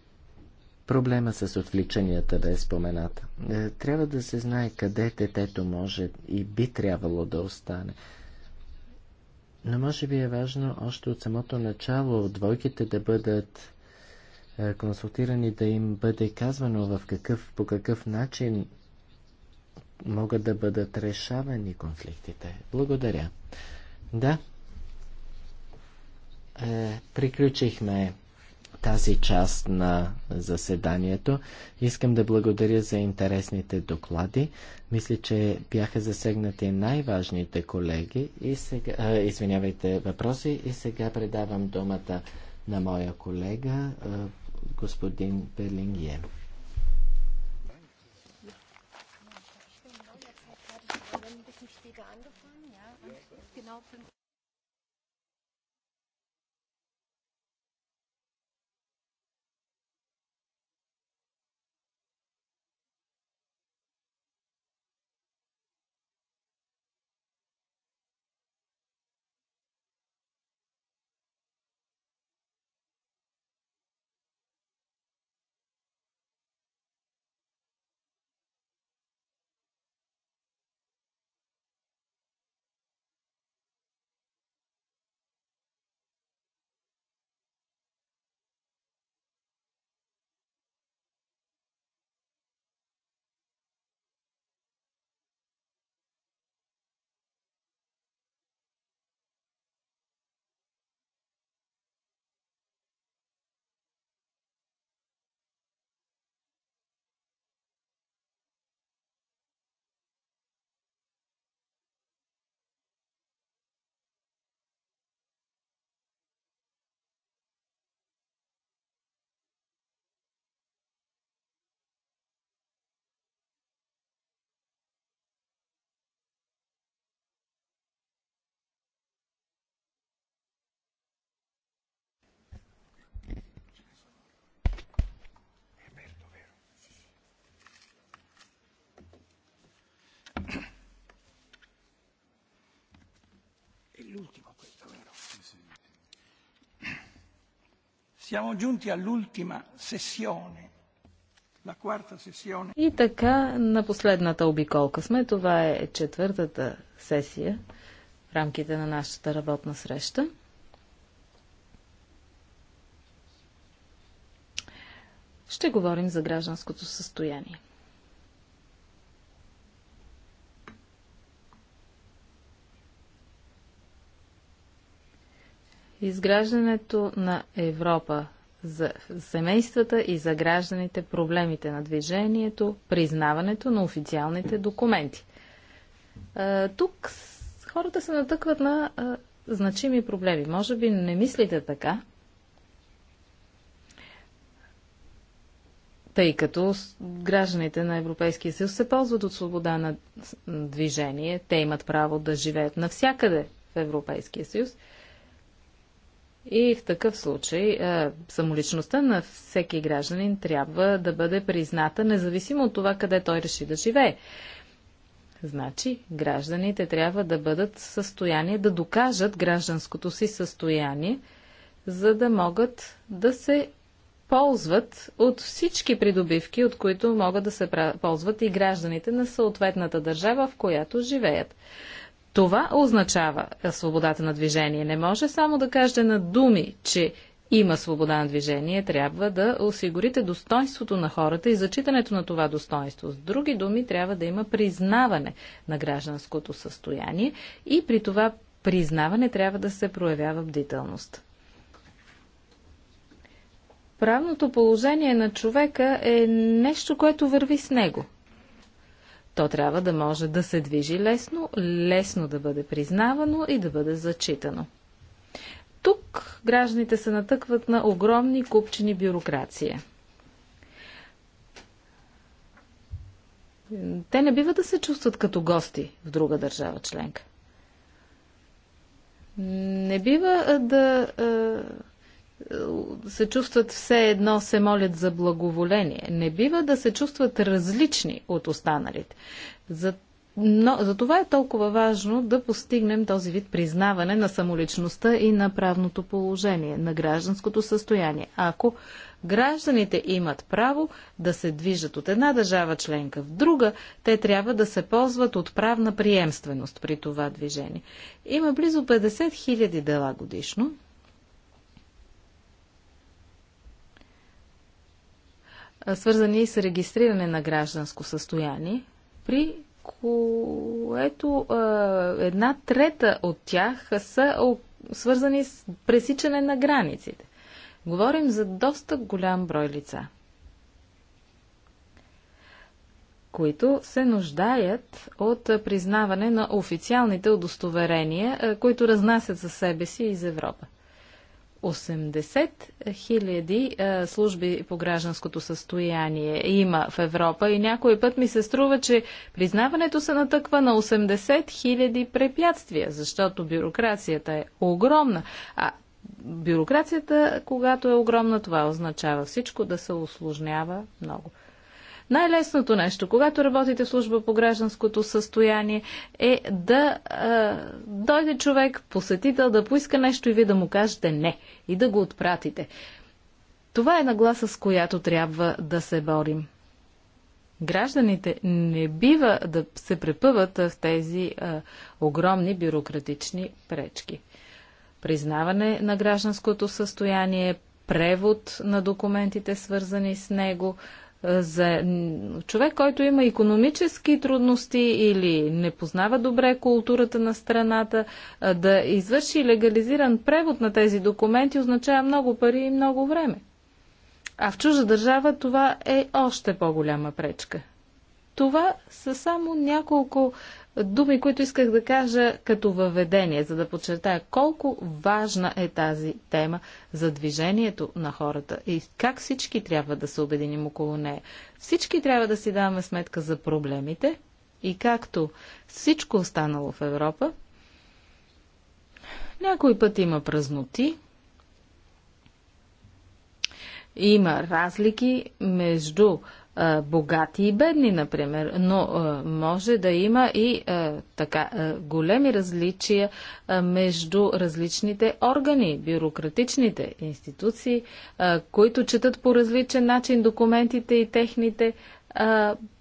проблема с отвличанията бе спомената. Е, трябва да се знае къде детето може и би трябвало да остане. Но може би е важно още от самото начало двойките да бъдат е, консултирани, да им бъде казвано в какъв, по какъв начин могат да бъдат решавани конфликтите. Благодаря. Да. Е, приключихме тази част на заседанието. Искам да благодаря за интересните доклади. Мисля, че бяха засегнати най-важните колеги и сега, а, извинявайте, въпроси и сега предавам думата на моя колега, а, господин Берлингие. l'ultimo questo, vero? Siamo giunti all'ultima sessione. И така на последната обиколка сме. Това е четвъртата сесия в рамките на нашата работна среща. Ще говорим за гражданското състояние. изграждането на Европа за семействата и за гражданите, проблемите на движението, признаването на официалните документи. Тук хората се натъкват на значими проблеми. Може би не мислите така, тъй като гражданите на Европейския съюз се ползват от свобода на движение. Те имат право да живеят навсякъде в Европейския съюз. И в такъв случай е, самоличността на всеки гражданин трябва да бъде призната, независимо от това къде той реши да живее. Значи, гражданите трябва да бъдат в състояние да докажат гражданското си състояние, за да могат да се ползват от всички придобивки, от които могат да се ползват и гражданите на съответната държава, в която живеят. Това означава свободата на движение. Не може само да кажете на думи, че има свобода на движение, трябва да осигурите достоинството на хората и зачитането на това достоинство. С други думи, трябва да има признаване на гражданското състояние и при това признаване трябва да се проявява бдителност. Правното положение на човека е нещо, което върви с него – то трябва да може да се движи лесно, лесно да бъде признавано и да бъде зачитано. Тук гражданите се натъкват на огромни купчени бюрокрация. Те не бива да се чувстват като гости в друга държава членка. Не бива да се чувстват все едно се молят за благоволение. Не бива да се чувстват различни от останалите. За но за това е толкова важно да постигнем този вид признаване на самоличността и на правното положение, на гражданското състояние. Ако гражданите имат право да се движат от една държава членка в друга, те трябва да се ползват от правна приемственост при това движение. Има близо 50 000 дела годишно, свързани с регистриране на гражданско състояние, при което една трета от тях са свързани с пресичане на границите. Говорим за доста голям брой лица, които се нуждаят от признаване на официалните удостоверения, които разнасят за себе си из Европа. 80 хиляди служби по гражданското състояние има в Европа и някой път ми се струва, че признаването се натъква на 80 хиляди препятствия, защото бюрокрацията е огромна. А бюрокрацията, когато е огромна, това означава всичко да се осложнява много. Най-лесното нещо, когато работите в служба по гражданското състояние, е да а, дойде човек, посетител, да поиска нещо и вие да му кажете не и да го отпратите. Това е нагласа, с която трябва да се борим. Гражданите не бива да се препъват в тези а, огромни бюрократични пречки. Признаване на гражданското състояние, превод на документите, свързани с него, за човек, който има економически трудности или не познава добре културата на страната, да извърши легализиран превод на тези документи означава много пари и много време. А в чужда държава това е още по-голяма пречка. Това са само няколко думи, които исках да кажа като въведение, за да подчертая колко важна е тази тема за движението на хората и как всички трябва да се обединим около нея. Всички трябва да си даваме сметка за проблемите и както всичко останало в Европа, някой път има празноти, има разлики между богати и бедни, например, но може да има и така големи различия между различните органи, бюрократичните институции, които четат по различен начин документите и техните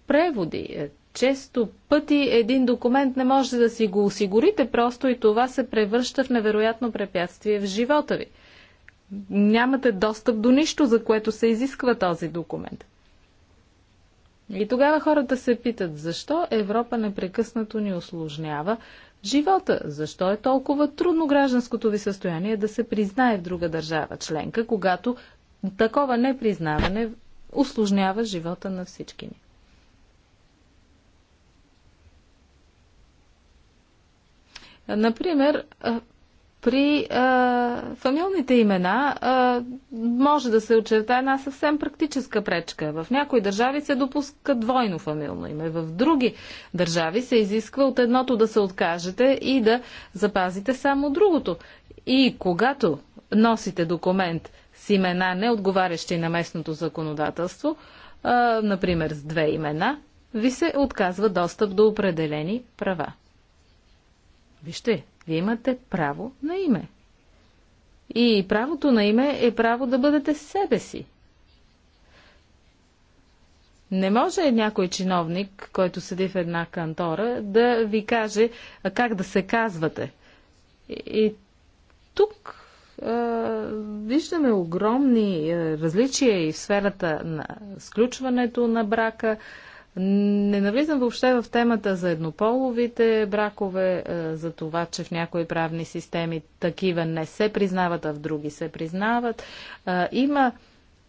преводи. Е, често пъти един документ не може да си го осигурите просто и това се превръща в невероятно препятствие в живота ви. Нямате достъп до нищо, за което се изисква този документ. И тогава хората се питат, защо Европа непрекъснато ни осложнява живота? Защо е толкова трудно гражданското ви състояние да се признае в друга държава членка, когато такова непризнаване осложнява живота на всички ни? Например, при а, фамилните имена а, може да се очерта една съвсем практическа пречка. В някои държави се допуска двойно фамилно име, в други държави се изисква от едното да се откажете и да запазите само другото. И когато носите документ с имена, не отговарящи на местното законодателство, а, например с две имена, ви се отказва достъп до определени права. Вижте, вие имате право на име. И правото на име е право да бъдете себе си. Не може някой чиновник, който седи в една кантора, да ви каже как да се казвате. И, и тук а, виждаме огромни различия и в сферата на сключването на брака, а, не навлизам въобще в темата за еднополовите бракове, е, за това, че в някои правни системи такива не се признават, а в други се признават. Е, има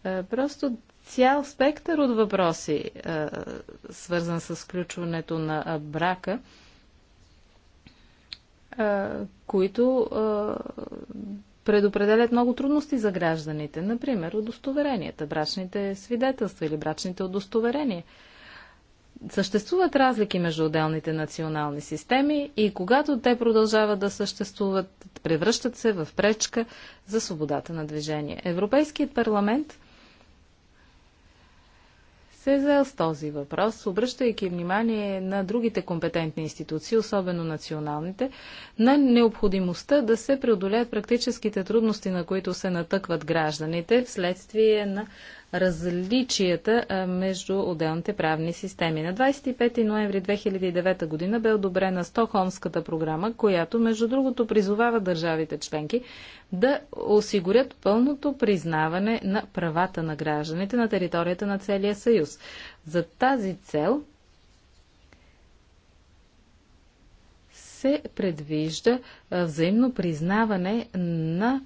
е, просто цял спектър от въпроси, свързан с включването на брака, които предопределят много трудности за гражданите. Например, удостоверенията, брачните свидетелства или брачните удостоверения. Съществуват разлики между отделните национални системи и когато те продължават да съществуват, превръщат се в пречка за свободата на движение. Европейският парламент се е заел с този въпрос, обръщайки внимание на другите компетентни институции, особено националните, на необходимостта да се преодолеят практическите трудности, на които се натъкват гражданите вследствие на различията между отделните правни системи. На 25 ноември 2009 година бе одобрена Стокхолмската програма, която между другото призовава държавите членки да осигурят пълното признаване на правата на гражданите на територията на целия съюз. За тази цел се предвижда взаимно признаване на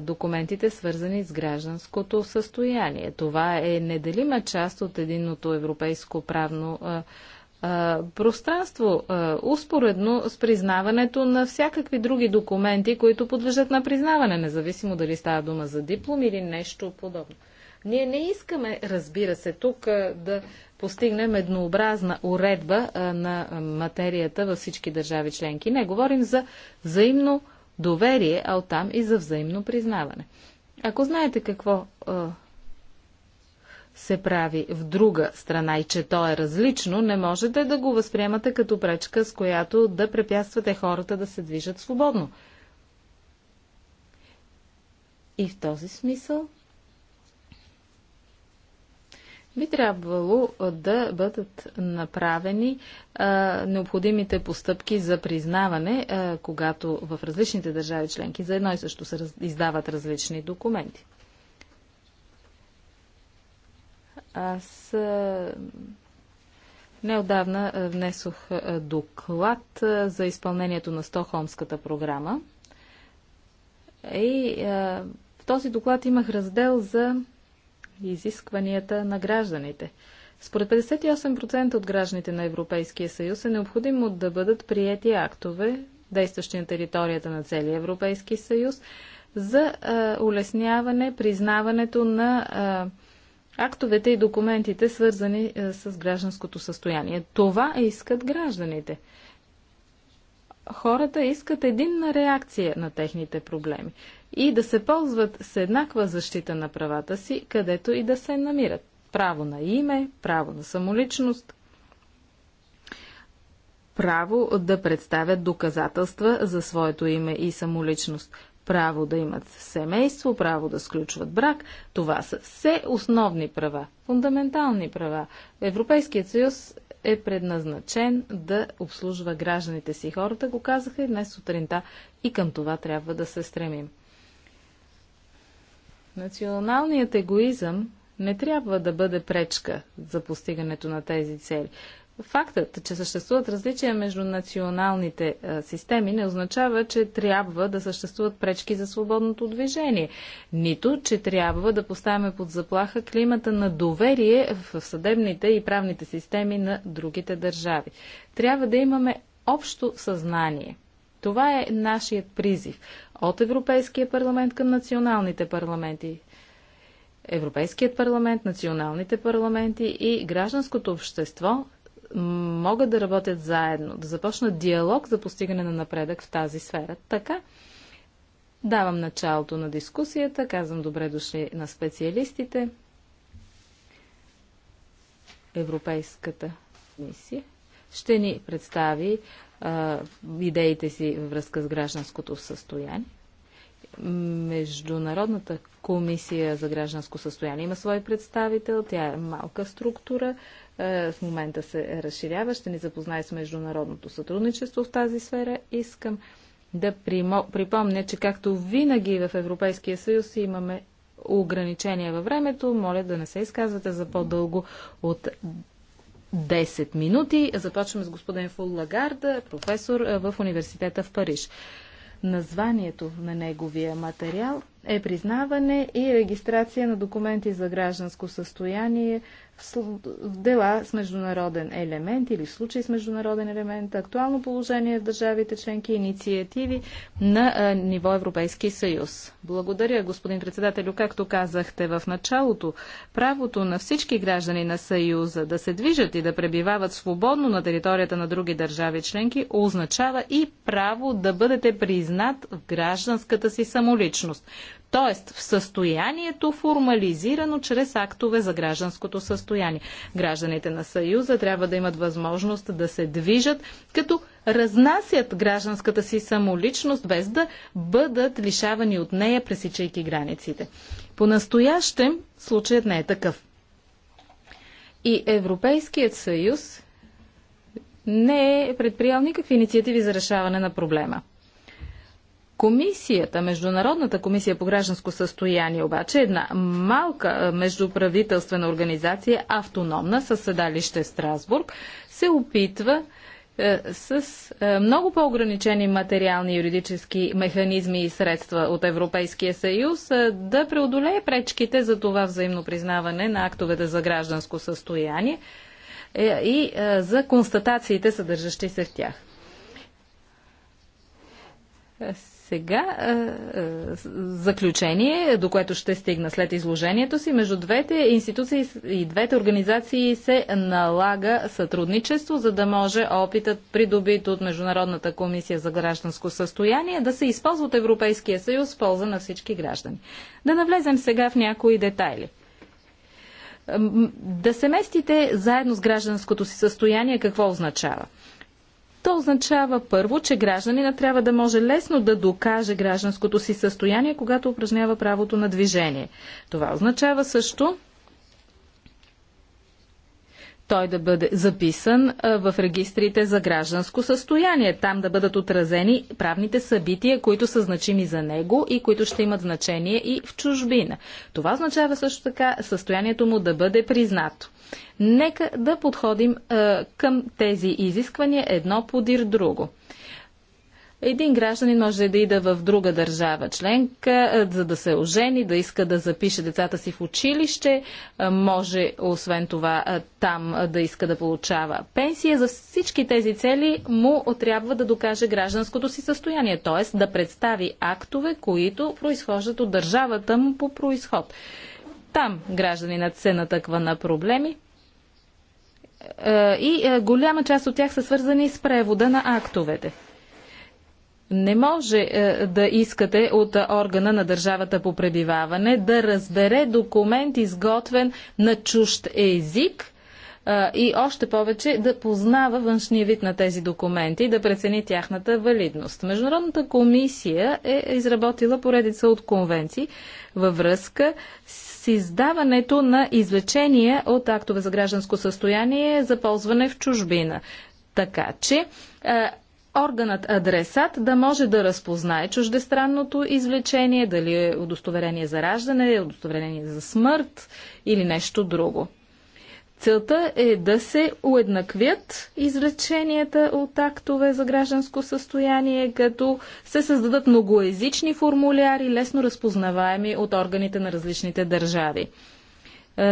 документите, свързани с гражданското състояние. Това е неделима част от единното европейско правно пространство, успоредно с признаването на всякакви други документи, които подлежат на признаване, независимо дали става дума за диплом или нещо подобно. Ние не искаме, разбира се, тук да постигнем еднообразна уредба на материята във всички държави членки. Не, говорим за взаимно доверие, а оттам и за взаимно признаване. Ако знаете какво се прави в друга страна и че то е различно, не можете да го възприемате като пречка, с която да препятствате хората да се движат свободно. И в този смисъл би трябвало да бъдат направени а, необходимите постъпки за признаване, а, когато в различните държави членки за едно и също се раз, издават различни документи. Аз а, неодавна внесох доклад за изпълнението на Стохолмската програма и а, в този доклад имах раздел за изискванията на гражданите. Според 58% от гражданите на Европейския съюз е необходимо да бъдат приети актове, действащи на територията на целия Европейски съюз, за а, улесняване признаването на а, актовете и документите, свързани а, с гражданското състояние. Това искат гражданите. Хората искат единна реакция на техните проблеми и да се ползват с еднаква защита на правата си, където и да се намират. Право на име, право на самоличност, право да представят доказателства за своето име и самоличност, право да имат семейство, право да сключват брак. Това са все основни права, фундаментални права. Европейският съюз е предназначен да обслужва гражданите си. Хората го казаха и днес сутринта и към това трябва да се стремим. Националният егоизъм не трябва да бъде пречка за постигането на тези цели. Фактът, че съществуват различия между националните системи, не означава, че трябва да съществуват пречки за свободното движение, нито, че трябва да поставяме под заплаха климата на доверие в съдебните и правните системи на другите държави. Трябва да имаме общо съзнание. Това е нашият призив от Европейския парламент към националните парламенти. Европейският парламент, националните парламенти и гражданското общество могат да работят заедно, да започнат диалог за постигане на напредък в тази сфера. Така, давам началото на дискусията, казвам добре дошли на специалистите. Европейската мисия ще ни представи идеите си във връзка с гражданското състояние. Международната комисия за гражданско състояние има свой представител. Тя е малка структура. В момента се разширява. Ще ни запознае с международното сътрудничество в тази сфера. Искам да припомня, че както винаги в Европейския съюз имаме ограничения във времето. Моля да не се изказвате за по-дълго от 10 минути. Започваме с господин Фул Лагард, професор е, в университета в Париж. Названието на неговия материал – е признаване и регистрация на документи за гражданско състояние в дела с международен елемент или в случай с международен елемент, актуално положение в държавите членки, инициативи на а, ниво Европейски съюз. Благодаря, господин председателю. Както казахте в началото, правото на всички граждани на Съюза да се движат и да пребивават свободно на територията на други държави членки означава и право да бъдете признат в гражданската си самоличност. Т.е. в състоянието формализирано чрез актове за гражданското състояние. Гражданите на Съюза трябва да имат възможност да се движат, като разнасят гражданската си самоличност, без да бъдат лишавани от нея, пресичайки границите. По-настоящем случаят не е такъв. И Европейският съюз не е предприял никакви инициативи за решаване на проблема. Комисията, Международната комисия по гражданско състояние обаче е една малка междуправителствена организация, автономна, със седалище Страсбург, се опитва е, с е, много по-ограничени материални юридически механизми и средства от Европейския съюз е, да преодолее пречките за това взаимно признаване на актовете за гражданско състояние е, и е, за констатациите, съдържащи се в тях. Сега, е, е, заключение, до което ще стигна след изложението си, между двете институции и двете организации се налага сътрудничество, за да може опитът, придобит от Международната комисия за гражданско състояние, да се използва от Европейския съюз в полза на всички граждани. Да навлезем сега в някои детайли да се местите заедно с гражданското си състояние, какво означава? То означава първо, че гражданина трябва да може лесно да докаже гражданското си състояние, когато упражнява правото на движение. Това означава също, той да бъде записан в регистрите за гражданско състояние. Там да бъдат отразени правните събития, които са значими за него и които ще имат значение и в чужбина. Това означава също така състоянието му да бъде признато. Нека да подходим към тези изисквания едно подир друго. Един гражданин може да ида в друга държава членка, е, за да се ожени, да иска да запише децата си в училище, е, може освен това е, там да иска да получава пенсия. За всички тези цели му трябва да докаже гражданското си състояние, т.е. да представи актове, които произхождат от държавата му по происход. Там гражданинът се натъква на проблеми, и голяма част от тях са свързани с превода на актовете. Не може е, да искате от органа на държавата по пребиваване да разбере документ изготвен на чужд език е, и още повече да познава външния вид на тези документи и да прецени тяхната валидност. Международната комисия е изработила поредица от конвенции във връзка с издаването на извлечения от актове за гражданско състояние за ползване в чужбина. Така че е, органът адресат да може да разпознае чуждестранното извлечение, дали е удостоверение за раждане, удостоверение за смърт или нещо друго. Целта е да се уеднаквят извлеченията от актове за гражданско състояние, като се създадат многоезични формуляри, лесно разпознаваеми от органите на различните държави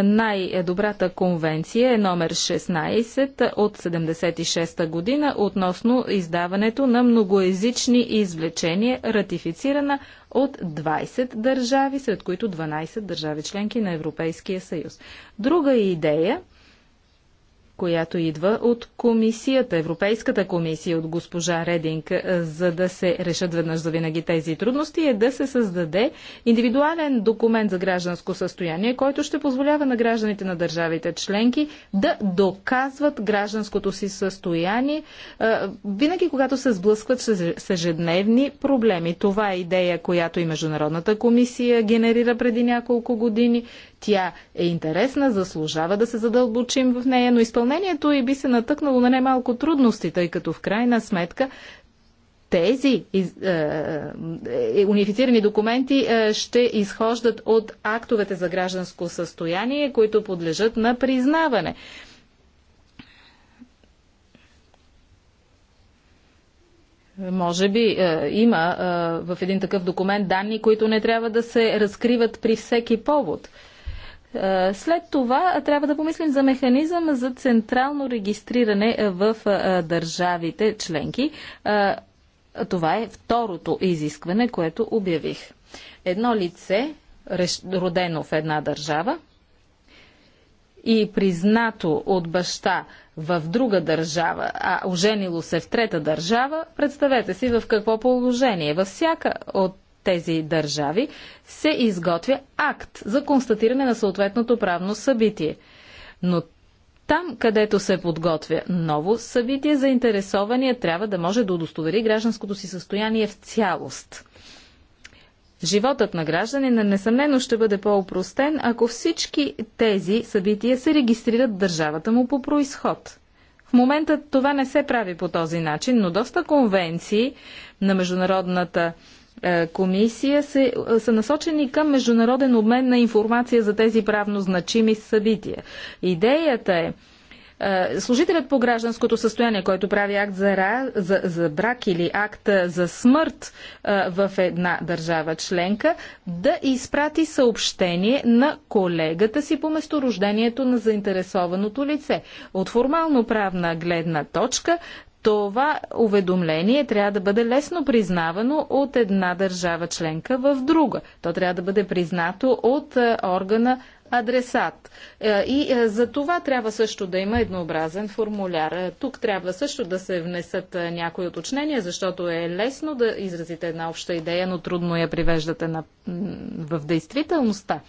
най-добрата конвенция е номер 16 от 76 година относно издаването на многоезични извлечения, ратифицирана от 20 държави, сред които 12 държави членки на Европейския съюз. Друга идея – която идва от комисията, Европейската комисия, от госпожа Рединг, е, за да се решат веднъж за винаги тези трудности, е да се създаде индивидуален документ за гражданско състояние, който ще позволява на гражданите на държавите членки да доказват гражданското си състояние, е, винаги когато се сблъскват с ежедневни проблеми. Това е идея, която и Международната комисия генерира преди няколко години тя е интересна, заслужава да се задълбочим в нея, но изпълнението и би се натъкнало на немалко трудности, тъй като в крайна сметка тези е, е, е, унифицирани документи е, ще изхождат от актовете за гражданско състояние, които подлежат на признаване. Може би е, има е, в един такъв документ данни, които не трябва да се разкриват при всеки повод. Е, е, след това трябва да помислим за механизъм за централно регистриране в е, държавите членки. Е, това е второто изискване, което обявих. Едно лице, родено в една държава и признато от баща в друга държава, а оженило се в трета държава, представете си в какво положение. Във всяка от тези държави, се изготвя акт за констатиране на съответното правно събитие. Но там, където се подготвя ново събитие, заинтересования трябва да може да удостовери гражданското си състояние в цялост. Животът на гражданина несъмнено ще бъде по-упростен, ако всички тези събития се регистрират в държавата му по происход. В момента това не се прави по този начин, но доста конвенции на Международната е, комисия се, е, са насочени към международен обмен на информация за тези правно значими събития. Идеята е, е служителят по гражданското състояние, който прави акт за, ра, за, за брак или акт за смърт а, в една държава членка, да изпрати съобщение на колегата си по месторождението на заинтересованото лице. От формално правна гледна точка това уведомление трябва да бъде лесно признавано от една държава членка в друга. То трябва да бъде признато от е, органа адресат. Е, и е, за това трябва също да има еднообразен формуляр. Тук трябва също да се внесат някои уточнения, защото е лесно да изразите една обща идея, но трудно я привеждате на... в действителността.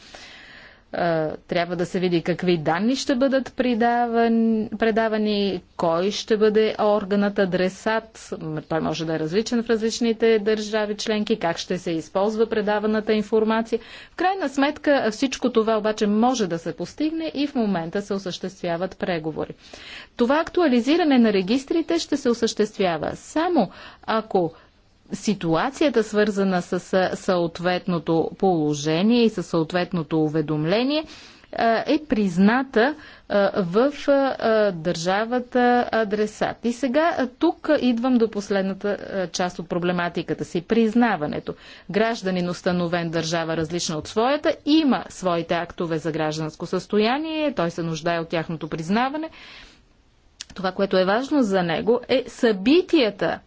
Е, трябва да се види какви данни ще бъдат предавани, кой ще бъде органът, адресат. Той може да е различен в различните държави членки, как ще се използва предаваната информация. В крайна сметка всичко това обаче може да се постигне и в момента се осъществяват преговори. Това актуализиране на регистрите ще се осъществява само ако ситуацията, свързана с съответното положение и със съответното уведомление, е призната в държавата адресат. И сега тук идвам до последната част от проблематиката си признаването. Гражданин, установен държава различна от своята, има своите актове за гражданско състояние, той се нуждае от тяхното признаване. Това, което е важно за него, е събитията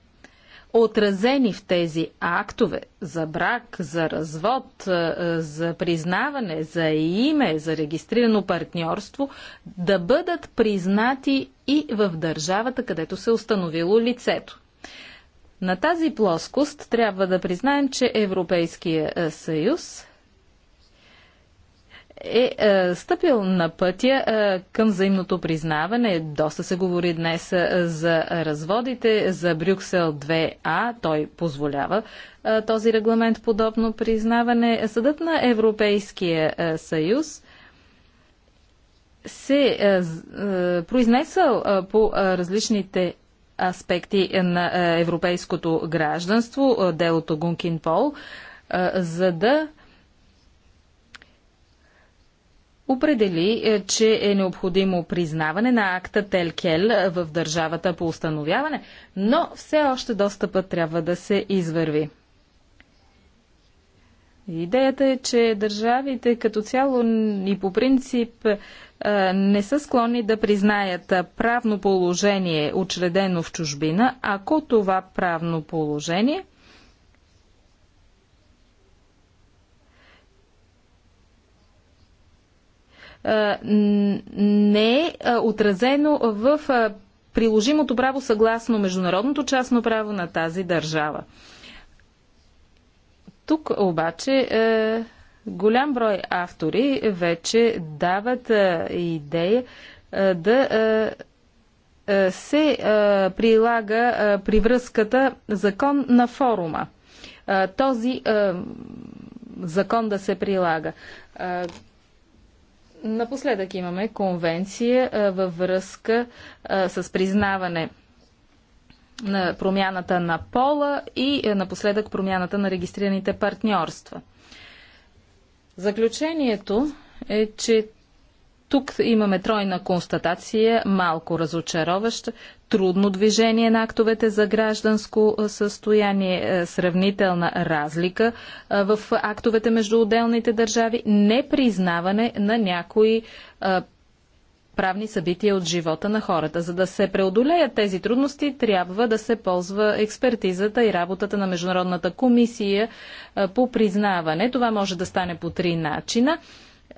отразени в тези актове за брак, за развод, е, за признаване, за име, за регистрирано партньорство, да бъдат признати и в държавата, където се е установило лицето. На тази плоскост трябва да признаем, че Европейския е, съюз е, е стъпил на пътя е, към взаимното признаване. Доста се говори днес е, за разводите, за Брюксел 2А. Той позволява е, този регламент подобно признаване. Съдът на Европейския е, съюз се произнесъл по различните аспекти на европейското гражданство, делото Гункин Пол, за да определи, е, че е необходимо признаване на акта Телкел е, в държавата по установяване, но все още достъпът трябва да се извърви. Идеята е, че държавите като цяло и по принцип е, не са склонни да признаят правно положение, учредено в чужбина, ако това правно положение – не е отразено в приложимото право съгласно международното частно право на тази държава. Тук обаче е, голям брой автори вече дават е, идея е, да се прилага привръзката при връзката закон на форума. този закон да се прилага. Напоследък имаме конвенция а, във връзка а, с признаване на промяната на пола и а, напоследък промяната на регистрираните партньорства. Заключението е, че тук имаме тройна констатация, малко разочароваща трудно движение на актовете за гражданско състояние, е, сравнителна разлика в актовете между отделните държави, непризнаване на някои правни събития от живота на хората. За да се преодолеят тези трудности, трябва да се ползва експертизата и работата на Международната комисия по признаване. Това може да стане по три начина.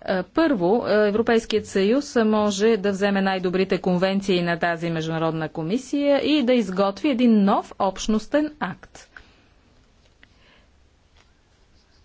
Е, първо, е, Европейският съюз може да вземе най-добрите конвенции на тази международна комисия и да изготви един нов общностен акт.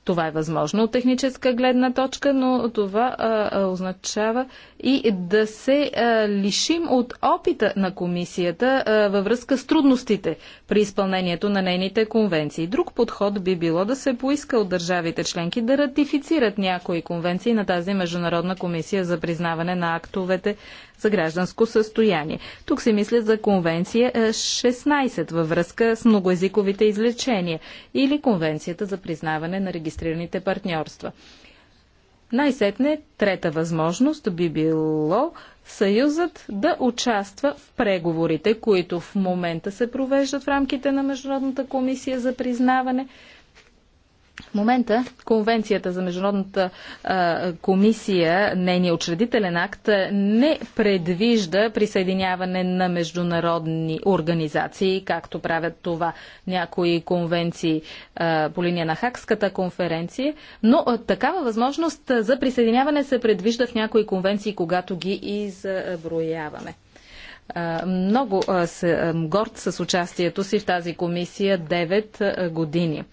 Това е възможно от техническа гледна точка, но това а, а, означава и да се а, лишим от опита на комисията а, във връзка с трудностите при изпълнението на нейните конвенции. Друг подход би било да се поиска от държавите членки да ратифицират някои конвенции на тази Международна комисия за признаване на актовете за гражданско състояние. Тук се мислят за конвенция 16 е, във връзка с многоязиковите излечения или конвенцията за признаване на регистрираните партньорства. Най-сетне трета възможност би било Съюзът да участва в преговорите, които в момента се провеждат в рамките на Международната комисия за признаване в момента Конвенцията за Международната а, комисия, нейният учредителен акт, не предвижда присъединяване на международни организации, както правят това някои конвенции а, по линия на Хакската конференция, но а, такава възможност за присъединяване се предвижда в някои конвенции, когато ги изброяваме. Много съм горд с участието си в тази комисия 9 години.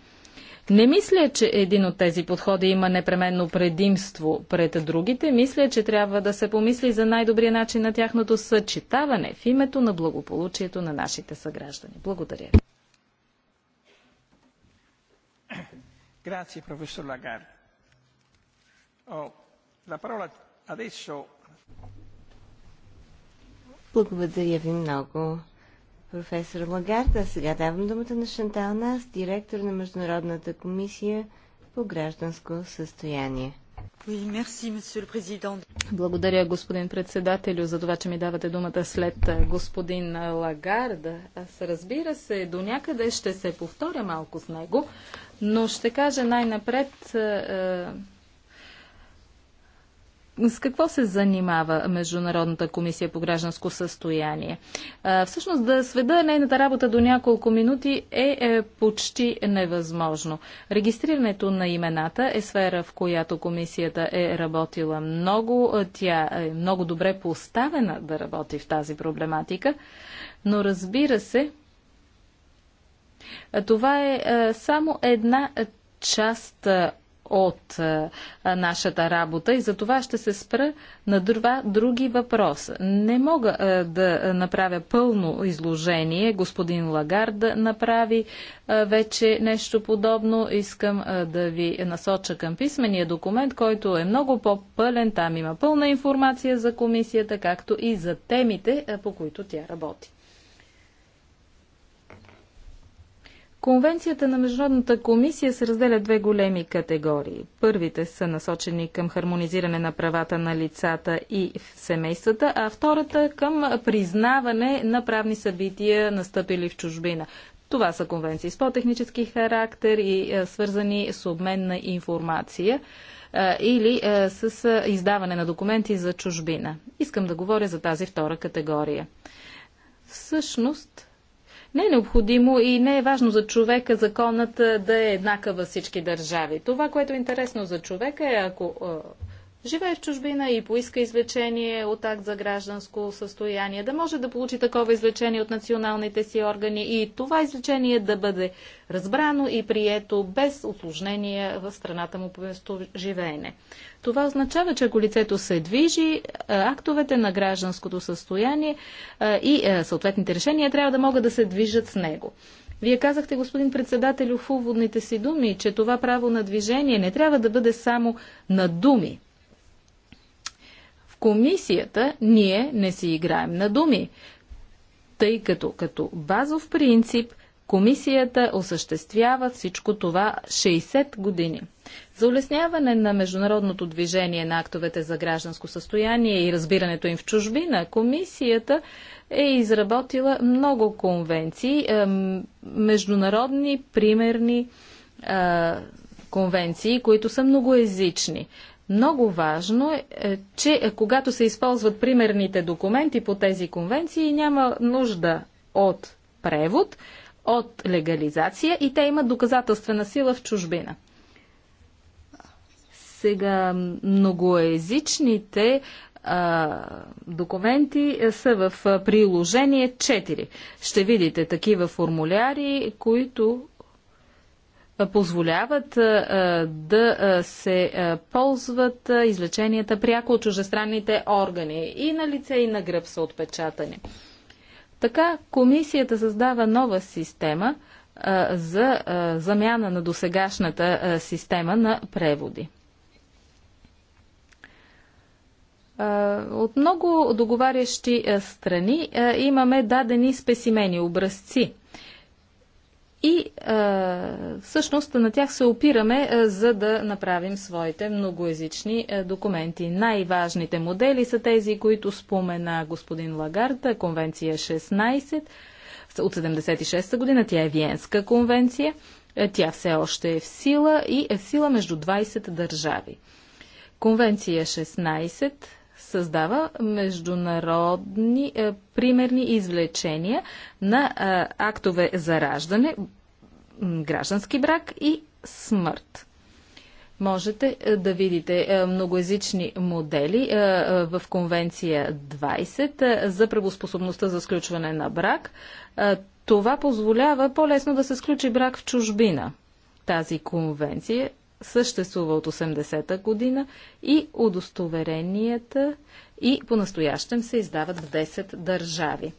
Не мисля, че един от тези подходи има непременно предимство пред другите. Мисля, че трябва да се помисли за най-добрия начин на тяхното съчетаване в името на благополучието на нашите съграждани. Благодаря. Grazie, professor Lagarde. Oh, la parola adesso... Благодаря ви много, професор Лагарда. Сега давам думата на Шантал Нас, директор на Международната комисия по гражданско състояние. Благодаря, господин председателю, за това, че ми давате думата след господин Лагарда. Аз разбира се, до някъде ще се повторя малко с него, но ще кажа най-напред с какво се занимава Международната комисия по гражданско състояние? Всъщност да сведа нейната работа до няколко минути е, е почти невъзможно. Регистрирането на имената е сфера, в която комисията е работила много. Тя е много добре поставена да работи в тази проблематика. Но разбира се, това е само една част от е, нашата работа и за това ще се спра на два други въпроса. Не мога е, да направя пълно изложение. Господин Лагард направи е, вече нещо подобно. Искам да ви насоча към писмения документ, който е много по-пълен. Там има пълна информация за комисията, както и за темите, по които тя работи. Конвенцията на Международната комисия се разделя две големи категории. Първите са насочени към хармонизиране на правата на лицата и семействата, а втората към признаване на правни събития, настъпили в чужбина. Това са конвенции с по-технически характер и е, свързани с обмен на информация е, или е, с издаване на документи за чужбина. Искам да говоря за тази втора категория. Всъщност, не е необходимо и не е важно за човека законът да е еднакъв във всички държави. Това, което е интересно за човека е, ако живее в чужбина и поиска извлечение от акт за гражданско състояние, да може да получи такова извлечение от националните си органи и това извлечение да бъде разбрано и прието без осложнения в страната му по живеене. Това означава, че ако лицето се движи, е, актовете на гражданското състояние е, и е, съответните решения трябва да могат да се движат с него. Вие казахте, господин председател, в уводните си думи, че това право на движение не трябва да бъде само на думи, комисията ние не си играем на думи, тъй като като базов принцип комисията осъществява всичко това 60 години. За улесняване на международното движение на актовете за гражданско състояние и разбирането им в чужбина, комисията е изработила много конвенции, международни примерни конвенции, които са многоезични. Много важно е, е че е, когато се използват примерните документи по тези конвенции, няма нужда от превод, от легализация и те имат доказателствена сила в чужбина. Сега многоезичните а, документи са в приложение 4. Ще видите такива формуляри, които позволяват да се ползват излеченията пряко от чужестранните органи. И на лице, и на гръб са отпечатани. Така комисията създава нова система за замяна на досегашната система на преводи. От много договарящи страни имаме дадени спесимени образци и е, всъщност на тях се опираме, е, за да направим своите многоязични е, документи. Най-важните модели са тези, които спомена господин Лагарда, конвенция 16 от 76 година. Тя е Виенска конвенция. Тя все още е в сила и е в сила между 20 държави. Конвенция 16 създава международни е, примерни извлечения на е, актове за раждане, граждански брак и смърт. Можете е, да видите е, многоязични модели е, е в Конвенция 20 е, за правоспособността за сключване на брак. Е, това позволява по-лесно да се сключи брак в чужбина. Тази конвенция съществува от 80-та година и удостоверенията и по-настоящем се издават в 10 държави. Е,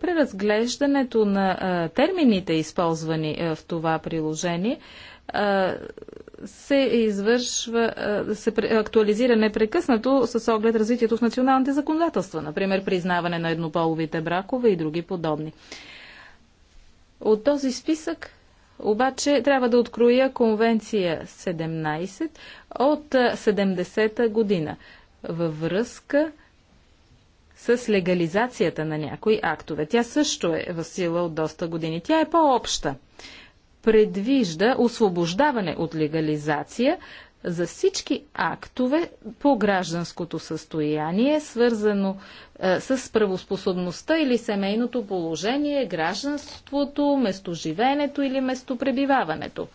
преразглеждането на е, термините, използвани е, в това приложение, се извършва, се актуализира непрекъснато с оглед развитието в националните законодателства, например признаване на еднополовите бракове и други подобни. От този списък обаче трябва да откроя конвенция 17 от 70-та година във връзка с легализацията на някои актове. Тя също е в сила от доста години. Тя е по-обща. Предвижда освобождаване от легализация за всички актове по гражданското състояние, свързано е, с правоспособността или семейното положение, гражданството, местоживенето или местопребиваването.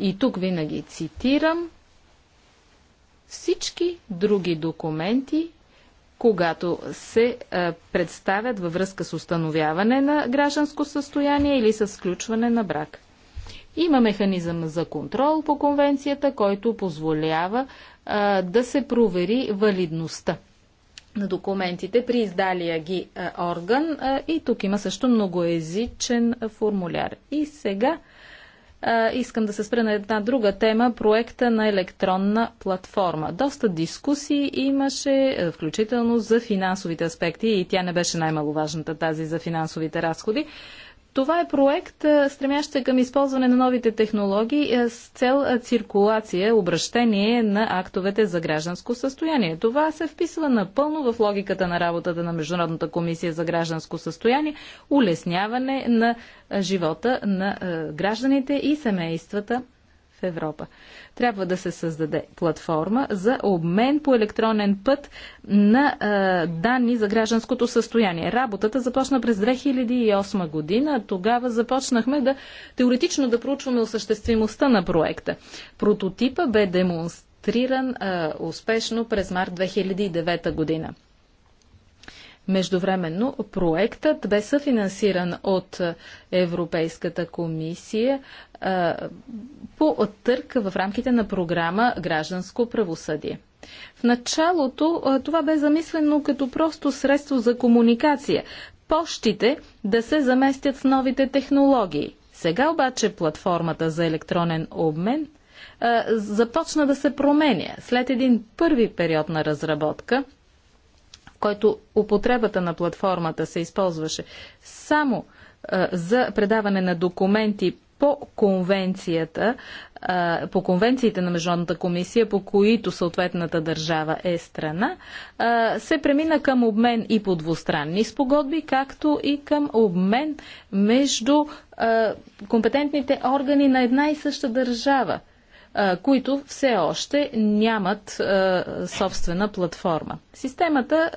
И тук винаги цитирам всички други документи, когато се а, е, представят във връзка с установяване на гражданско състояние или с включване на брак. Има механизъм за контрол по конвенцията, който позволява а, да се провери валидността на документите при издалия ги а, орган. А, и тук има също многоезичен формуляр. И сега искам да се спра на една друга тема проекта на електронна платформа. Доста дискусии имаше, включително за финансовите аспекти и тя не беше най-маловажната тази за финансовите разходи. Това е проект, стремящ се към използване на новите технологии с цел циркулация, обращение на актовете за гражданско състояние. Това се вписва напълно в логиката на работата на Международната комисия за гражданско състояние, улесняване на живота на гражданите и семействата в Европа. Трябва да се създаде платформа за обмен по електронен път на е, данни за гражданското състояние. Работата започна през 2008 година. Тогава започнахме да теоретично да проучваме осъществимостта на проекта. Прототипа бе демонстриран е, успешно през март 2009 година. Междувременно проектът бе съфинансиран от Европейската комисия по търк в рамките на програма Гражданско правосъдие. В началото това бе замислено като просто средство за комуникация. Пощите да се заместят с новите технологии. Сега обаче платформата за електронен обмен започна да се променя. След един първи период на разработка – в който употребата на платформата се използваше само а, за предаване на документи по конвенцията, а, по конвенциите на Международната комисия, по които съответната държава е страна, а, се премина към обмен и по двустранни спогодби, както и към обмен между а, компетентните органи на една и съща държава които все още нямат собствена платформа. Системата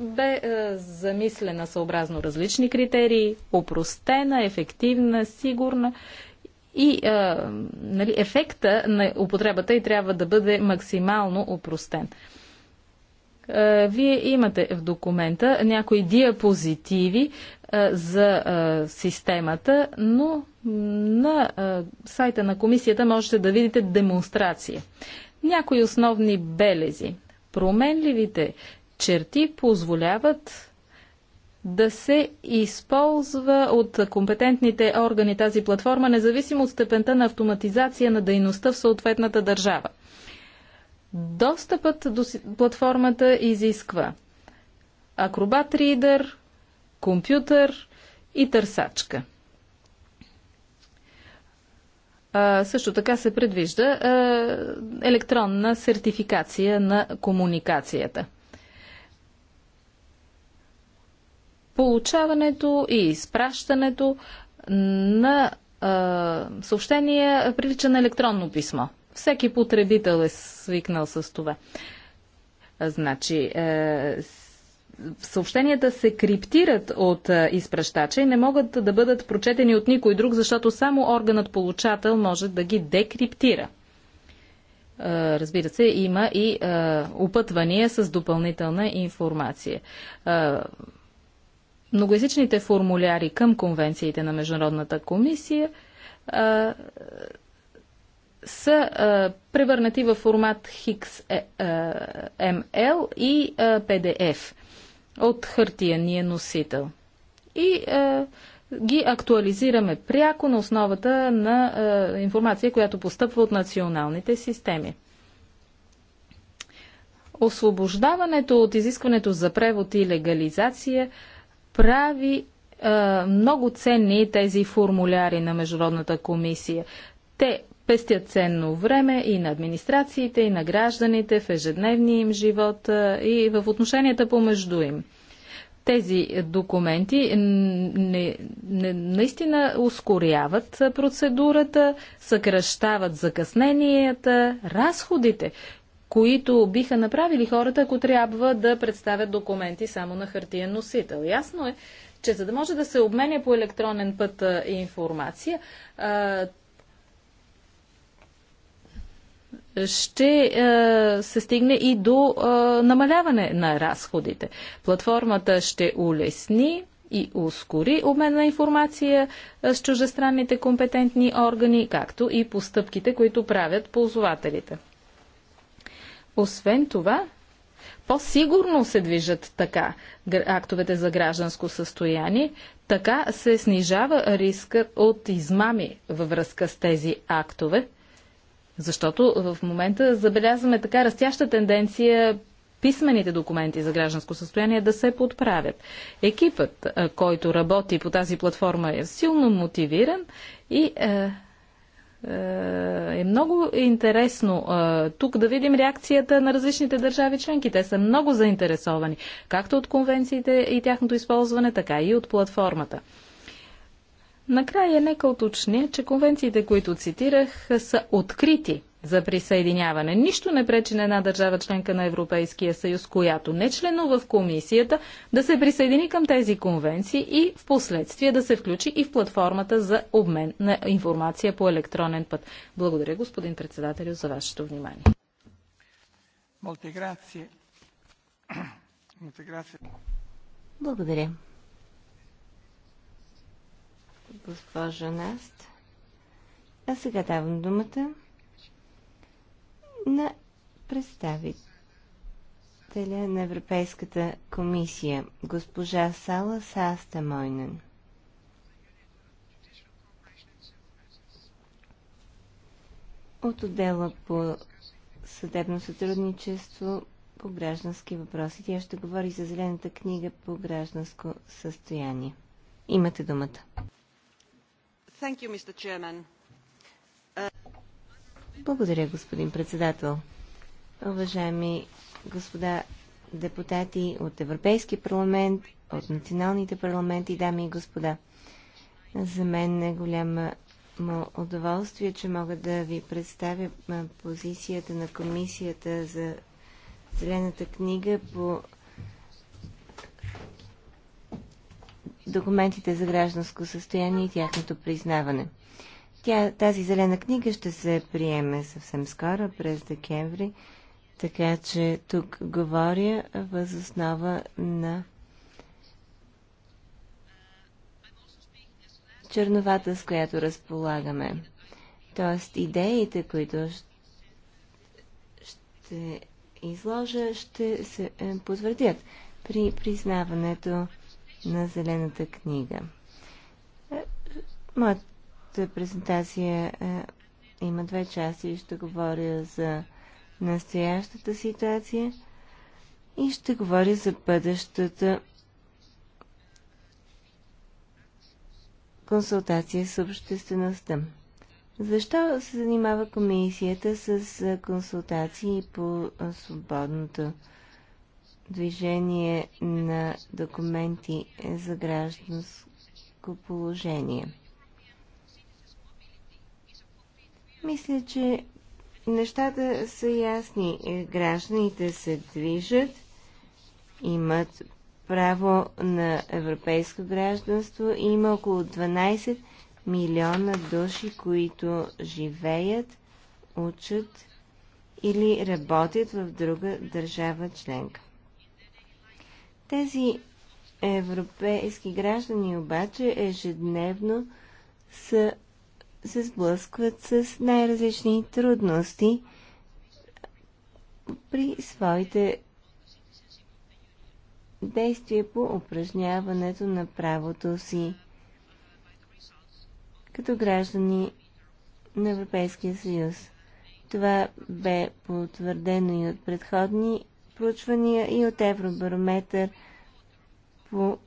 бе замислена съобразно различни критерии, опростена, ефективна, сигурна и нали, ефекта на употребата и трябва да бъде максимално опростен. вие имате в документа някои диапозитиви, за системата, но на сайта на комисията можете да видите демонстрация. Някои основни белези. Променливите черти позволяват да се използва от компетентните органи тази платформа, независимо от степента на автоматизация на дейността в съответната държава. Достъпът до платформата изисква Acrobat Reader, компютър и търсачка. А, също така се предвижда а, електронна сертификация на комуникацията. Получаването и изпращането на а, съобщения прилича на електронно писмо. Всеки потребител е свикнал с това. Значи, е, съобщенията се криптират от изпращача и не могат да бъдат прочетени от никой друг, защото само органът получател може да ги декриптира. Разбира се, има и опътвания с допълнителна информация. Многоязичните формуляри към конвенциите на Международната комисия са превърнати в формат XML е, и PDF от хартияния е носител. И е, ги актуализираме пряко на основата на е, информация, която постъпва от националните системи. Освобождаването от изискването за превод и легализация прави е, много ценни тези формуляри на Международната комисия. Те пестят ценно време и на администрациите, и на гражданите в ежедневния им живот и в отношенията помежду им тези документи не, не, наистина ускоряват процедурата, съкръщават закъсненията, разходите, които биха направили хората, ако трябва да представят документи само на хартиен носител. Ясно е, че за да може да се обменя по електронен път информация, ще е, се стигне и до е, намаляване на разходите. Платформата ще улесни и ускори обмен на информация е, с чужестранните компетентни органи, както и постъпките, които правят ползвателите. Освен това, по-сигурно се движат така актовете за гражданско състояние, така се снижава риска от измами във връзка с тези актове – защото в момента забелязваме така растяща тенденция писмените документи за гражданско състояние да се подправят. Екипът, който работи по тази платформа е силно мотивиран и е, е, е много интересно е, тук да видим реакцията на различните държави членки. Те са много заинтересовани, както от конвенциите и тяхното използване, така и от платформата. Накрая нека уточня, че конвенциите, които цитирах, са открити за присъединяване. Нищо не пречи на една държава членка на Европейския съюз, която не членува в комисията, да се присъедини към тези конвенции и в последствие да се включи и в платформата за обмен на информация по електронен път. Благодаря, господин председателю, за вашето внимание. Благодаря госпожа Наст. А сега давам думата на представителя на Европейската комисия, госпожа Сала Мойнен. От отдела по съдебно сътрудничество по граждански въпроси. Тя ще говори за Зелената книга по гражданско състояние. Имате думата. Uh, Благодаря, господин председател. Уважаеми господа депутати от Европейски парламент, от националните парламенти, дами и господа. За мен е голямо удоволствие, че мога да ви представя позицията на Комисията за Зелената книга по документите за гражданско състояние и тяхното признаване. Тя, тази зелена книга ще се приеме съвсем скоро, през декември, така че тук говоря основа на черновата, с която разполагаме. Тоест, идеите, които ще изложа, ще се е, потвърдят при признаването на Зелената книга. Е, моята презентация е, има две части. Ще говоря за настоящата ситуация и ще говоря за бъдещата консултация с обществеността. Защо се занимава комисията с е, консултации по свободното движение на документи за гражданско положение. Мисля, че нещата са ясни. Гражданите се движат, имат право на европейско гражданство и има около 12 милиона души, които живеят, учат или работят в друга държава членка. Тези европейски граждани обаче ежедневно са, се сблъскват с най-различни трудности при своите действия по упражняването на правото си като граждани на Европейския съюз. Това бе потвърдено и от предходни проучвания и от Евробарометър по...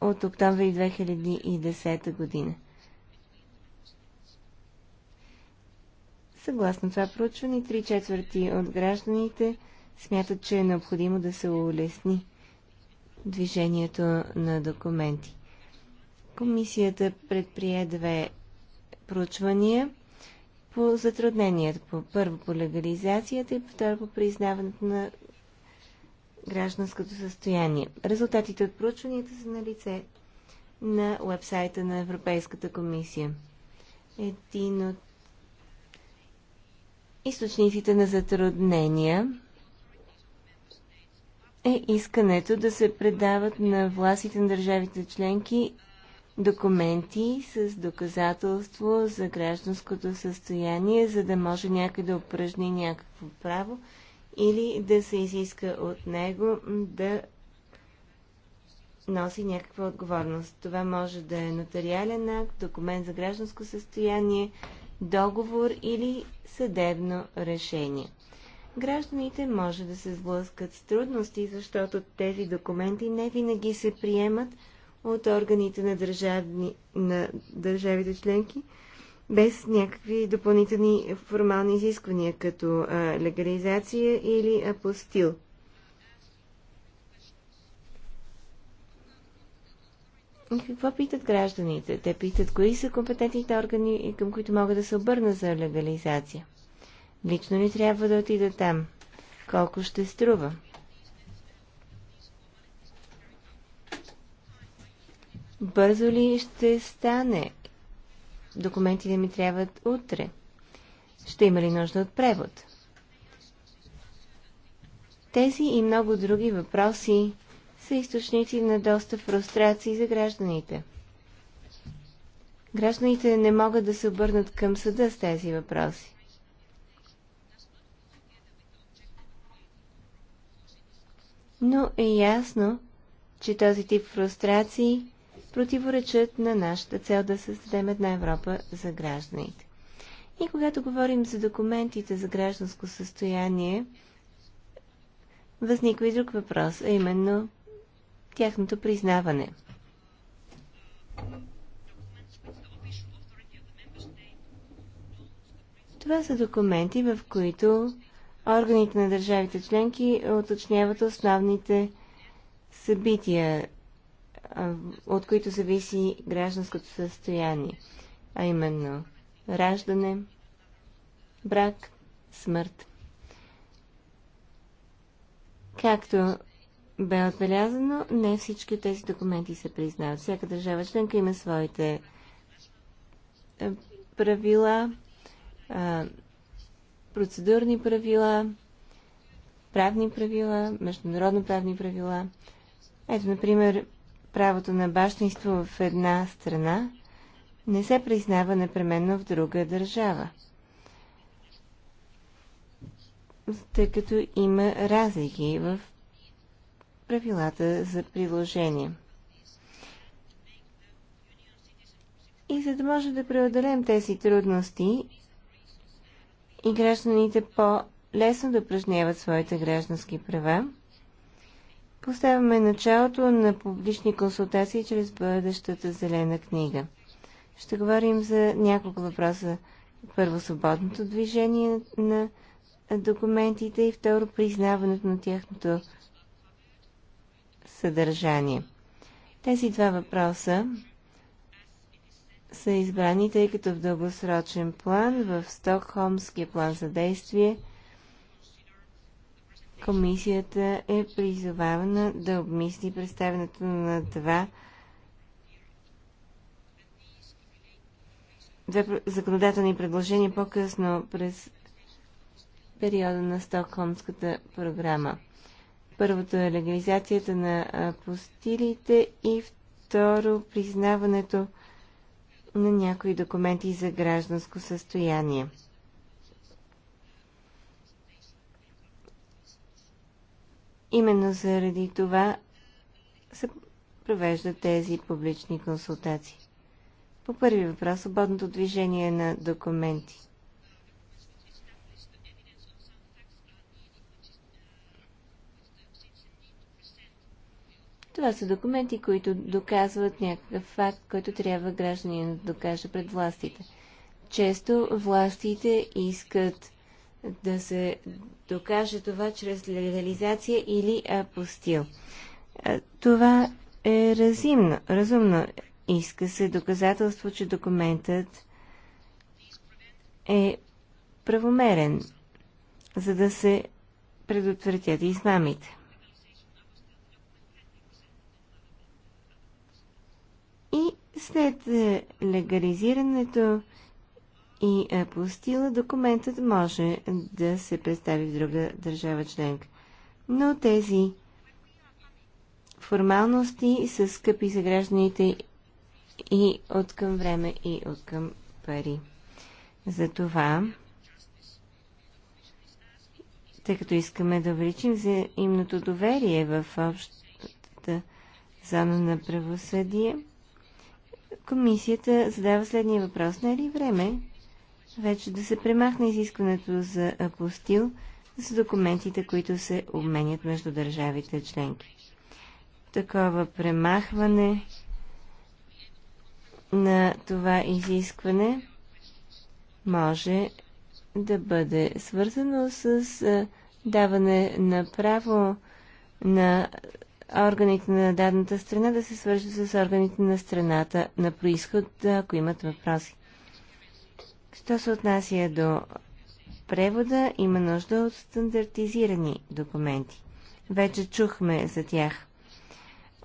от октомври 2010 година. Съгласно това проучване, три четвърти от гражданите смятат, че е необходимо да се улесни движението на документи. Комисията предприе две проучвания по затрудненията. По, първо по легализацията и второ по признаването на гражданското състояние. Резултатите от проучванията са на лице на вебсайта на Европейската комисия. Един от източниците на затруднения е искането да се предават на властите на държавите членки документи с доказателство за гражданското състояние, за да може някой да упражни някакво право или да се изиска от него да носи някаква отговорност. Това може да е нотариален акт, документ за гражданско състояние, договор или съдебно решение. Гражданите може да се сблъскат с трудности, защото тези документи не винаги се приемат – от органите на, държавни, на държавите членки, без някакви допълнителни формални изисквания, като а, легализация или апостил. И какво питат гражданите? Те питат кои са компетентните органи, към които могат да се обърна за легализация. Лично ли трябва да отида там? Колко ще струва? Бързо ли ще стане? Документите ми трябват утре. Ще има ли нужда от превод? Тези и много други въпроси са източници на доста фрустрации за гражданите. Гражданите не могат да се обърнат към съда с тези въпроси. Но е ясно, че този тип фрустрации противоречат на нашата цел да създадем една Европа за гражданите. И когато говорим за документите за гражданско състояние, възниква и друг въпрос, а именно тяхното признаване. Това са документи, в които органите на държавите членки уточняват основните събития от които зависи гражданското състояние, а именно раждане, брак, смърт. Както бе отбелязано, не всички от тези документи се признават. Всяка държава членка има своите правила, процедурни правила, правни правила, международно правни правила. Ето, например, правото на бащинство в една страна не се признава непременно в друга държава, тъй като има разлики в правилата за приложение. И за да може да преодолем тези трудности и гражданите по-лесно да упражняват своите граждански права, Поставяме началото на публични консултации чрез бъдещата зелена книга. Ще говорим за няколко въпроса. Първо, свободното движение на документите и второ, признаването на тяхното съдържание. Тези два въпроса са избрани, тъй като в дългосрочен план, в Стокхолмския план за действие – комисията е призовавана да обмисли представенето на два две законодателни предложения по-късно през периода на Стокхолмската програма. Първото е легализацията на апостилите и второ признаването на някои документи за гражданско състояние. Именно заради това се провеждат тези публични консултации. По първи въпрос, свободното движение на документи. Това са документи, които доказват някакъв факт, който трябва гражданин да докаже пред властите. Често властите искат да се докаже това чрез легализация или апостил. Това е разумно. разумно. Иска се доказателство, че документът е правомерен, за да се предотвратят измамите. И след е, легализирането и апостила, е, документът може да се представи в друга държава членка. Но тези формалности са скъпи за гражданите и от към време, и от към пари. Затова, тъй като искаме да увеличим взаимното доверие в общата зона на правосъдие, комисията задава следния въпрос. Не е ли време вече да се премахне изискването за апостил с документите, които се обменят между държавите членки. Такова премахване на това изискване може да бъде свързано с даване на право на органите на дадената страна да се свържат с органите на страната на происход, ако имат въпроси. Що се отнася до превода, има нужда от стандартизирани документи. Вече чухме за тях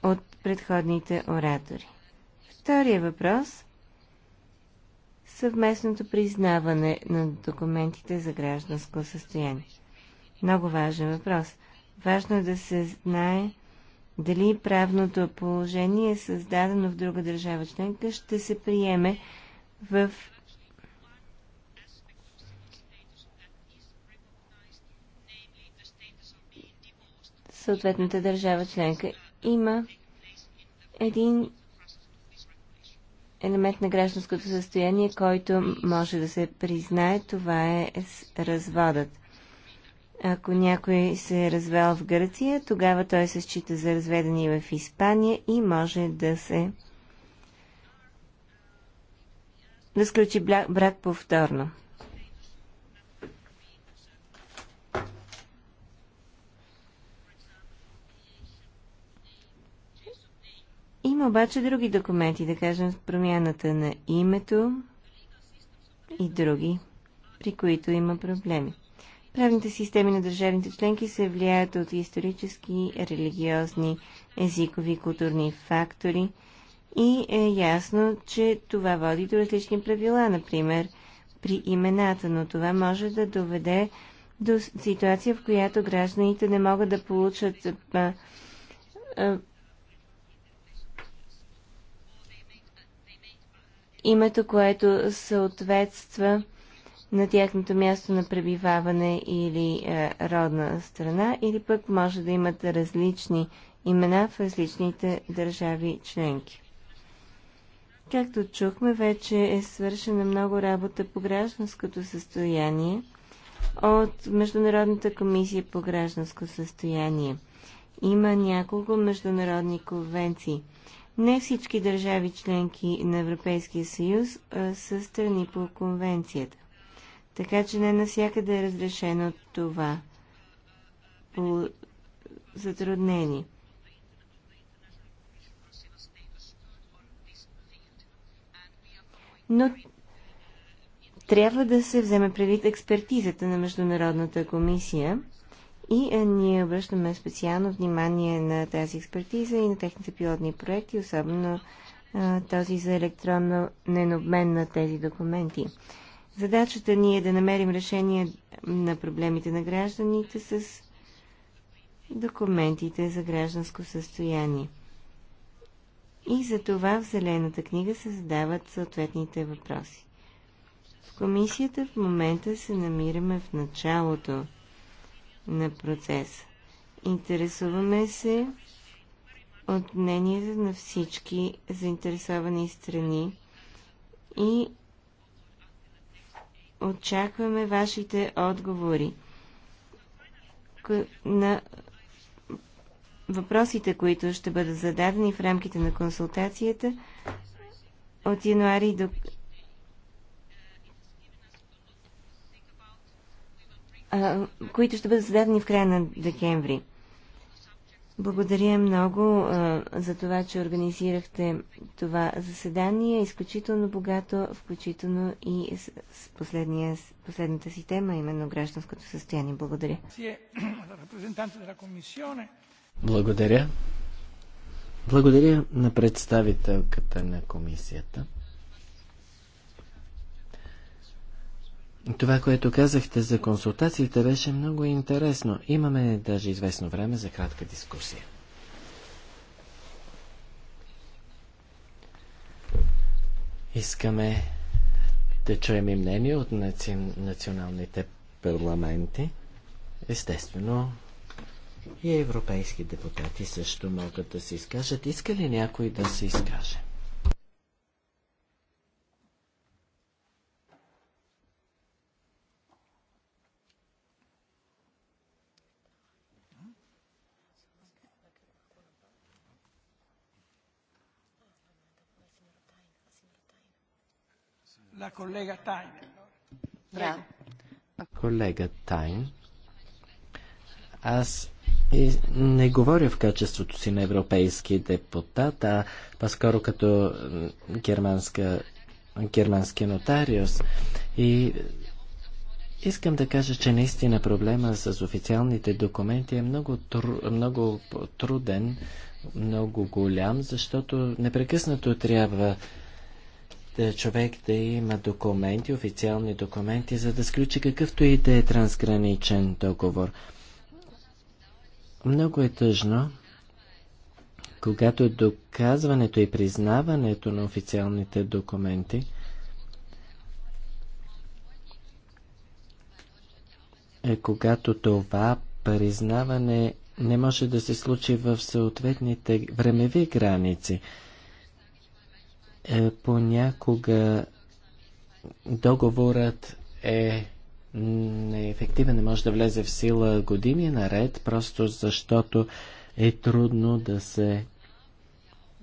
от предходните оратори. Втория въпрос – съвместното признаване на документите за гражданско състояние. Много важен въпрос. Важно е да се знае дали правното положение, създадено в друга държава членка, ще се приеме в съответната държава членка. Има един елемент на гражданското състояние, който може да се признае, това е разводът. Ако някой се е развел в Гърция, тогава той се счита за разведен и в Испания и може да се да сключи брак повторно. Има обаче други документи, да кажем промяната на името и други, при които има проблеми. Правните системи на държавните членки се влияят от исторически, религиозни, езикови културни фактори и е ясно, че това води до различни правила, например при имената, но това може да доведе до ситуация, в която гражданите не могат да получат името, което съответства на тяхното място на пребиваване или е, родна страна, или пък може да имат различни имена в различните държави членки. Както чухме, вече е свършена много работа по гражданското състояние от Международната комисия по гражданско състояние. Има няколко международни конвенции. Не всички държави членки на Европейския съюз са страни по конвенцията. Така че не навсякъде е разрешено това по затруднение. Но трябва да се вземе предвид експертизата на Международната комисия – и е, ние обръщаме специално внимание на тази експертиза и на техните пилотни проекти, особено е, този за електронно ненобмен на тези документи. Задачата ни е да намерим решение на проблемите на гражданите с документите за гражданско състояние. И за това в Зелената книга се задават съответните въпроси. В комисията в момента се намираме в началото на процеса. Интересуваме се от мнението на всички заинтересовани страни и очакваме вашите отговори на въпросите, които ще бъдат зададени в рамките на консултацията от януари до които ще бъдат зададени в края на декември. Благодаря много за това, че организирахте това заседание, изключително богато, включително и с последния, последната си тема, именно гражданското състояние. Благодаря. Благодаря. Благодаря на представителката на комисията. Това, което казахте за консултациите, беше много интересно. Имаме даже известно време за кратка дискусия. Искаме да чуем и мнение от наци... националните парламенти. Естествено, и европейски депутати също могат да се изкажат. Иска ли някой да се изкаже? la collega Колега Тайн, аз и не говоря в качеството си на европейски депутат, а по-скоро като германска, германски нотариус. И искам да кажа, че наистина проблема с официалните документи е много, тру, много труден, много голям, защото непрекъснато трябва човек да има документи, официални документи, за да сключи какъвто и да е трансграничен договор. Много е тъжно, когато доказването и признаването на официалните документи е когато това признаване не може да се случи в съответните времеви граници – е, понякога договорът е неефективен, не може да влезе в сила години наред, просто защото е трудно да се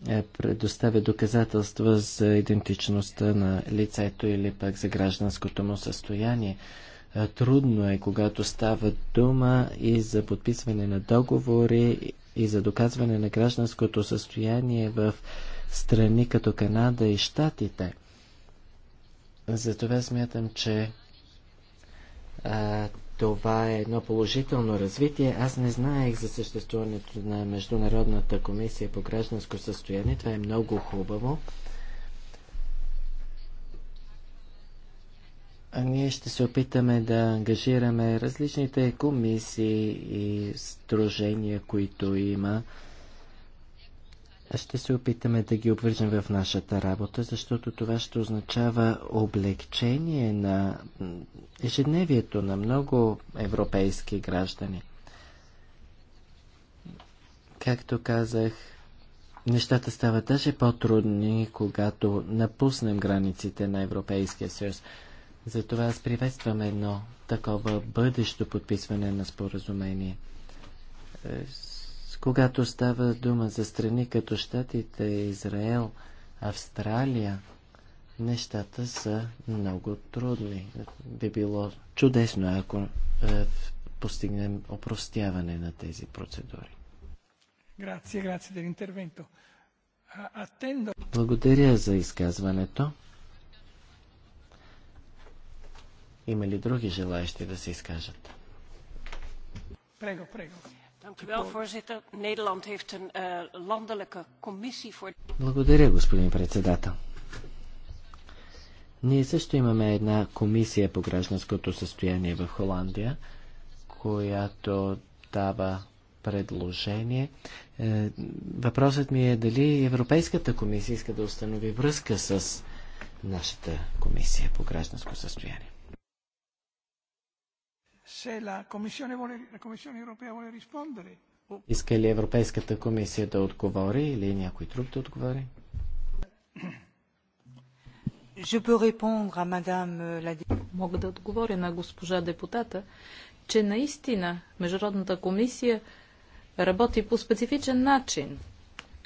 е, предоставя доказателства за идентичността на лицето или пък за гражданското му състояние. Е, трудно е, когато става дума и за подписване на договори, и за доказване на гражданското състояние в страни като Канада и Штатите. Затова смятам, че а, това е едно положително развитие. Аз не знаех за съществуването на Международната комисия по гражданско състояние. Това е много хубаво. А ние ще се опитаме да ангажираме различните комисии и стружения, които има ще се опитаме да ги обвържем в нашата работа, защото това ще означава облегчение на ежедневието на много европейски граждани. Както казах, нещата стават даже по-трудни, когато напуснем границите на Европейския съюз. Затова аз приветствам едно такова бъдещо подписване на споразумение е, когато става дума за страни като щатите, Израел, Австралия, нещата са много трудни. Би било чудесно, ако е, постигнем опростяване на тези процедури. Грация, грация Благодаря за изказването. Има ли други желаящи да се изкажат? Прего, прего. Eh, Благодаря, господин председател. Ние също имаме една комисия по гражданското състояние в Холандия, която дава предложение. Е, въпросът ми е дали Европейската комисия иска да установи връзка с нашата комисия по гражданско състояние. Иска ли Европейската комисия да отговори или някой друг да отговори? Мога да отговоря на госпожа депутата, че наистина Международната комисия работи по специфичен начин –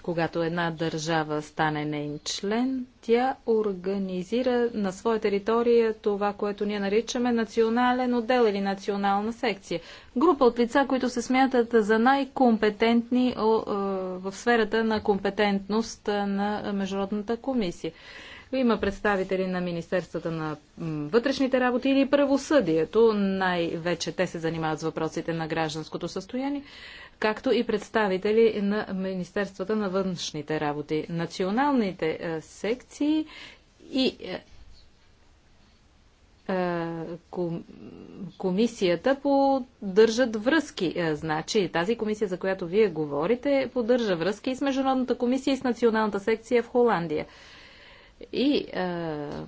когато една държава стане нейн член, тя организира на своя територия това, което ние наричаме национален отдел или национална секция. Група от лица, които се смятат за най-компетентни е, в сферата на компетентност на Международната комисия. Има представители на Министерствата на вътрешните работи или правосъдието. Най-вече те се занимават с въпросите на гражданското състояние както и представители на Министерствата на външните работи. Националните е, секции и е, е, комисията поддържат връзки. Значи тази комисия, за която вие говорите, поддържа връзки и с Международната комисия и с Националната секция в Холандия. И а,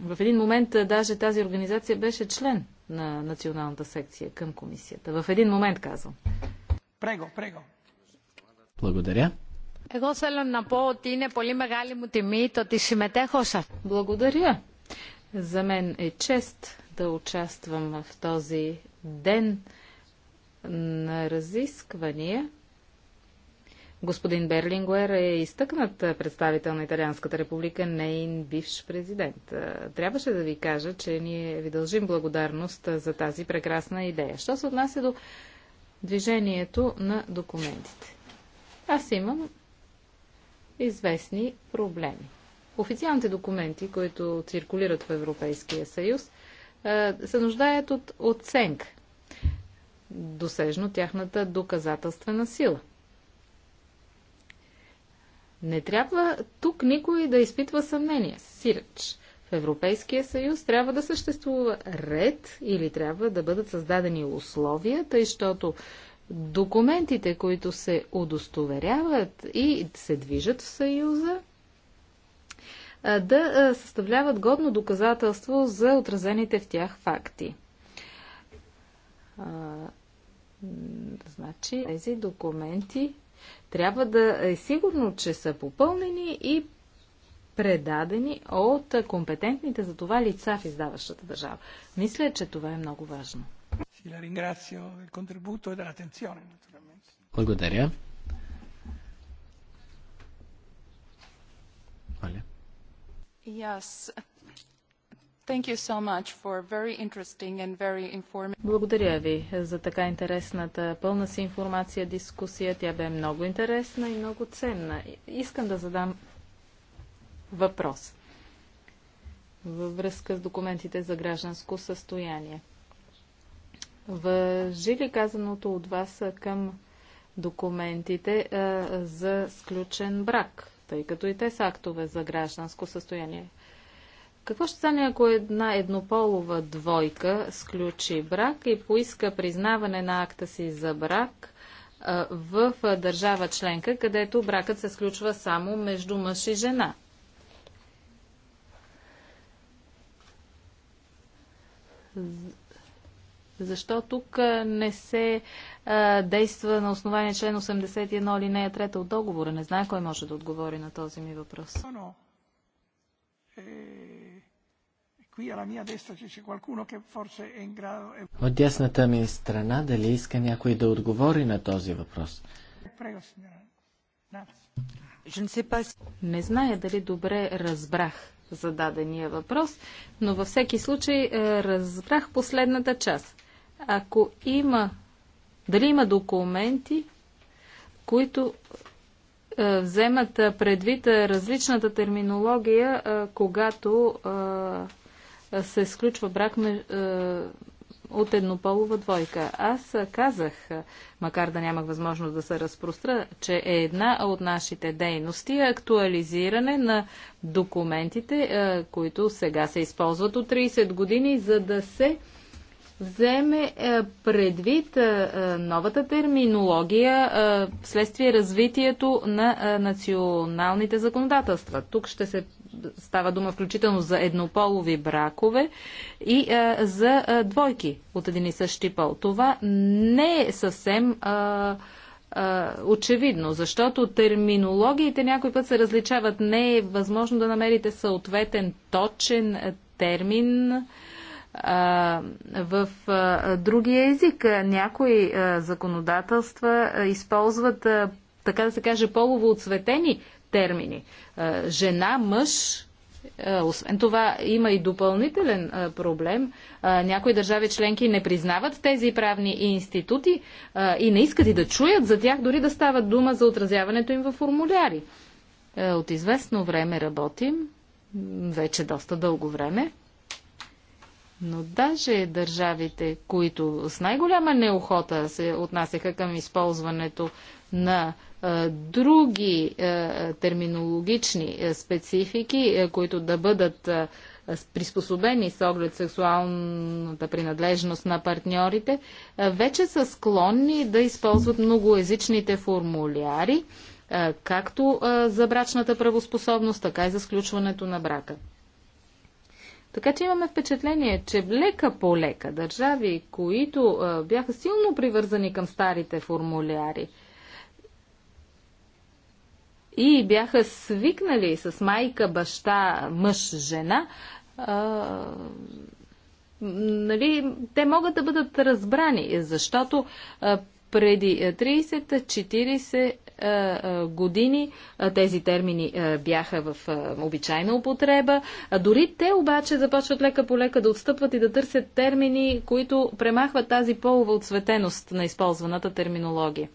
в един момент даже тази организация беше член на националната секция към комисията. В един момент казвам. Прего, прего. Благодаря. Εγώ θέλω να πω ότι είναι πολύ μεγάλη μου τιμή το ότι συμμετέχω σε Благодаря. За мен е чест да участвам в този ден на разисквания Господин Берлингуер е изтъкнат представител на Италианската република, нейн бивш президент. Трябваше да ви кажа, че ние ви дължим благодарност за тази прекрасна идея. Що се отнася до движението на документите? Аз имам известни проблеми. Официалните документи, които циркулират в Европейския съюз, се нуждаят от оценка. Досежно тяхната доказателствена сила – не трябва тук никой да изпитва съмнение. Сиреч. В Европейския съюз трябва да съществува ред или трябва да бъдат създадени условия, тъй щото документите, които се удостоверяват и се движат в съюза, да съставляват годно доказателство за отразените в тях факти. Значи, тези документи трябва да е сигурно, че са попълнени и предадени от компетентните за това лица в издаващата държава. Мисля, че това е много важно. E Благодаря. Yes. Благодаря ви за така интересната, пълна си информация, дискусия. Тя бе много интересна и много ценна. Искам да задам въпрос във връзка с документите за гражданско състояние. Въжи ли казаното от вас към документите а, за сключен брак, тъй като и те са актове за гражданско състояние? Какво ще стане, ако една еднополова двойка сключи брак и поиска признаване на акта си за брак в държава членка, където бракът се сключва само между мъж и жена? Защо тук не се а, действа на основание член 81 алинея 3 от договора? Не знае кой може да отговори на този ми въпрос. Е, от дясната ми страна, дали иска някой да отговори на този въпрос? Не зная дали добре разбрах зададения въпрос, но във всеки случай е, разбрах последната част. Ако има, дали има документи, които е, вземат предвид е, различната терминология, когато се сключва брак ме, е, от еднополова двойка. Аз казах, макар да нямах възможност да се разпростра, че е една от нашите дейности е актуализиране на документите, е, които сега се използват от 30 години, за да се вземе предвид новата терминология вследствие развитието на националните законодателства. Тук ще се става дума включително за еднополови бракове и а, за а, двойки от един и същи пол. Това не е съвсем а, а, очевидно, защото терминологиите някой път се различават. Не е възможно да намерите съответен точен термин в другия език. Някои законодателства използват, така да се каже, полово отсветени термини. Жена, мъж, освен това, има и допълнителен проблем. Някои държави членки не признават тези правни институти и не искат и да чуят за тях, дори да става дума за отразяването им в формуляри. Е, от известно време работим, вече доста дълго време, но даже държавите, които с най-голяма неохота се отнасяха към използването на а, други а, терминологични а, специфики, а, които да бъдат а, приспособени с оглед сексуалната принадлежност на партньорите, а, вече са склонни да използват многоязичните формуляри, а, както а, за брачната правоспособност, така и за сключването на брака. Така че имаме впечатление, че лека по лека държави, които а, бяха силно привързани към старите формуляри и бяха свикнали с майка, баща, мъж, жена, а, нали, те могат да бъдат разбрани, защото а, преди 30-40 е, е, години е, тези термини бяха в обичайна употреба. Дори те обаче започват лека по лека да отстъпват и да търсят термини, които премахват тази полова отсветеност на използваната терминология.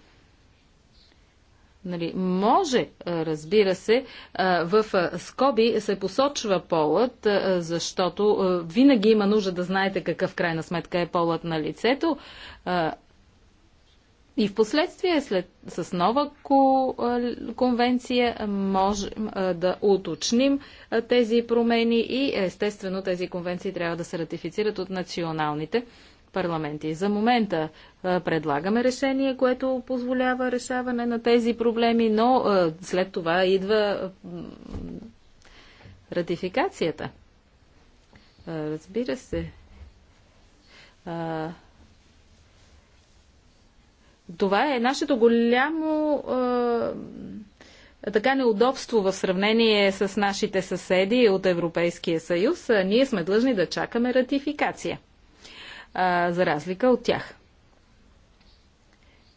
Нали, може, разбира се, в скоби се посочва полът, защото винаги има нужда да знаете какъв крайна сметка е полът на лицето, и в последствие след, с нова ко, конвенция можем да уточним тези промени и естествено тези конвенции трябва да се ратифицират от националните парламенти. За момента предлагаме решение, което позволява решаване на тези проблеми, но след това идва ратификацията. Разбира се. Това е нашето голямо така неудобство в сравнение с нашите съседи от Европейския съюз, ние сме длъжни да чакаме ратификация, а, за разлика от тях.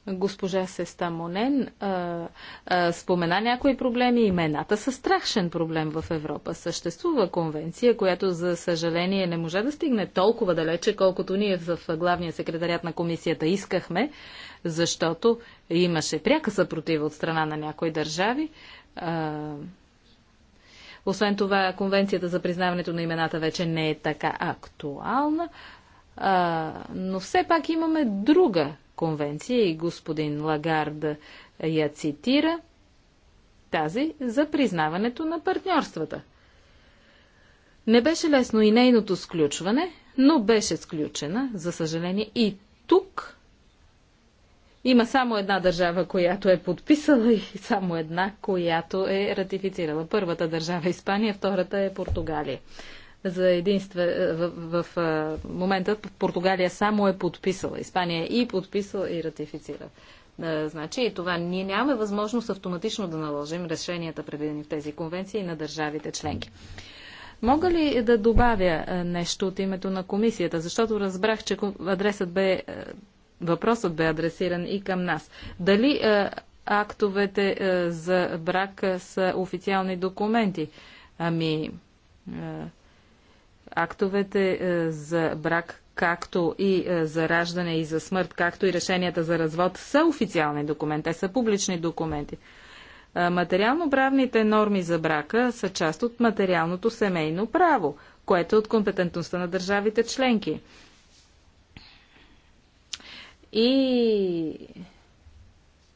Госпожа Сеста Монен а, а, спомена някои проблеми. Имената са страшен проблем в Европа. Съществува конвенция, която за съжаление не може да стигне толкова далече, колкото ние в главния секретарят на комисията искахме, защото имаше пряка съпротива от страна на някои държави. Освен това, конвенцията за признаването на имената вече не е така актуална, но все пак имаме друга конвенция и господин Лагард я цитира, тази за признаването на партньорствата. Не беше лесно и нейното сключване, но беше сключена, за съжаление, и тук има само една държава, която е подписала и само една, която е ратифицирала. Първата държава е Испания, втората е Португалия. За единство в, в, в момента Португалия само е подписала. Испания е и подписала и ратифицирала. Значи и това ние нямаме възможност автоматично да наложим решенията, предвидени в тези конвенции на държавите членки. Мога ли да добавя нещо от името на комисията? Защото разбрах, че адресът бе Въпросът бе адресиран и към нас. Дали е, актовете е, за брак са официални документи? Ами, е, актовете за брак, както и за раждане и за смърт, както и решенията за развод са официални документи, те са публични документи. Материално-правните норми за брака са част от материалното семейно право, което е от компетентността на държавите членки. И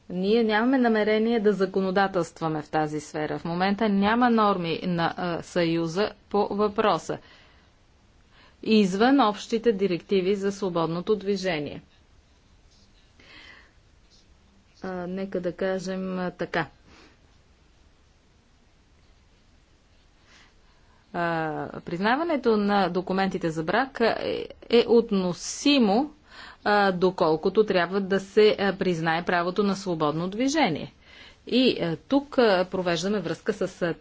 ние нямаме намерение да законодателстваме в тази сфера. В момента няма норми на а, Съюза по въпроса. Извън общите директиви за свободното движение. А, нека да кажем а, така. А, признаването на документите за брак е, е относимо доколкото трябва да се признае правото на свободно движение. И тук провеждаме връзка с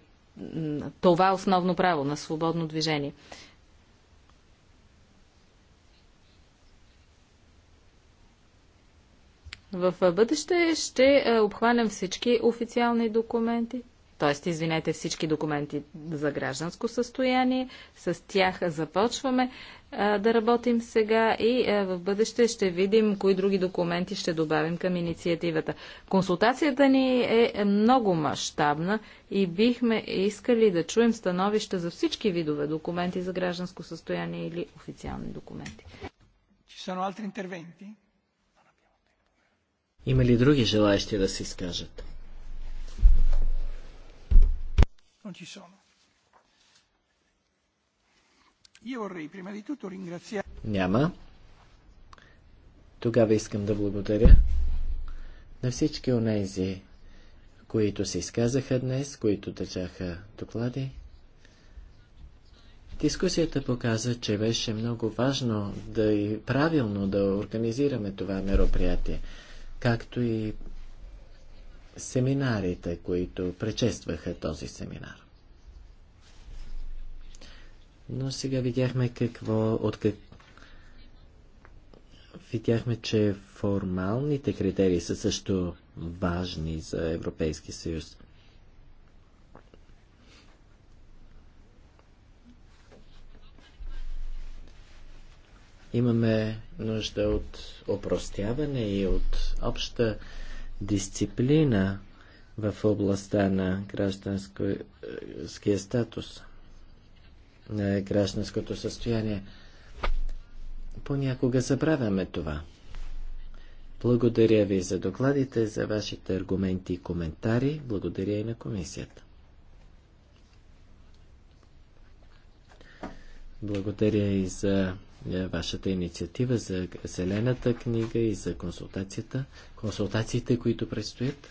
това основно право на свободно движение. В бъдеще ще обхванем всички официални документи, т.е. извинете всички документи за гражданско състояние. С тях започваме да работим сега и в бъдеще ще видим кои други документи ще добавим към инициативата. Консултацията ни е много мащабна и бихме искали да чуем становища за всички видове документи за гражданско състояние или официални документи. Има ли други желаящи да се изкажат? Non ci sono. Няма. Тогава искам да благодаря на всички онези, които се изказаха днес, които държаха доклади. Дискусията показа, че беше много важно да и правилно да организираме това мероприятие, както и семинарите, които пречестваха този семинар. Но сега видяхме какво, от как... Видяхме, че формалните критерии са също важни за Европейски съюз. Имаме нужда от опростяване и от обща дисциплина в областта на гражданския статус. На гражданското състояние. Понякога забравяме това. Благодаря ви за докладите, за вашите аргументи и коментари. Благодаря и на комисията. Благодаря и за е, вашата инициатива, за зелената книга и за консултацията, консултациите, които предстоят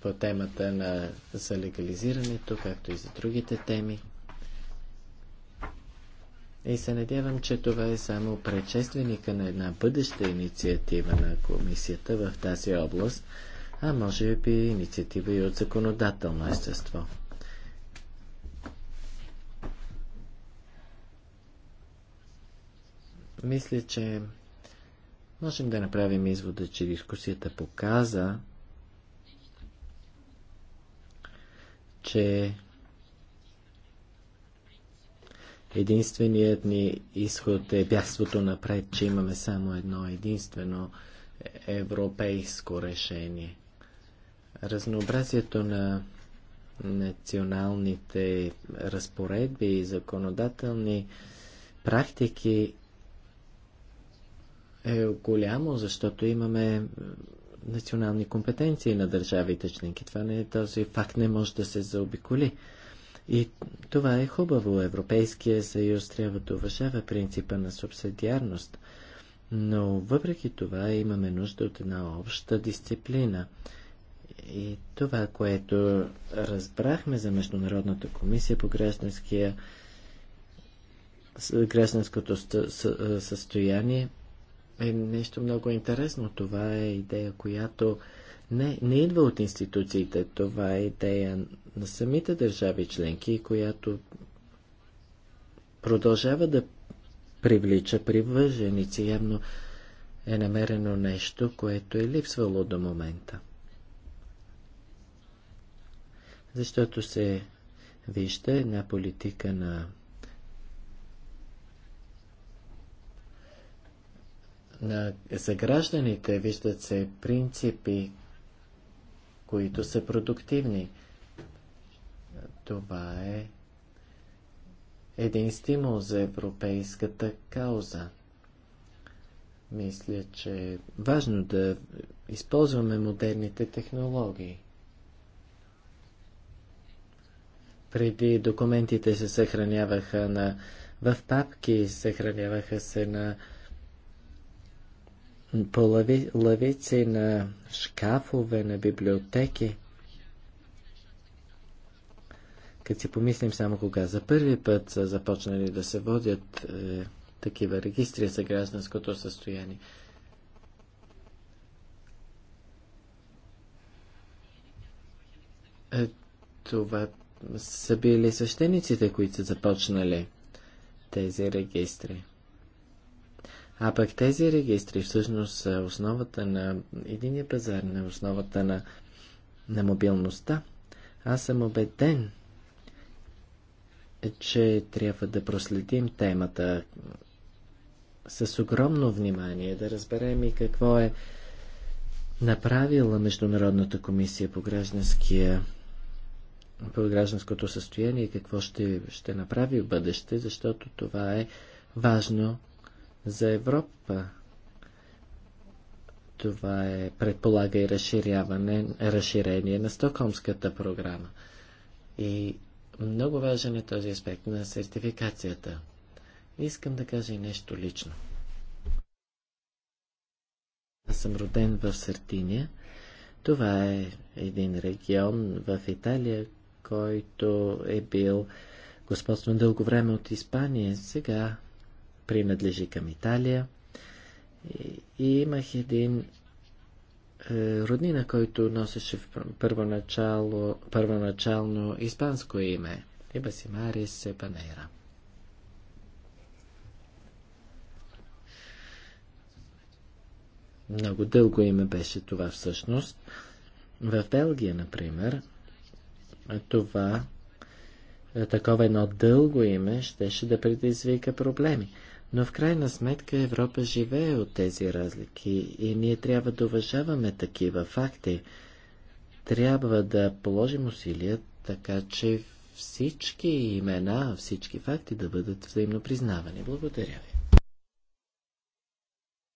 по темата на, за легализирането, както и за другите теми. И се надявам, че това е само предшественика на една бъдеща инициатива на комисията в тази област, а може би инициатива и от законодателно естество. Мисля, че можем да направим извода, че дискусията показа, че единственият ни изход е бягството напред, че имаме само едно единствено европейско решение. Разнообразието на националните разпоредби и законодателни практики е голямо, защото имаме национални компетенции на държавите членки. Това не е този факт, не може да се заобиколи. И това е хубаво. Европейския съюз трябва да уважава принципа на субсидиарност. Но въпреки това имаме нужда от една обща дисциплина. И това, което разбрахме за Международната комисия по гражданския гражданското състояние, е нещо много интересно. Това е идея, която не, не идва от институциите. Това е идея на самите държави членки, която продължава да привлича привърженици. Явно е намерено нещо, което е липсвало до момента. Защото се вижда една политика на на, за гражданите виждат се принципи, които са продуктивни. Това е един стимул за европейската кауза. Мисля, че е важно да използваме модерните технологии. Преди документите се съхраняваха на, в папки, съхраняваха се на по лави, лавици на шкафове, на библиотеки. Като си помислим само кога за първи път са започнали да се водят е, такива регистри за гражданското състояние. Е, това са били свещениците, които са започнали тези регистри. А пък тези регистри всъщност са основата на единия пазар, на основата на, на мобилността. Аз съм убеден, че трябва да проследим темата с огромно внимание, да разберем и какво е направила Международната комисия по гражданския по гражданското състояние и какво ще, ще направи в бъдеще, защото това е важно за Европа това е, предполага и разширяване, разширение на Стокхолмската програма. И много важен е този аспект на сертификацията. Искам да кажа и нещо лично. Аз съм роден в Сартиния. Това е един регион в Италия, който е бил господствен дълго време от Испания. Сега принадлежи към Италия. И, и имах един е, роднина, който носеше в първоначало, първоначално испанско име – Марис Сепанейра. Много дълго име беше това всъщност. В Белгия, например, това е, такова едно дълго име щеше да предизвика проблеми. Но в крайна сметка Европа живее от тези разлики и ние трябва да уважаваме такива факти. Трябва да положим усилия така, че всички имена, всички факти да бъдат взаимно признавани. Благодаря ви.